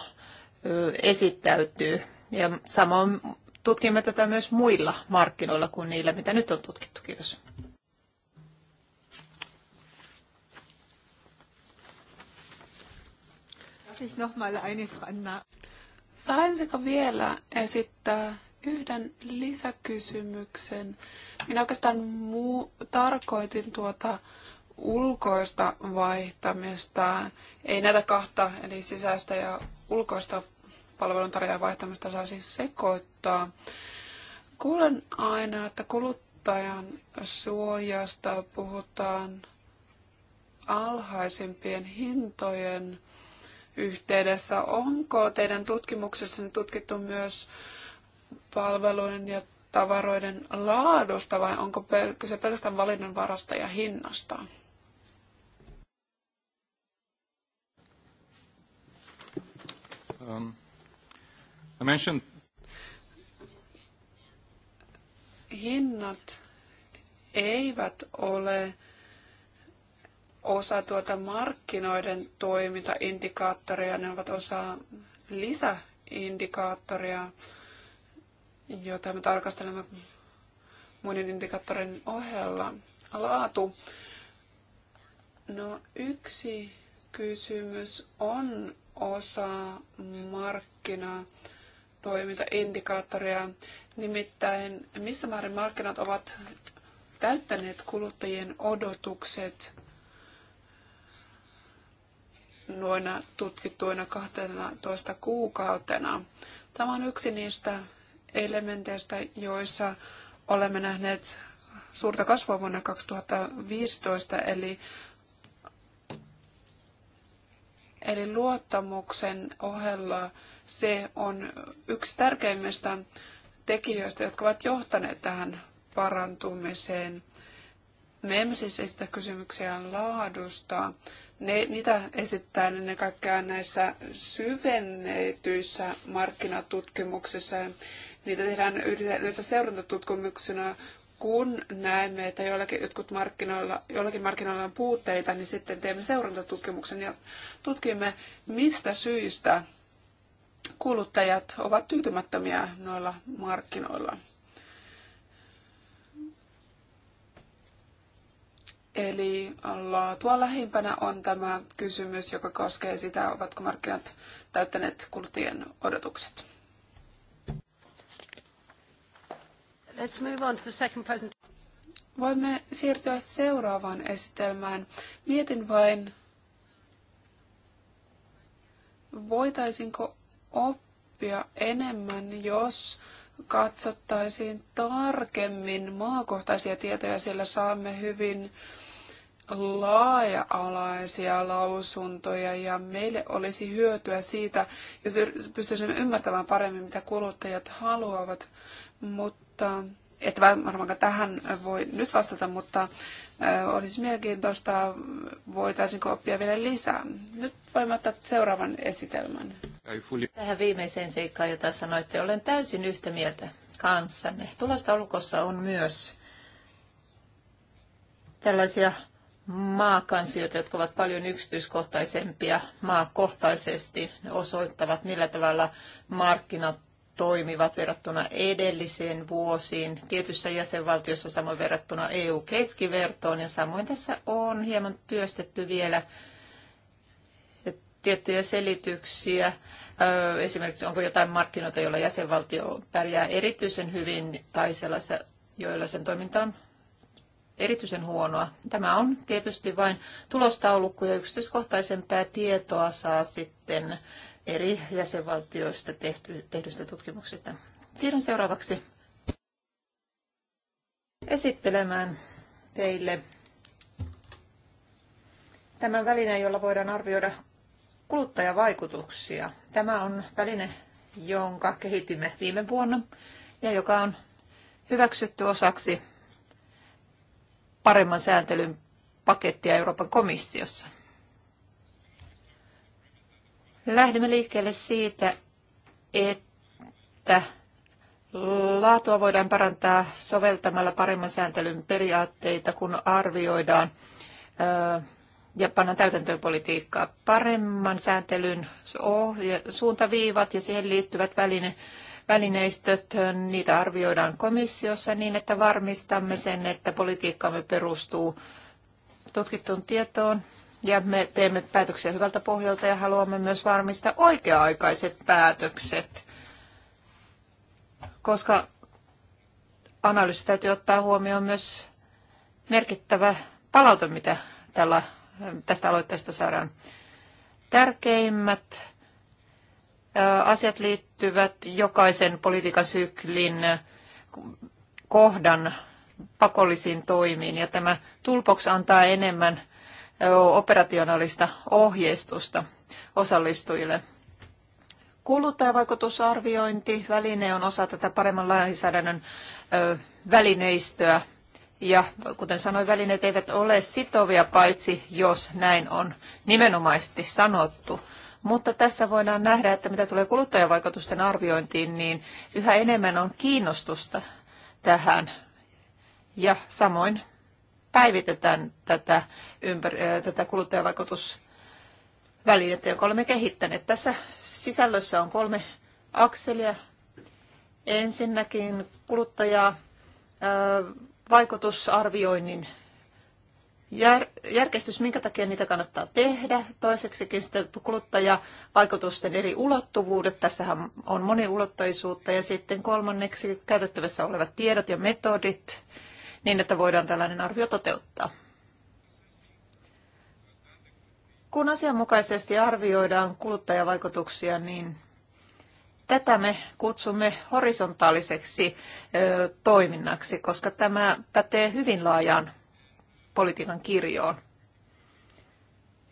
esittäytyy. Ja samoin tutkimme tätä myös muilla markkinoilla kuin niillä, mitä nyt on tutkittu. Kiitos. Saisinko vielä esittää yhden lisäkysymyksen minä oikeastaan muu, tarkoitin tuota ulkoista vaihtamista, ei näitä kahta, eli sisäistä ja ulkoista palveluntarjoajan vaihtamista saisi sekoittaa. Kuulen aina, että kuluttajan suojasta puhutaan alhaisimpien hintojen yhteydessä. Onko teidän tutkimuksessanne tutkittu myös palveluiden ja tavaroiden laadusta vai onko kyse pelkästään valinnanvarasta ja hinnasta? Um, I mentioned... Hinnat eivät ole osa tuota markkinoiden toimintaindikaattoria, ne ovat osa lisäindikaattoria jota me tarkastelemme muiden indikaattoreiden ohella. Laatu. No yksi kysymys on osa markkinaa toimintaindikaattoria, nimittäin missä määrin markkinat ovat täyttäneet kuluttajien odotukset noina tutkittuina 12 kuukautena. Tämä on yksi niistä elementeistä, joissa olemme nähneet suurta kasvua vuonna 2015, eli, eli luottamuksen ohella se on yksi tärkeimmistä tekijöistä, jotka ovat johtaneet tähän parantumiseen. Me emme siis esitä kysymyksiä laadusta. Ne, niitä esittää ne kaikkea näissä syvennetyissä markkinatutkimuksissa. Niitä tehdään yleensä seurantatutkimuksena, kun näemme, että joillakin, jotkut markkinoilla, joillakin markkinoilla on puutteita, niin sitten teemme seurantatutkimuksen ja tutkimme, mistä syistä kuluttajat ovat tyytymättömiä noilla markkinoilla. Eli laatua lähimpänä on tämä kysymys, joka koskee sitä, ovatko markkinat täyttäneet kuluttajien odotukset. Let's move on to the second present. Voimme siirtyä seuraavaan esitelmään. Mietin vain, voitaisinko oppia enemmän, jos katsottaisiin tarkemmin maakohtaisia tietoja, sillä saamme hyvin laaja-alaisia lausuntoja ja meille olisi hyötyä siitä, jos pystyisimme ymmärtämään paremmin, mitä kuluttajat haluavat, mutta et varmaankaan tähän voi nyt vastata, mutta olisi mielenkiintoista, voitaisiinko oppia vielä lisää. Nyt voimme ottaa seuraavan esitelmän. Tähän viimeiseen seikkaan, jota sanoitte, olen täysin yhtä mieltä kanssanne. Tulostaulukossa on myös tällaisia maakansioita, jotka ovat paljon yksityiskohtaisempia maakohtaisesti, ne osoittavat millä tavalla markkinat toimivat verrattuna edelliseen vuosiin tietyssä jäsenvaltiossa samoin verrattuna EU-keskivertoon ja samoin tässä on hieman työstetty vielä tiettyjä selityksiä. Esimerkiksi onko jotain markkinoita, joilla jäsenvaltio pärjää erityisen hyvin tai sellaisia, joilla sen toiminta on erityisen huonoa. Tämä on tietysti vain tulostaulukko ja yksityiskohtaisempää tietoa saa sitten eri jäsenvaltioista tehty, tehdyistä tutkimuksista. Siirryn seuraavaksi esittelemään teille tämän välineen, jolla voidaan arvioida kuluttajavaikutuksia. Tämä on väline, jonka kehitimme viime vuonna ja joka on hyväksytty osaksi paremman sääntelyn pakettia Euroopan komissiossa. Lähdemme liikkeelle siitä, että laatua voidaan parantaa soveltamalla paremman sääntelyn periaatteita, kun arvioidaan ja täytäntöön politiikkaa. Paremman sääntelyn suuntaviivat ja siihen liittyvät väline välineistöt, niitä arvioidaan komissiossa niin, että varmistamme sen, että politiikkamme perustuu tutkittuun tietoon. Ja me teemme päätöksiä hyvältä pohjalta ja haluamme myös varmistaa oikea-aikaiset päätökset, koska analyysi täytyy ottaa huomioon myös merkittävä palaute, mitä tällä, tästä aloitteesta saadaan. Tärkeimmät asiat liittyvät jokaisen politiikan syklin kohdan pakollisiin toimiin ja tämä Toolbox antaa enemmän operationaalista ohjeistusta osallistujille. Kuluttajavaikutusarviointi väline on osa tätä paremman lainsäädännön välineistöä. Ja kuten sanoin, välineet eivät ole sitovia, paitsi jos näin on nimenomaisesti sanottu. Mutta tässä voidaan nähdä, että mitä tulee kuluttajavaikutusten arviointiin, niin yhä enemmän on kiinnostusta tähän. Ja samoin päivitetään tätä, ympär- tätä kuluttajavaikutusvälinettä, jonka olemme kehittäneet. Tässä sisällössä on kolme akselia. Ensinnäkin kuluttajaa vaikutusarvioinnin jär, järkestys, minkä takia niitä kannattaa tehdä. Toiseksikin sitten kuluttajavaikutusten eri ulottuvuudet. Tässähän on moniulottoisuutta. Ja sitten kolmanneksi käytettävissä olevat tiedot ja metodit niin, että voidaan tällainen arvio toteuttaa. Kun asianmukaisesti arvioidaan kuluttajavaikutuksia, niin tätä me kutsumme horisontaaliseksi toiminnaksi, koska tämä pätee hyvin laajaan politiikan kirjoon.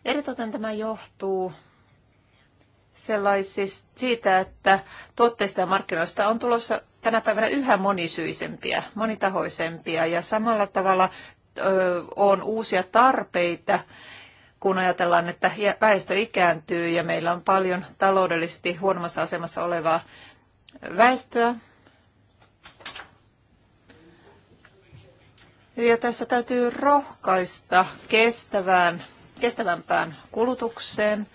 Eritoten tämä johtuu siitä, että tuotteista ja markkinoista on tulossa tänä päivänä yhä monisyisempiä, monitahoisempia ja samalla tavalla ö, on uusia tarpeita, kun ajatellaan, että väestö ikääntyy ja meillä on paljon taloudellisesti huonommassa asemassa olevaa väestöä, Ja tässä täytyy rohkaista kestävään, kestävämpään kulutukseen,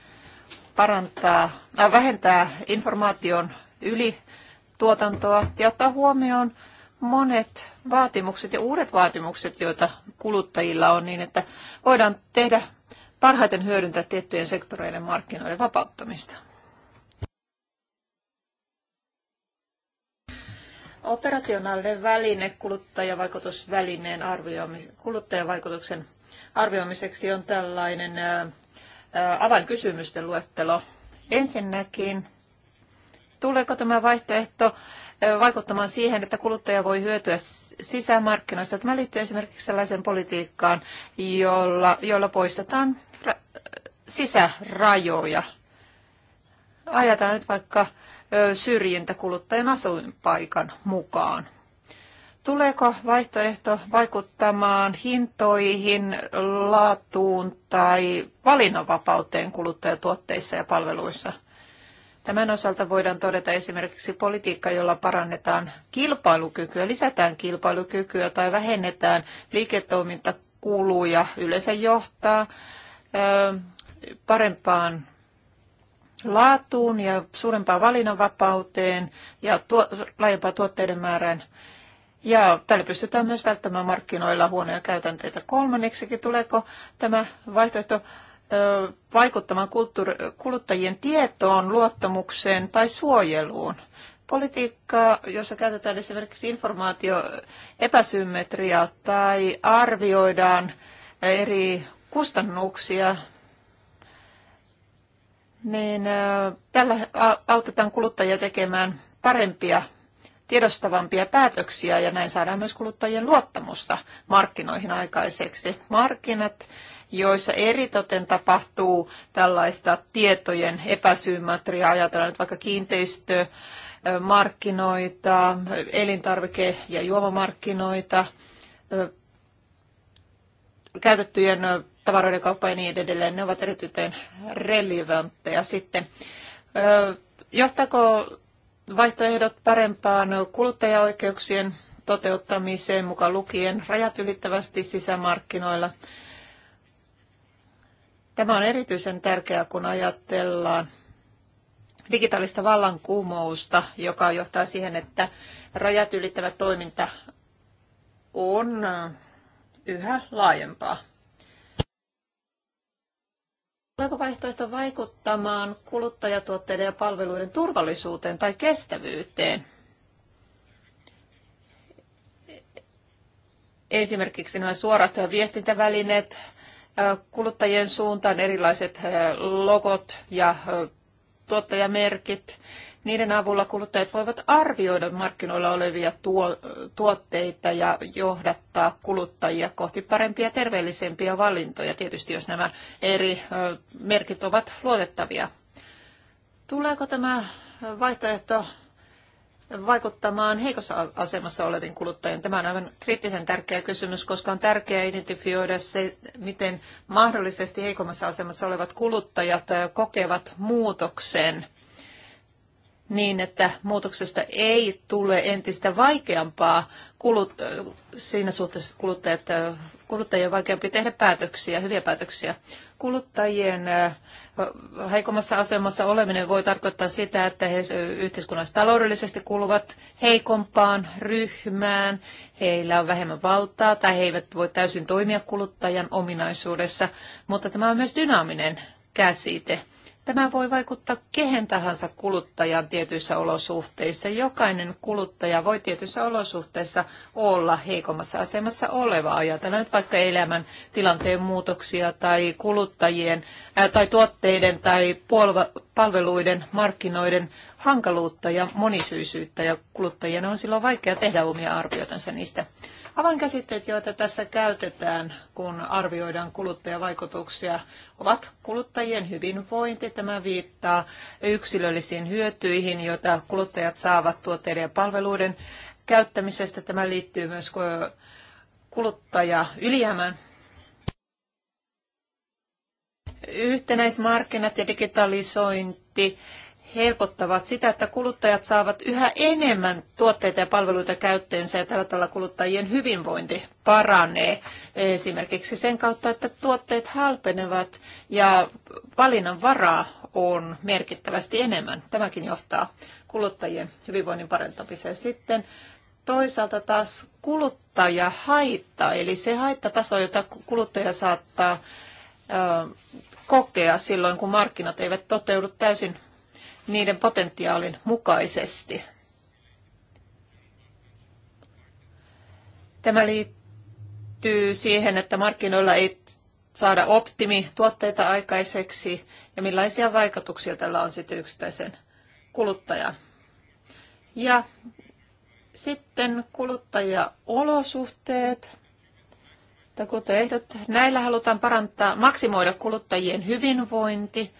parantaa, äh, vähentää informaation yli tuotantoa ja ottaa huomioon monet vaatimukset ja uudet vaatimukset, joita kuluttajilla on niin, että voidaan tehdä parhaiten hyödyntää tiettyjen sektoreiden markkinoiden vapauttamista. operationaalinen väline kuluttajavaikutusvälineen arvioimiseksi, kuluttajavaikutuksen arvioimiseksi on tällainen avainkysymysten luettelo. Ensinnäkin, tuleeko tämä vaihtoehto vaikuttamaan siihen, että kuluttaja voi hyötyä sisämarkkinoista. Tämä liittyy esimerkiksi sellaiseen politiikkaan, jolla, jolla poistetaan ra- sisärajoja. Ajatellaan nyt vaikka syrjintä kuluttajan asuinpaikan mukaan. Tuleeko vaihtoehto vaikuttamaan hintoihin, laatuun tai valinnanvapauteen kuluttajatuotteissa ja palveluissa? Tämän osalta voidaan todeta esimerkiksi politiikka, jolla parannetaan kilpailukykyä, lisätään kilpailukykyä tai vähennetään liiketoimintakuluja, yleensä johtaa parempaan laatuun ja suurempaan valinnanvapauteen ja tuo, laajempaan tuotteiden määrään. Ja tällä pystytään myös välttämään markkinoilla huonoja käytänteitä. Kolmanneksikin tuleeko tämä vaihtoehto vaikuttamaan kuluttajien tietoon, luottamukseen tai suojeluun. Politiikka, jossa käytetään esimerkiksi informaatioepäsymmetriaa tai arvioidaan eri kustannuksia niin tällä autetaan kuluttajia tekemään parempia, tiedostavampia päätöksiä ja näin saadaan myös kuluttajien luottamusta markkinoihin aikaiseksi. Markkinat, joissa eritoten tapahtuu tällaista tietojen epäsymmetriaa, ajatellaan nyt vaikka kiinteistö, markkinoita, elintarvike- ja juomamarkkinoita, käytettyjen tavaroiden kauppa ja niin edelleen, ne ovat erityisen relevantteja sitten. Johtako vaihtoehdot parempaan kuluttajaoikeuksien toteuttamiseen mukaan lukien rajat ylittävästi sisämarkkinoilla? Tämä on erityisen tärkeää, kun ajatellaan digitaalista vallankumousta, joka johtaa siihen, että rajat ylittävä toiminta on yhä laajempaa. Tuleeko vaihtoehto vaikuttamaan kuluttajatuotteiden ja palveluiden turvallisuuteen tai kestävyyteen? Esimerkiksi nämä suorat viestintävälineet, kuluttajien suuntaan erilaiset logot ja tuottajamerkit. Niiden avulla kuluttajat voivat arvioida markkinoilla olevia tuo, tuotteita ja johdattaa kuluttajia kohti parempia terveellisempiä valintoja, tietysti jos nämä eri merkit ovat luotettavia. Tuleeko tämä vaihtoehto vaikuttamaan heikossa asemassa oleviin kuluttajien? Tämä on aivan kriittisen tärkeä kysymys, koska on tärkeää identifioida se, miten mahdollisesti heikommassa asemassa olevat kuluttajat kokevat muutoksen – niin, että muutoksesta ei tule entistä vaikeampaa kulut, siinä suhteessa, että kuluttajat, kuluttajien on vaikeampi tehdä päätöksiä, hyviä päätöksiä. Kuluttajien heikommassa asemassa oleminen voi tarkoittaa sitä, että he yhteiskunnassa taloudellisesti kuuluvat heikompaan ryhmään, heillä on vähemmän valtaa tai he eivät voi täysin toimia kuluttajan ominaisuudessa, mutta tämä on myös dynaaminen käsite Tämä voi vaikuttaa kehen tahansa kuluttajaan tietyissä olosuhteissa. Jokainen kuluttaja voi tietyissä olosuhteissa olla heikommassa asemassa oleva. Ajatellaan nyt vaikka elämän tilanteen muutoksia tai kuluttajien ää, tai tuotteiden tai palveluiden, markkinoiden hankaluutta ja monisyisyyttä. Ja kuluttajien on silloin vaikea tehdä omia arvioitansa niistä Avainkäsitteet, joita tässä käytetään, kun arvioidaan kuluttajavaikutuksia, ovat kuluttajien hyvinvointi. Tämä viittaa yksilöllisiin hyötyihin, joita kuluttajat saavat tuotteiden ja palveluiden käyttämisestä. Tämä liittyy myös kuluttaja yhtenäismarkkinat ja digitalisointi helpottavat sitä, että kuluttajat saavat yhä enemmän tuotteita ja palveluita käyttöönsä ja tällä tavalla kuluttajien hyvinvointi paranee esimerkiksi sen kautta, että tuotteet halpenevat ja valinnan varaa on merkittävästi enemmän. Tämäkin johtaa kuluttajien hyvinvoinnin parantamiseen. Sitten toisaalta taas kuluttajahaitta, eli se haittataso, jota kuluttaja saattaa kokea silloin, kun markkinat eivät toteudu täysin niiden potentiaalin mukaisesti. Tämä liittyy siihen, että markkinoilla ei saada optimituotteita aikaiseksi ja millaisia vaikutuksia tällä on sitten yksittäisen kuluttajan. Ja sitten kuluttajaolosuhteet tai kuluttajaehdot. Näillä halutaan parantaa, maksimoida kuluttajien hyvinvointi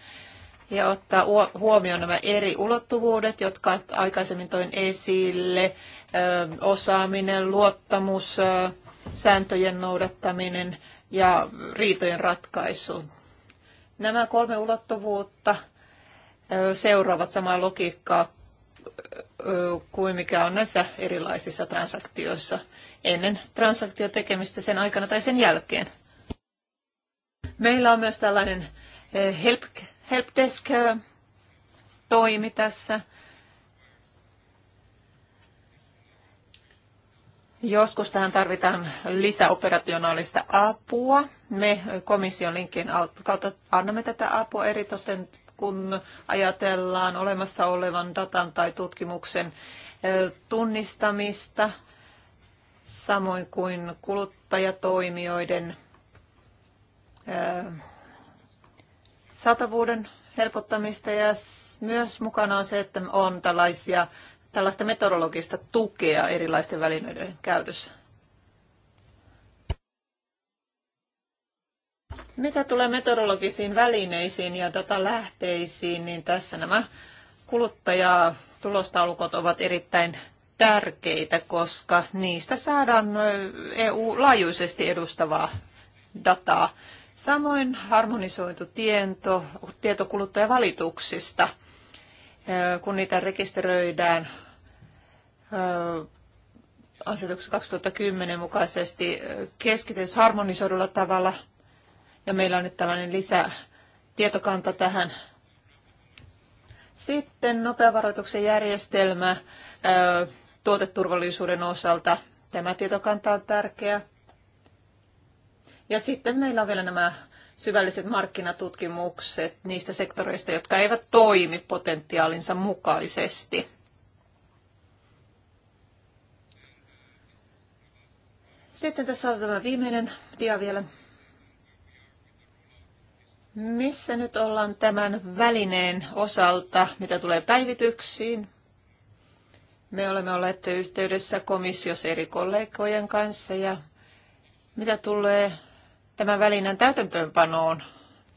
ja ottaa huomioon nämä eri ulottuvuudet, jotka aikaisemmin toin esille, osaaminen, luottamus, sääntöjen noudattaminen ja riitojen ratkaisu. Nämä kolme ulottuvuutta seuraavat samaa logiikkaa kuin mikä on näissä erilaisissa transaktioissa ennen transaktion tekemistä sen aikana tai sen jälkeen. Meillä on myös tällainen eh, help helpdesk toimi tässä. Joskus tähän tarvitaan lisäoperationaalista apua. Me komission linkin kautta annamme tätä apua eritoten, kun ajatellaan olemassa olevan datan tai tutkimuksen tunnistamista, samoin kuin kuluttajatoimijoiden saatavuuden helpottamista ja myös mukana on se, että on tällaisia, tällaista metodologista tukea erilaisten välineiden käytössä. Mitä tulee metodologisiin välineisiin ja datalähteisiin, niin tässä nämä kuluttajatulostaulukot ovat erittäin tärkeitä, koska niistä saadaan EU-laajuisesti edustavaa dataa Samoin harmonisoitu tieto, tieto kuluttajavalituksista, kun niitä rekisteröidään asetuksen 2010 mukaisesti keskitys harmonisoidulla tavalla. Ja meillä on nyt tällainen lisätietokanta tähän. Sitten nopeavaroituksen järjestelmä tuoteturvallisuuden osalta. Tämä tietokanta on tärkeä. Ja sitten meillä on vielä nämä syvälliset markkinatutkimukset niistä sektoreista, jotka eivät toimi potentiaalinsa mukaisesti. Sitten tässä on tämä viimeinen dia vielä. Missä nyt ollaan tämän välineen osalta, mitä tulee päivityksiin? Me olemme olleet yhteydessä komissiossa eri kollegojen kanssa ja mitä tulee tämän välinän täytäntöönpanoon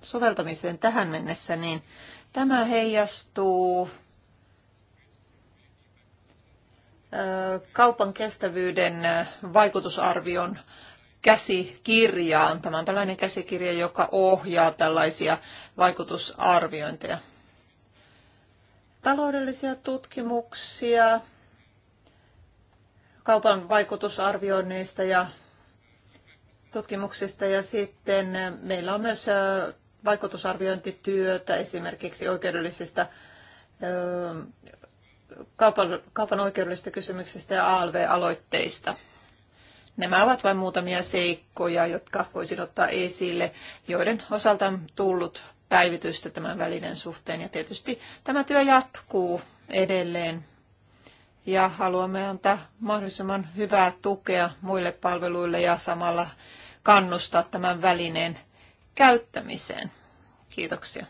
soveltamiseen tähän mennessä, niin tämä heijastuu kaupan kestävyyden vaikutusarvion käsikirjaan. Tämä on tällainen käsikirja, joka ohjaa tällaisia vaikutusarviointeja. Taloudellisia tutkimuksia kaupan vaikutusarvioinneista ja tutkimuksista ja sitten meillä on myös vaikutusarviointityötä esimerkiksi oikeudellisista kaupan, kaupan oikeudellisista kysymyksistä ja ALV-aloitteista. Nämä ovat vain muutamia seikkoja, jotka voisin ottaa esille, joiden osalta on tullut päivitystä tämän välinen suhteen. Ja tietysti tämä työ jatkuu edelleen. Ja haluamme antaa mahdollisimman hyvää tukea muille palveluille ja samalla kannustaa tämän välineen käyttämiseen. Kiitoksia.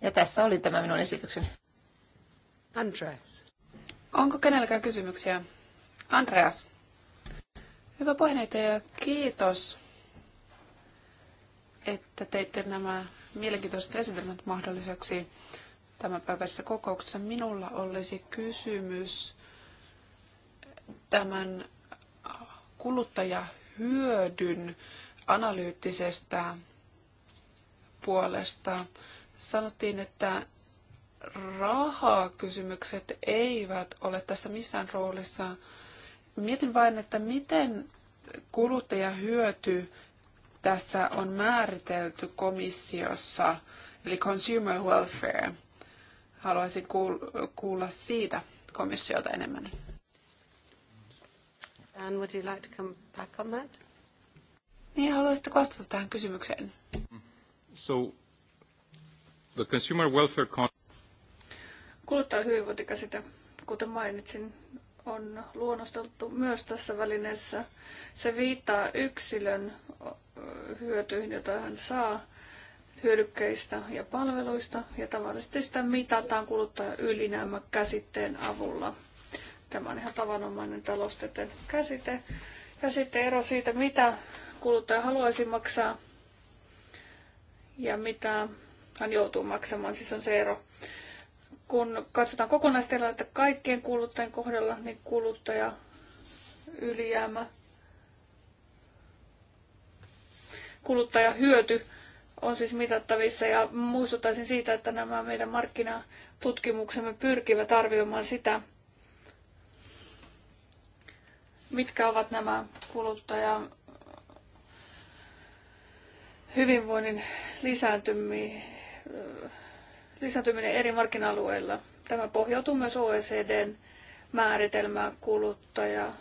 Ja tässä oli tämä minun esitykseni. Andreas. Onko kenelläkään kysymyksiä? Andreas. Hyvä puheenjohtaja, kiitos, että teitte nämä mielenkiintoiset esitelmät mahdolliseksi tämän päivässä kokouksessa. Minulla olisi kysymys tämän kuluttaja hyödyn analyyttisestä puolesta. Sanottiin, että rahakysymykset eivät ole tässä missään roolissa. Mietin vain, että miten kuluttajahyöty tässä on määritelty komissiossa, eli consumer welfare. Haluaisin kuulla siitä komissiolta enemmän. Anne, would you like to come back on that? Niin, haluaisitko vastata tähän kysymykseen? So, the consumer welfare con- Kuluttaa hyvinvointikäsite, kuten mainitsin, on luonnosteltu myös tässä välineessä. Se viittaa yksilön hyötyihin, joita hän saa hyödykkeistä ja palveluista, ja tavallisesti sitä mitataan kuluttaja ylinäämä käsitteen avulla – Tämä on ihan tavanomainen talousteten käsite. Ja sitten ero siitä, mitä kuluttaja haluaisi maksaa ja mitä hän joutuu maksamaan, siis on se ero. Kun katsotaan että kaikkien kuluttajien kohdalla, niin kuluttaja ylijäämä, hyöty on siis mitattavissa ja muistuttaisin siitä, että nämä meidän markkinatutkimuksemme pyrkivät arvioimaan sitä, mitkä ovat nämä kuluttajan hyvinvoinnin lisääntyminen, eri markkina-alueilla. Tämä pohjautuu myös OECDn määritelmään kuluttaja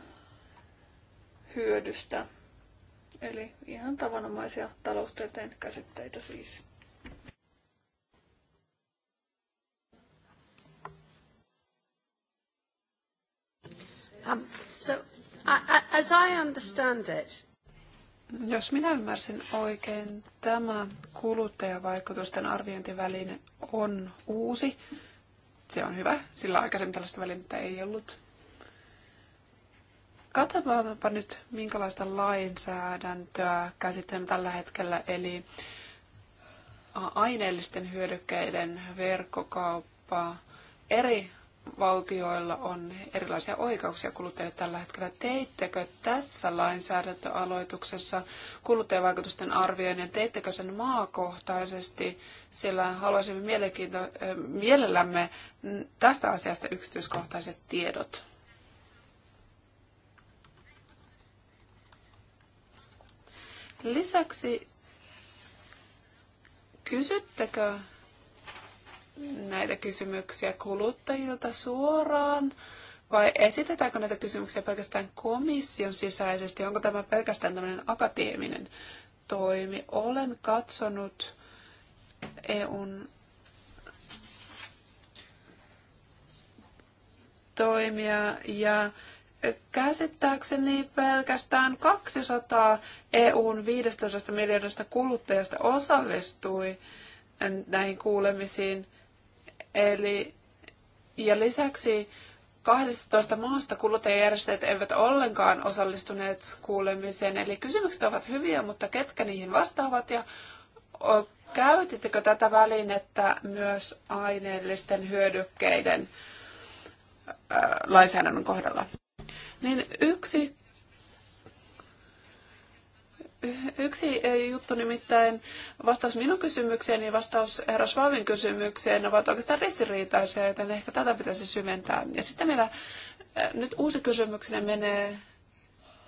hyödystä. Eli ihan tavanomaisia taloustieteen käsitteitä siis. Um, so As I understand it, jos minä ymmärsin oikein, tämä kuluttajavaikutusten arviointiväline on uusi. Se on hyvä, sillä aikaisemmin tällaista välinettä ei ollut. Katsotaanpa nyt, minkälaista lainsäädäntöä käsittelemme tällä hetkellä, eli aineellisten hyödykkeiden verkkokauppa, eri valtioilla on erilaisia oikeuksia kuluttajille tällä hetkellä. Teittekö tässä lainsäädäntöaloituksessa kuluttajavaikutusten arvioinnin, teittekö sen maakohtaisesti, sillä haluaisimme mielenkiinto- mielellämme tästä asiasta yksityiskohtaiset tiedot. Lisäksi kysyttekö näitä kysymyksiä kuluttajilta suoraan vai esitetäänkö näitä kysymyksiä pelkästään komission sisäisesti? Onko tämä pelkästään tämmöinen akateeminen toimi? Olen katsonut EUn toimia ja käsittääkseni pelkästään 200 EUn 15 miljoonasta kuluttajasta osallistui näihin kuulemisiin. Eli, ja lisäksi 12 maasta kuluttajajärjestöt eivät ollenkaan osallistuneet kuulemiseen. Eli kysymykset ovat hyviä, mutta ketkä niihin vastaavat ja käytittekö tätä välinettä myös aineellisten hyödykkeiden lainsäädännön kohdalla? Niin yksi Yksi juttu nimittäin, vastaus minun kysymykseeni ja vastaus herra Schwabin kysymykseen ovat oikeastaan ristiriitaisia, joten ehkä tätä pitäisi syventää. Ja sitten meillä äh, nyt uusi kysymyksenä menee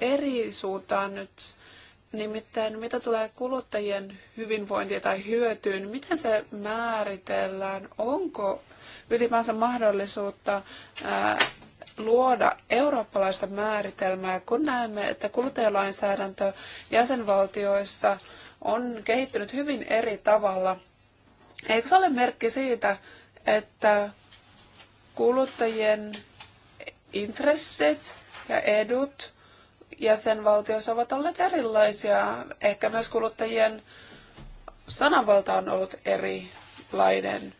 eri suuntaan nyt. Nimittäin mitä tulee kuluttajien hyvinvointiin tai hyötyyn, miten se määritellään? Onko ylipäänsä mahdollisuutta äh, luoda eurooppalaista määritelmää, kun näemme, että kuluttajalainsäädäntö jäsenvaltioissa on kehittynyt hyvin eri tavalla. Eikö se ole merkki siitä, että kuluttajien intressit ja edut jäsenvaltioissa ovat olleet erilaisia. Ehkä myös kuluttajien sananvalta on ollut erilainen.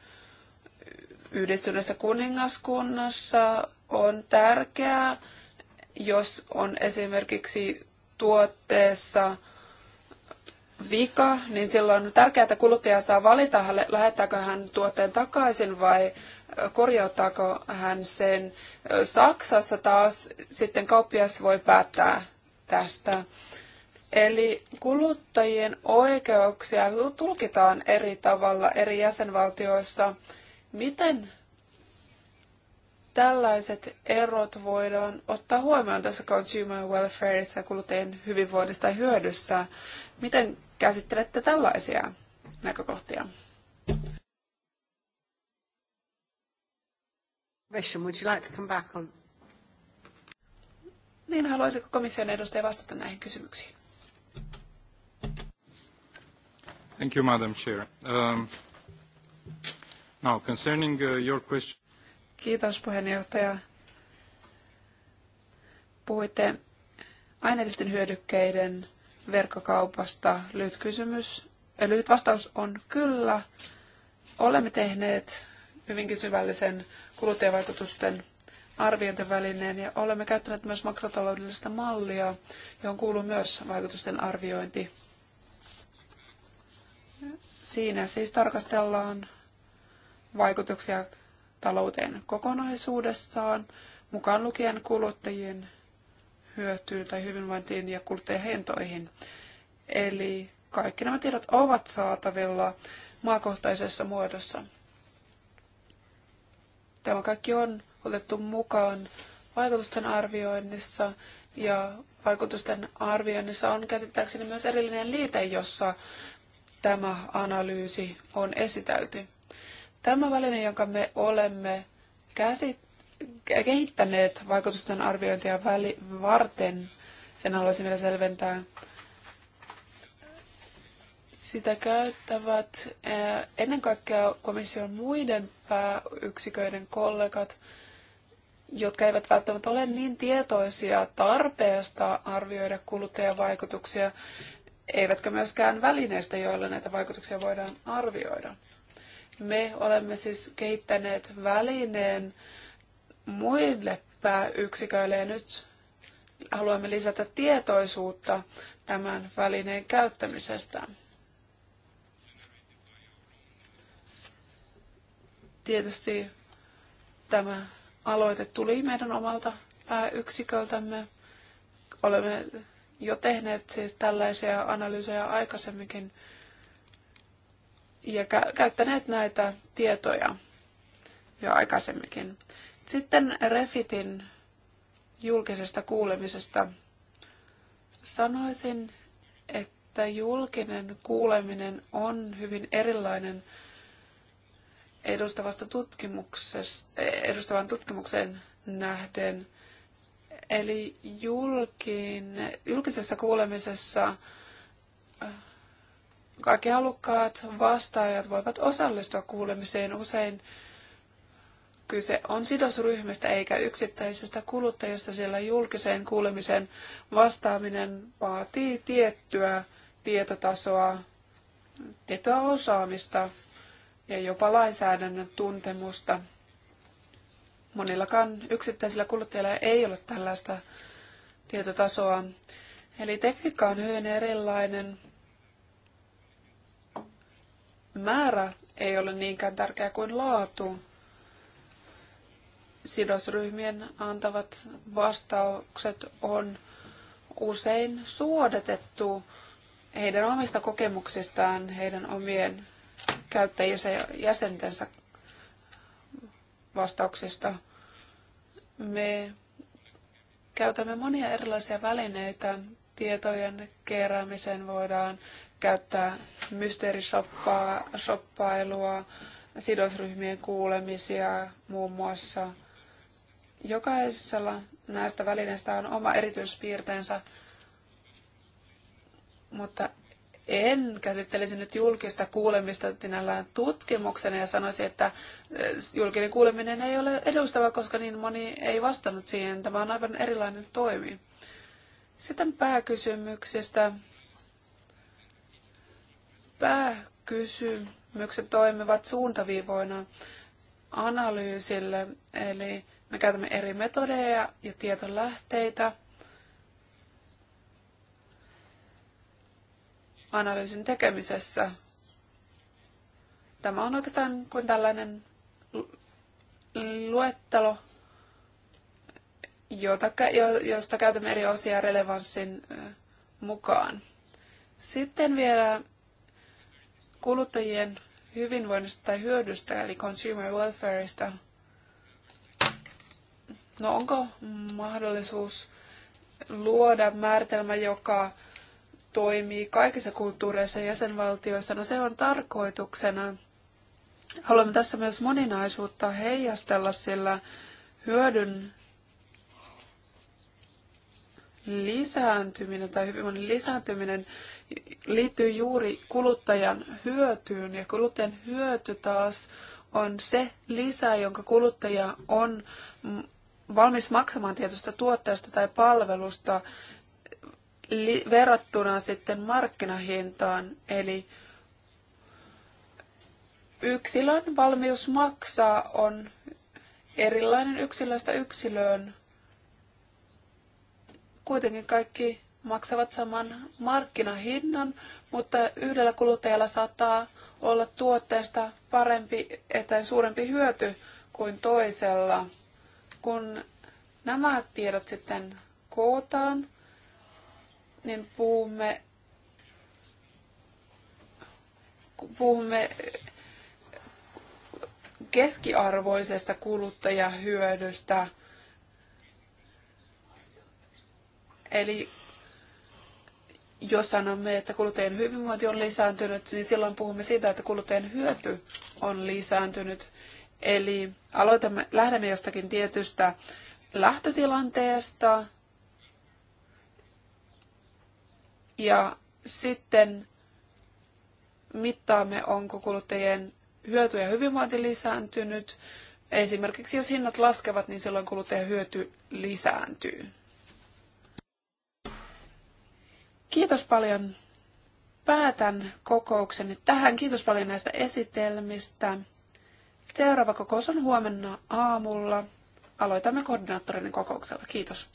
Yhdistyneessä kuningaskunnassa on tärkeää, jos on esimerkiksi tuotteessa vika, niin silloin on tärkeää, että kuluttaja saa valita, lähettääkö hän tuotteen takaisin vai korjauttaako hän sen. Saksassa taas sitten kauppias voi päättää tästä. Eli kuluttajien oikeuksia tulkitaan eri tavalla eri jäsenvaltioissa. Miten Tällaiset erot voidaan ottaa huomioon tässä consumer welfareissa kuluttajien hyvinvoinnista ja hyödyssä. Miten käsittelette tällaisia näkökohtia? Question, would you like to come back on? Niin, haluaisiko komission edustaja vastata näihin kysymyksiin? Thank you, Madam Chair. Um, now, concerning uh, your question... Kiitos puheenjohtaja. Puhuitte aineellisten hyödykkeiden verkkokaupasta. Lyhyt, kysymys, äh, lyhyt vastaus on kyllä. Olemme tehneet hyvinkin syvällisen kuluttajavaikutusten arviointivälineen ja olemme käyttäneet myös makrotaloudellista mallia, johon kuuluu myös vaikutusten arviointi. Siinä siis tarkastellaan vaikutuksia talouteen kokonaisuudessaan, mukaan lukien kuluttajien hyötyyn tai hyvinvointiin ja hintoihin. Eli kaikki nämä tiedot ovat saatavilla maakohtaisessa muodossa. Tämä kaikki on otettu mukaan vaikutusten arvioinnissa ja vaikutusten arvioinnissa on käsittääkseni myös erillinen liite, jossa tämä analyysi on esitelty. Tämä väline, jonka me olemme käsit- kehittäneet vaikutusten arviointia väli- varten, sen haluaisin vielä selventää, sitä käyttävät eh, ennen kaikkea komission muiden pääyksiköiden kollegat, jotka eivät välttämättä ole niin tietoisia tarpeesta arvioida kuluttajavaikutuksia, eivätkä myöskään välineistä, joilla näitä vaikutuksia voidaan arvioida. Me olemme siis kehittäneet välineen muille pääyksiköille ja nyt haluamme lisätä tietoisuutta tämän välineen käyttämisestä. Tietysti tämä aloite tuli meidän omalta pääyksiköltämme. Olemme jo tehneet siis tällaisia analyysejä aikaisemminkin ja kä- käyttäneet näitä tietoja jo aikaisemminkin. Sitten Refitin julkisesta kuulemisesta sanoisin, että julkinen kuuleminen on hyvin erilainen edustavasta tutkimuksesta, edustavan tutkimukseen nähden. Eli julkin, julkisessa kuulemisessa kaikki halukkaat vastaajat voivat osallistua kuulemiseen. Usein kyse on sidosryhmistä eikä yksittäisestä kuluttajasta, sillä julkiseen kuulemiseen vastaaminen vaatii tiettyä tietotasoa, tietoa osaamista ja jopa lainsäädännön tuntemusta. Monillakaan yksittäisillä kuluttajilla ei ole tällaista tietotasoa. Eli tekniikka on hyvin erilainen määrä ei ole niinkään tärkeä kuin laatu. Sidosryhmien antavat vastaukset on usein suodatettu heidän omista kokemuksistaan, heidän omien käyttäjiensä ja jäsentensä vastauksista. Me käytämme monia erilaisia välineitä. Tietojen keräämiseen voidaan käyttää mysteerishoppailua, sidosryhmien kuulemisia muun muassa. Jokaisella näistä välineistä on oma erityispiirteensä, mutta en käsittelisi nyt julkista kuulemista sinällään tutkimuksena ja sanoisi, että eh, julkinen kuuleminen ei ole edustava, koska niin moni ei vastannut siihen. Tämä on aivan erilainen toimi. Sitten pääkysymyksestä pääkysymykset toimivat suuntaviivoina analyysille, eli me käytämme eri metodeja ja tietolähteitä analyysin tekemisessä. Tämä on oikeastaan kuin tällainen luettelo, jota, josta käytämme eri osia relevanssin mukaan. Sitten vielä kuluttajien hyvinvoinnista tai hyödystä, eli consumer welfareista. No onko mahdollisuus luoda määritelmä, joka toimii kaikissa kulttuureissa ja jäsenvaltioissa? No se on tarkoituksena. Haluamme tässä myös moninaisuutta heijastella, sillä hyödyn lisääntyminen tai hyvinvoinnin lisääntyminen liittyy juuri kuluttajan hyötyyn. Ja kuluttajan hyöty taas on se lisä, jonka kuluttaja on valmis maksamaan tietystä tuotteesta tai palvelusta verrattuna sitten markkinahintaan. Eli yksilön valmius maksaa on erilainen yksilöstä yksilöön Kuitenkin kaikki maksavat saman markkinahinnan, mutta yhdellä kuluttajalla saattaa olla tuotteesta parempi tai suurempi hyöty kuin toisella. Kun nämä tiedot sitten kootaan, niin puhumme, puhumme keskiarvoisesta kuluttajahyödystä – Eli jos sanomme, että kuluttajien hyvinvointi on lisääntynyt, niin silloin puhumme siitä, että kuluttajien hyöty on lisääntynyt. Eli aloitamme, lähdemme jostakin tietystä lähtötilanteesta ja sitten mittaamme, onko kuluttajien hyöty ja hyvinvointi lisääntynyt. Esimerkiksi jos hinnat laskevat, niin silloin kuluttajien hyöty lisääntyy. Kiitos paljon. Päätän kokouksen. tähän. Kiitos paljon näistä esitelmistä. Seuraava kokous on huomenna aamulla. Aloitamme koordinaattorin kokouksella. Kiitos.